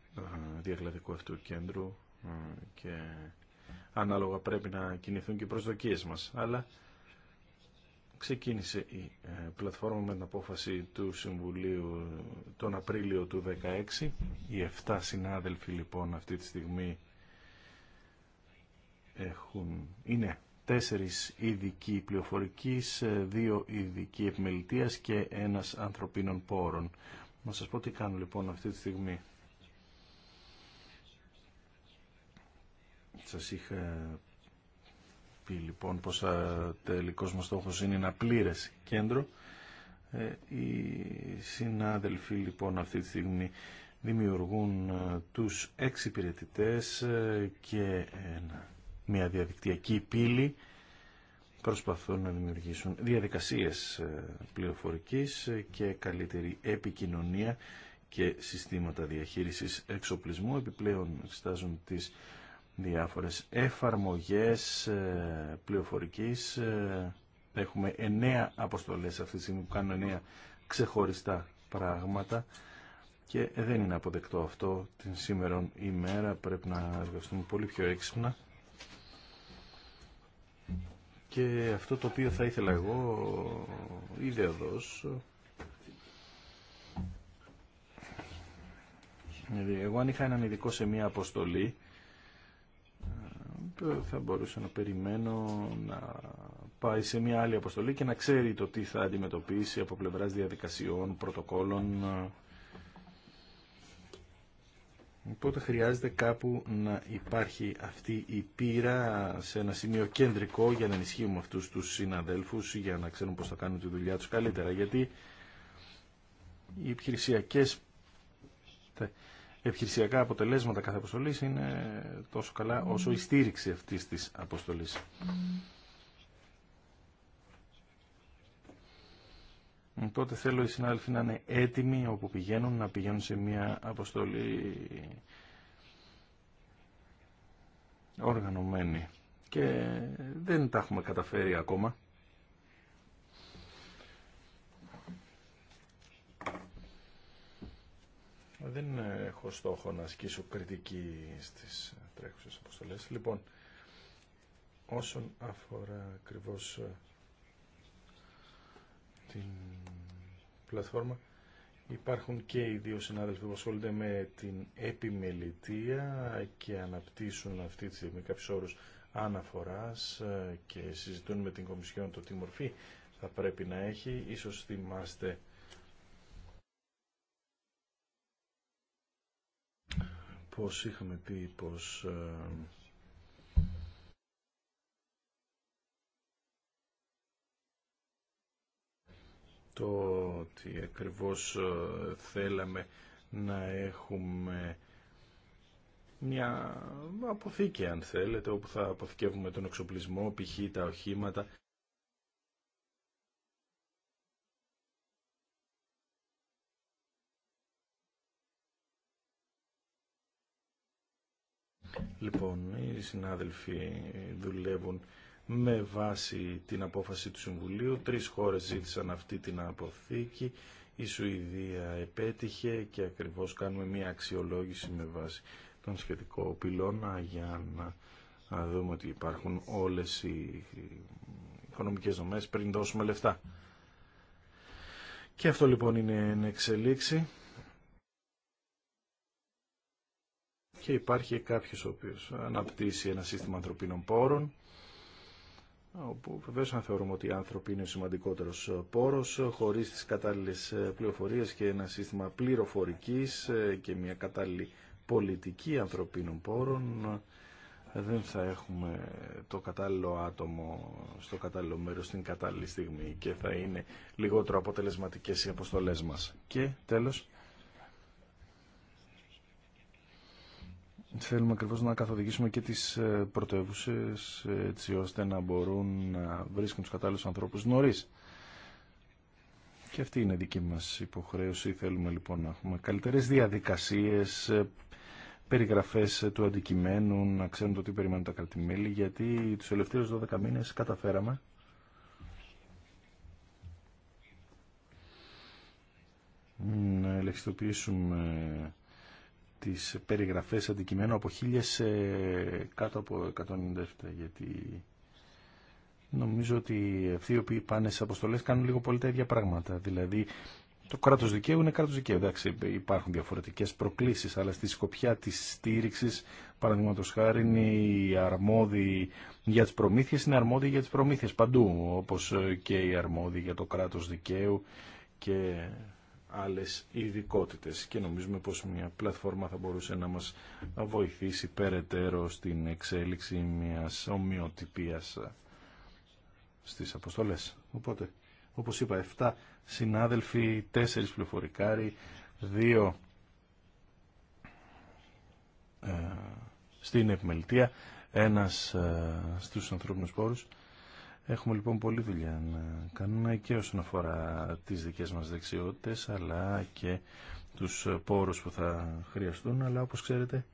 διακλαδικού αυτού κέντρου και ανάλογα πρέπει να κινηθούν και οι προσδοκίες μας. Αλλά ξεκίνησε η ε, πλατφόρμα με την απόφαση του Συμβουλίου τον Απρίλιο του 2016. Οι 7 συνάδελφοι λοιπόν αυτή τη στιγμή έχουν, είναι τέσσερις ειδικοί πληροφορικής, δύο ειδικοί επιμελητίας και ένας ανθρωπίνων πόρων. Να σας πω τι κάνω λοιπόν αυτή τη στιγμή. Σας είχα πει λοιπόν πως α, τελικός μας στόχος είναι ένα πλήρες κέντρο. Ε, οι συνάδελφοι λοιπόν αυτή τη στιγμή δημιουργούν ε, τους εξυπηρετητές ε, και ένα μια διαδικτυακή πύλη προσπαθούν να δημιουργήσουν διαδικασίες ε, πληροφορικής ε, και καλύτερη επικοινωνία και συστήματα διαχείρισης εξοπλισμού. Επιπλέον εξετάζουν τις διάφορες εφαρμογές ε, πληροφορικής. Έχουμε εννέα αποστολές αυτή τη στιγμή που κάνουν εννέα ξεχωριστά πράγματα και δεν είναι αποδεκτό αυτό την σήμερον ημέρα. Πρέπει να εργαστούμε πολύ πιο έξυπνα και αυτό το οποίο θα ήθελα εγώ, ήδη εδώ, Δηλαδή, εγώ αν είχα έναν ειδικό σε μία αποστολή, ε, θα μπορούσα να περιμένω να πάει σε μία άλλη αποστολή και να ξέρει το τι θα αντιμετωπίσει από πλευράς διαδικασιών, πρωτοκόλων Οπότε χρειάζεται κάπου να υπάρχει αυτή η πείρα σε ένα σημείο κεντρικό για να ενισχύουμε αυτούς τους συναδέλφους για να ξέρουν πώς θα κάνουν τη δουλειά τους καλύτερα. Γιατί οι επιχειρησιακές, επιχειρησιακά αποτελέσματα κάθε αποστολής είναι τόσο καλά όσο η στήριξη αυτής της αποστολής. τότε θέλω οι συνάδελφοι να είναι έτοιμοι όπου πηγαίνουν, να πηγαίνουν σε μια αποστολή οργανωμένη. Και δεν τα έχουμε καταφέρει ακόμα. Δεν έχω στόχο να ασκήσω κριτική στις τρέχουσες αποστολές. Λοιπόν, όσον αφορά ακριβώς ε, την πλατφόρμα υπάρχουν και οι δύο συνάδελφοι που ασχολούνται με την επιμελητία και αναπτύσσουν αυτή τη στιγμή κάποιου όρου αναφοράς ε, και συζητούν με την Κομισιόν το τι μορφή θα πρέπει να έχει. Ίσως θυμάστε πως είχαμε πει πως ε, ότι ακριβώς ε, θέλαμε να έχουμε μια αποθήκη αν θέλετε όπου θα αποθηκεύουμε τον εξοπλισμό, π.χ. τα οχήματα Λοιπόν, οι συνάδελφοι δουλεύουν με βάση την απόφαση του Συμβουλίου. Τρεις χώρες ζήτησαν αυτή την αποθήκη. Η Σουηδία επέτυχε και ακριβώς κάνουμε μια αξιολόγηση με βάση τον σχετικό πυλώνα για να δούμε ότι υπάρχουν όλες οι οικονομικές δομές πριν δώσουμε λεφτά. Και αυτό λοιπόν είναι εξελίξη. Και υπάρχει κάποιος ο οποίος αναπτύσσει ένα σύστημα ανθρωπίνων πόρων όπου βεβαίω αν θεωρούμε ότι οι άνθρωποι είναι ο σημαντικότερος πόρο χωρί τι κατάλληλε πληροφορίε και ένα σύστημα πληροφορική και μια κατάλληλη πολιτική ανθρωπίνων πόρων, δεν θα έχουμε το κατάλληλο άτομο στο κατάλληλο μέρο, στην κατάλληλη στιγμή και θα είναι λιγότερο αποτελεσματικέ οι αποστολέ μα. Και τέλο. Θέλουμε ακριβώ να καθοδηγήσουμε και τι ε, πρωτεύουσε ε, έτσι ώστε να μπορούν να βρίσκουν του κατάλληλου ανθρώπου νωρί. Και αυτή είναι δική μα υποχρέωση. Θέλουμε λοιπόν να έχουμε καλύτερε διαδικασίε, ε, περιγραφέ του αντικειμένου, να ξέρουν το τι περιμένουν τα κρατημέλη, γιατί του τελευταίου 12 μήνε καταφέραμε να ελεγχιστοποιήσουμε τις περιγραφές αντικειμένου από χίλιες ε, κάτω από 197 γιατί νομίζω ότι αυτοί οι οποίοι πάνε σε αποστολές κάνουν λίγο πολύ τα ίδια πράγματα δηλαδή το κράτος δικαίου είναι κράτος δικαίου εντάξει υπάρχουν διαφορετικές προκλήσεις αλλά στη σκοπιά της στήριξης παραδείγματο χάρη είναι οι αρμόδιοι για τις προμήθειε είναι αρμόδιοι για τις προμήθειε παντού όπως και οι αρμόδιοι για το κράτος δικαίου και άλλες ειδικότητε και νομίζουμε πως μια πλατφόρμα θα μπορούσε να μας βοηθήσει περαιτέρω στην εξέλιξη μιας ομοιοτυπίας ε, στις αποστολές. Οπότε, όπως είπα, 7 συνάδελφοι, 4 πληροφορικάροι, 2 ε, στην επιμελητία, ένας ε, στους ανθρώπινους πόρους Έχουμε λοιπόν πολλή δουλειά να κάνουμε και όσον αφορά τις δικές μας δεξιότητες αλλά και τους πόρους που θα χρειαστούν αλλά όπως ξέρετε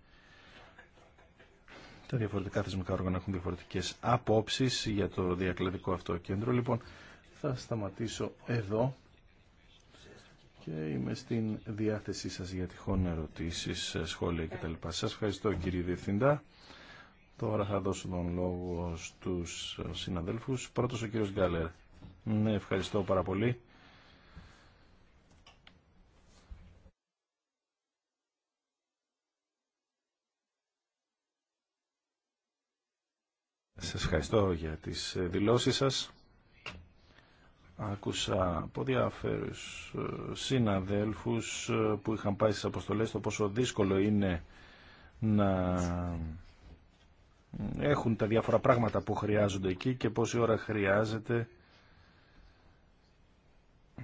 τα διαφορετικά θεσμικά όργανα έχουν διαφορετικές απόψεις για το διακλαδικό αυτό κέντρο. Λοιπόν, θα σταματήσω εδώ και είμαι στην διάθεσή σας για τυχόν ερωτήσεις, σχόλια κτλ. Σας ευχαριστώ κύριε Διευθυντά. Τώρα θα δώσω τον λόγο στους συναδέλφους. Πρώτος ο κύριος Γκάλερ. Ναι, ευχαριστώ πάρα πολύ. Σας ευχαριστώ για τις δηλώσεις σας. Άκουσα από διάφερους συναδέλφους που είχαν πάει στις αποστολές το πόσο δύσκολο είναι να έχουν τα διάφορα πράγματα που χρειάζονται εκεί και πόση ώρα χρειάζεται.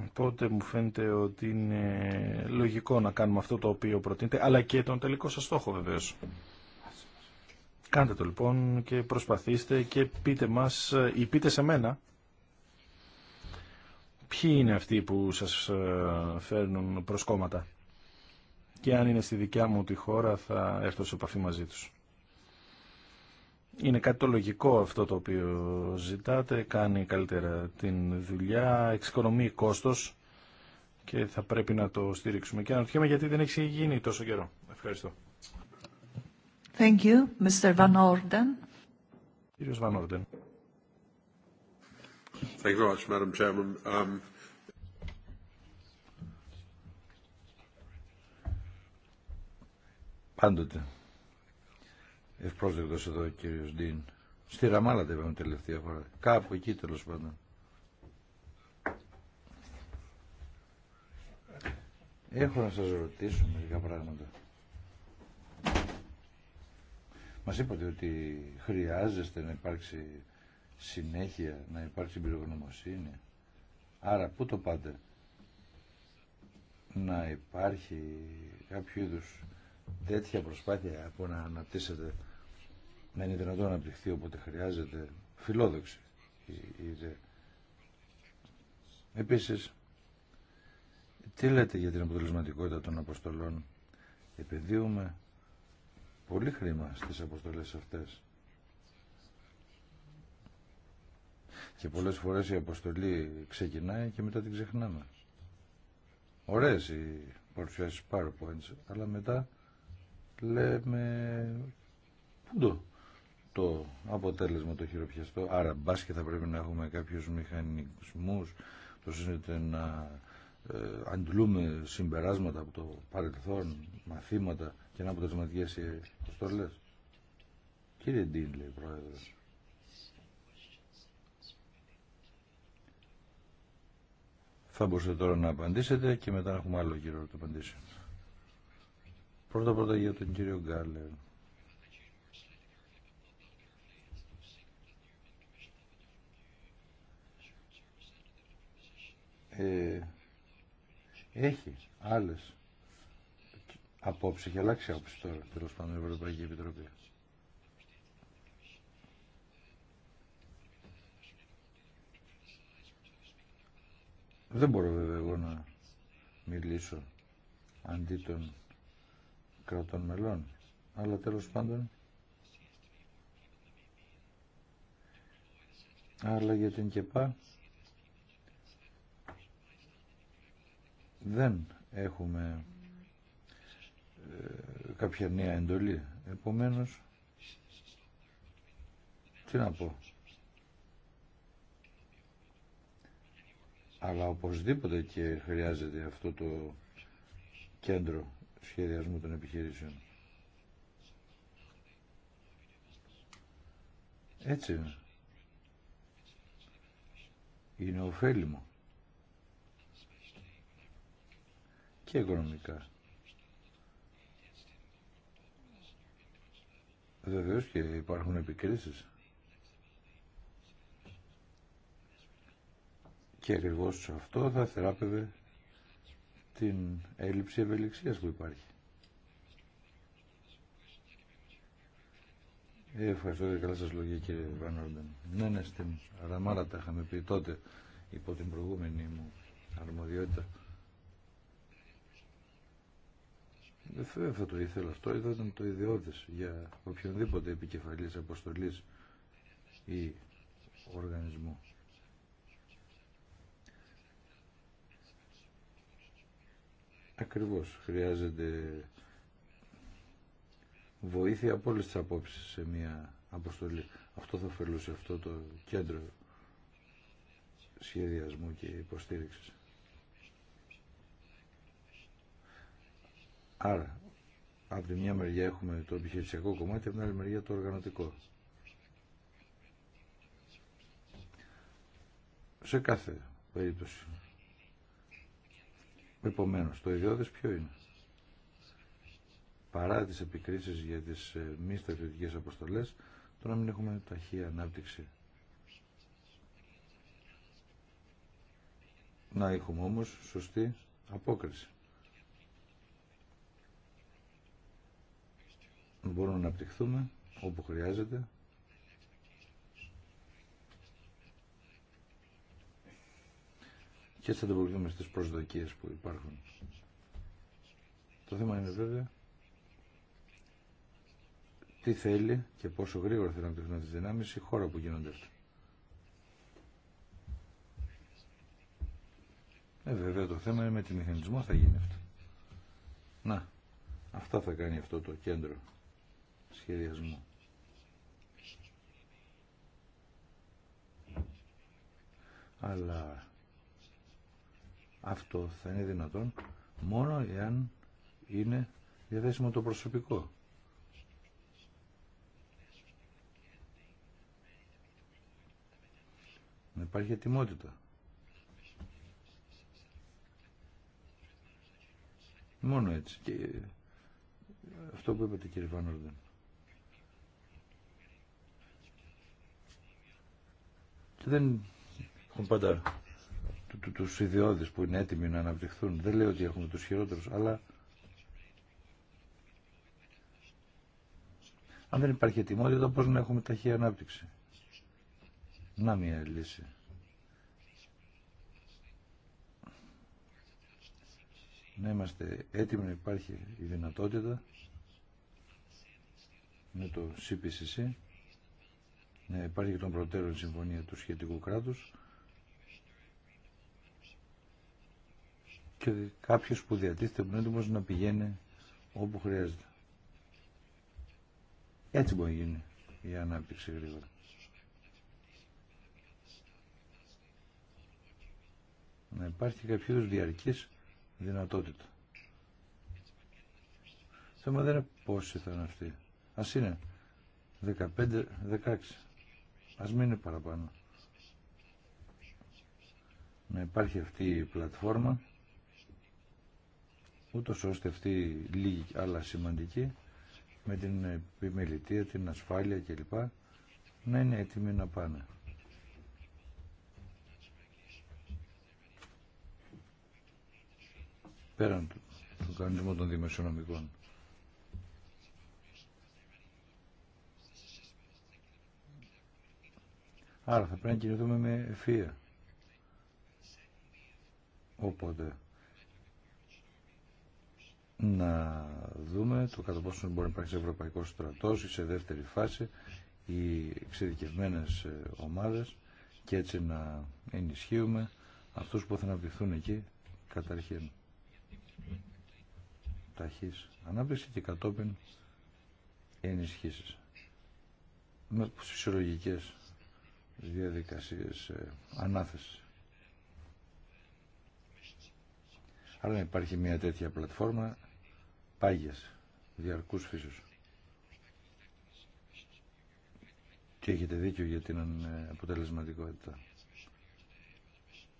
Οπότε μου φαίνεται ότι είναι λογικό να κάνουμε αυτό το οποίο προτείνετε, αλλά και τον τελικό σας στόχο βεβαίως. Κάντε το λοιπόν και προσπαθήστε και πείτε μας ε, ή πείτε σε μένα ποιοι είναι αυτοί που σας ε, φέρνουν προσκόμματα. Και αν είναι στη δικιά μου τη χώρα θα έρθω σε επαφή μαζί τους. Είναι κάτι το λογικό αυτό το οποίο ζητάτε, κάνει καλύτερα την δουλειά, εξοικονομεί κόστος και θα πρέπει να το στηρίξουμε. Και αναρωτιέμαι γιατί δεν έχει γίνει τόσο καιρό. Ευχαριστώ. Thank you, Mr. Van Orden. Κύριος Van Orden. Thank you very much, Madam Chairman. Um... Πάντοτε ευπρόσδεκτος εδώ ο κύριος Ντίν. Στη Ραμάλα τα είπαμε τελευταία φορά. Κάπου εκεί τέλο πάντων. Έχω να σας ρωτήσω μερικά πράγματα. Μας είπατε ότι χρειάζεστε να υπάρξει συνέχεια, να υπάρξει πυρογνωμοσύνη. Άρα πού το πάτε. Να υπάρχει κάποιο είδους τέτοια προσπάθεια που να αναπτύσσεται να είναι δυνατόν να αναπτυχθεί όποτε χρειάζεται φιλόδοξη η ιδέα. Επίσης, τι λέτε για την αποτελεσματικότητα των αποστολών. Επενδύουμε πολύ χρήμα στις αποστολές αυτές. Και πολλές φορές η αποστολή ξεκινάει και μετά την ξεχνάμε. Ωραίες οι παρουσιάσεις PowerPoints, αλλά μετά λέμε πού το το αποτέλεσμα το χειροπιαστό. Άρα μπας και θα πρέπει να έχουμε κάποιους μηχανισμούς ώστε να ε, αντλούμε συμπεράσματα από το παρελθόν, μαθήματα και να αποτελεσματικές ο αποστολές. Κύριε Ντίν, λέει Θα μπορούσατε τώρα να απαντήσετε και μετά να έχουμε άλλο κύριο να το απαντήσουμε. Πρώτα πρώτα για τον κύριο Γκάλερ. Ε, έχει άλλε. απόψεις, έχει αλλάξει άποψη τώρα, τέλο πάντων, η Ευρωπαϊκή Επιτροπή. Δεν μπορώ βέβαια εγώ να μιλήσω αντί των κρατών μελών, αλλά τέλος πάντων αλλά για την ΚΕΠΑ δεν έχουμε ε, κάποια νέα εντολή. Επομένως, τι να πω. Αλλά οπωσδήποτε και χρειάζεται αυτό το κέντρο σχεδιασμού των επιχειρήσεων. Έτσι είναι. Είναι ωφέλιμο. και οικονομικά. Βεβαίω και υπάρχουν επικρίσεις. Και ακριβώ αυτό θα θεράπευε την έλλειψη ευελιξίας που υπάρχει. Ε, ευχαριστώ για καλά σας λόγια κύριε Βανόρντεν. Ναι, ναι, στην Ραμάρα τα είχαμε πει τότε υπό την προηγούμενη μου αρμοδιότητα. Δεν θα το ήθελα αυτό, εδώ ήταν το ιδιώδες για οποιονδήποτε επικεφαλής αποστολής ή οργανισμού. Ακριβώς χρειάζεται βοήθεια από όλες τις απόψεις σε μια αποστολή. Αυτό θα ωφελούσε αυτό το κέντρο σχεδιασμού και υποστήριξης. Άρα, από τη μια μεριά έχουμε το επιχειρησιακό κομμάτι, από την άλλη μεριά το οργανωτικό. Σε κάθε περίπτωση. Επομένως, το ιδιώδες ποιο είναι. Παρά τις επικρίσεις για τις ε, μη στρατιωτικές αποστολές, το να μην έχουμε ταχεία ανάπτυξη. Να έχουμε όμως σωστή απόκριση. μπορούμε να αναπτυχθούμε όπου χρειάζεται. Και έτσι θα ανταποκριθούμε στις προσδοκίες που υπάρχουν. Το θέμα είναι βέβαια τι θέλει και πόσο γρήγορα θέλει να αναπτυχθούν τις δυνάμεις η χώρα που γίνονται αυτά. Ε, βέβαια το θέμα είναι με τι μηχανισμό θα γίνει αυτό. Να, αυτά θα κάνει αυτό το κέντρο σχεδιασμού. Αλλά αυτό θα είναι δυνατόν μόνο εάν είναι διαθέσιμο το προσωπικό. Να υπάρχει ετοιμότητα. Μόνο έτσι. Και αυτό που είπατε κύριε Βάνορδεν. δεν έχουν πάντα τους ιδιώδεις που είναι έτοιμοι να αναπτυχθούν. Δεν λέω ότι έχουμε τους χειρότερους, αλλά αν δεν υπάρχει ετοιμότητα, πώς να έχουμε ταχύ ανάπτυξη. Να μια λύση. Να είμαστε έτοιμοι να υπάρχει η δυνατότητα με το CPCC να υπάρχει και τον προτέρων συμφωνία του σχετικού κράτους και κάποιος που διατίθεται που είναι να πηγαίνει όπου χρειάζεται. Έτσι μπορεί να γίνει η ανάπτυξη γρήγορα. Να υπάρχει κάποιο είδου διαρκής δυνατότητα. Το θέμα δεν είναι πόσοι θα είναι αυτοί. Ας είναι 15-16. Ας μην είναι παραπάνω. Να υπάρχει αυτή η πλατφόρμα, ούτως ώστε αυτή λίγη αλλά σημαντική, με την επιμελητία, την ασφάλεια κλπ. να είναι έτοιμοι να πάνε. Πέραν του κανονισμού των δημοσιονομικών. Άρα θα πρέπει να κινηθούμε με ευφία. Οπότε να δούμε το κατά πόσο μπορεί να υπάρξει ευρωπαϊκό στρατός ή σε δεύτερη φάση οι εξειδικευμένε ε, ομάδες και έτσι να ενισχύουμε αυτούς που θα αναπτυχθούν εκεί καταρχήν ταχύς ανάπτυξη και κατόπιν ενισχύσεις με φυσιολογικές διαδικασίες ε, ανάθεσης. Άρα υπάρχει μια τέτοια πλατφόρμα πάγιας, διαρκούς φύσεως. Και έχετε δίκιο για την ε, αποτελεσματικότητα.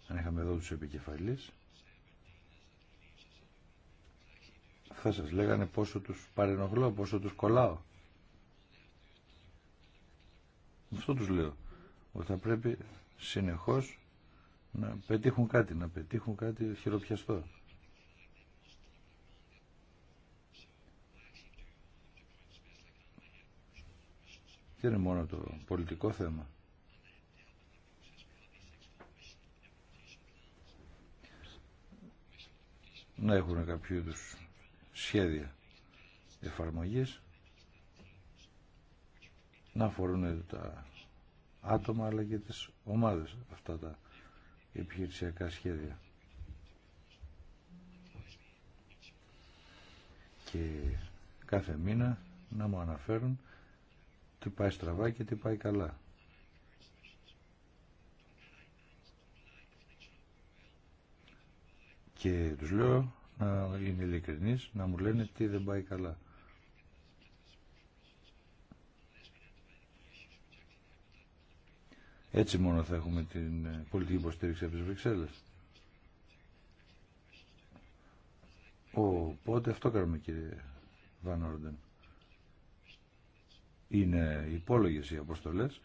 Αν είχαμε εδώ τους επικεφαλείς, θα σας λέγανε πόσο τους παρενοχλώ, πόσο τους κολλάω. Αυτό τους λέω ότι θα πρέπει συνεχώς να πετύχουν κάτι, να πετύχουν κάτι χειροπιαστό. Δεν είναι μόνο το πολιτικό θέμα. Να έχουν κάποιο είδου σχέδια εφαρμογής να αφορούν τα άτομα αλλά και τις ομάδες αυτά τα επιχειρησιακά σχέδια. Και κάθε μήνα να μου αναφέρουν τι πάει στραβά και τι πάει καλά. Και τους λέω να είναι ειλικρινείς, να μου λένε τι δεν πάει καλά. Έτσι μόνο θα έχουμε την ε, πολιτική υποστήριξη από τις Βρυξέλλες. Οπότε αυτό κάνουμε κύριε Βαν Όρντεν. Είναι υπόλογες οι αποστολές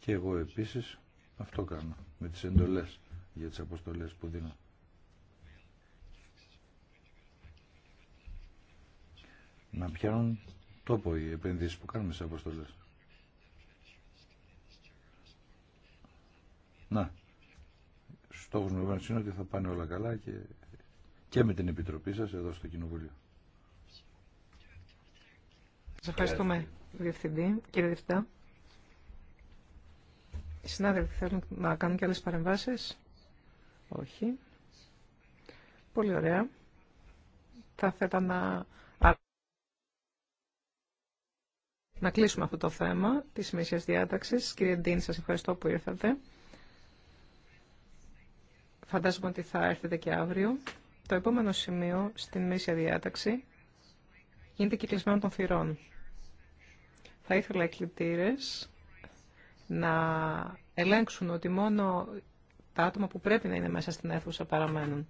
και εγώ επίσης αυτό κάνω με τις εντολές για τις αποστολές που δίνω. Να πιάνουν τόπο οι επενδύσεις που κάνουμε σε αποστολές. Να, Στόχο μου λοιπόν είναι ότι θα πάνε όλα καλά και, και με την Επιτροπή σα εδώ στο Κοινοβούλιο. Σα ευχαριστούμε, Διευθυντή, κύριε Διευθυντά. Οι συνάδελφοι θέλουν να κάνουν και άλλε παρεμβάσεις. Όχι. Πολύ ωραία. Θα θέλα να... Να κλείσουμε αυτό το θέμα της σημασία διάταξης. Κύριε Ντίν, σας ευχαριστώ που ήρθατε. Φαντάζομαι ότι θα έρθετε και αύριο. Το επόμενο σημείο στην μέση διάταξη γίνεται κυκλισμένο των θυρών. Θα ήθελα οι να ελέγξουν ότι μόνο τα άτομα που πρέπει να είναι μέσα στην αίθουσα παραμένουν.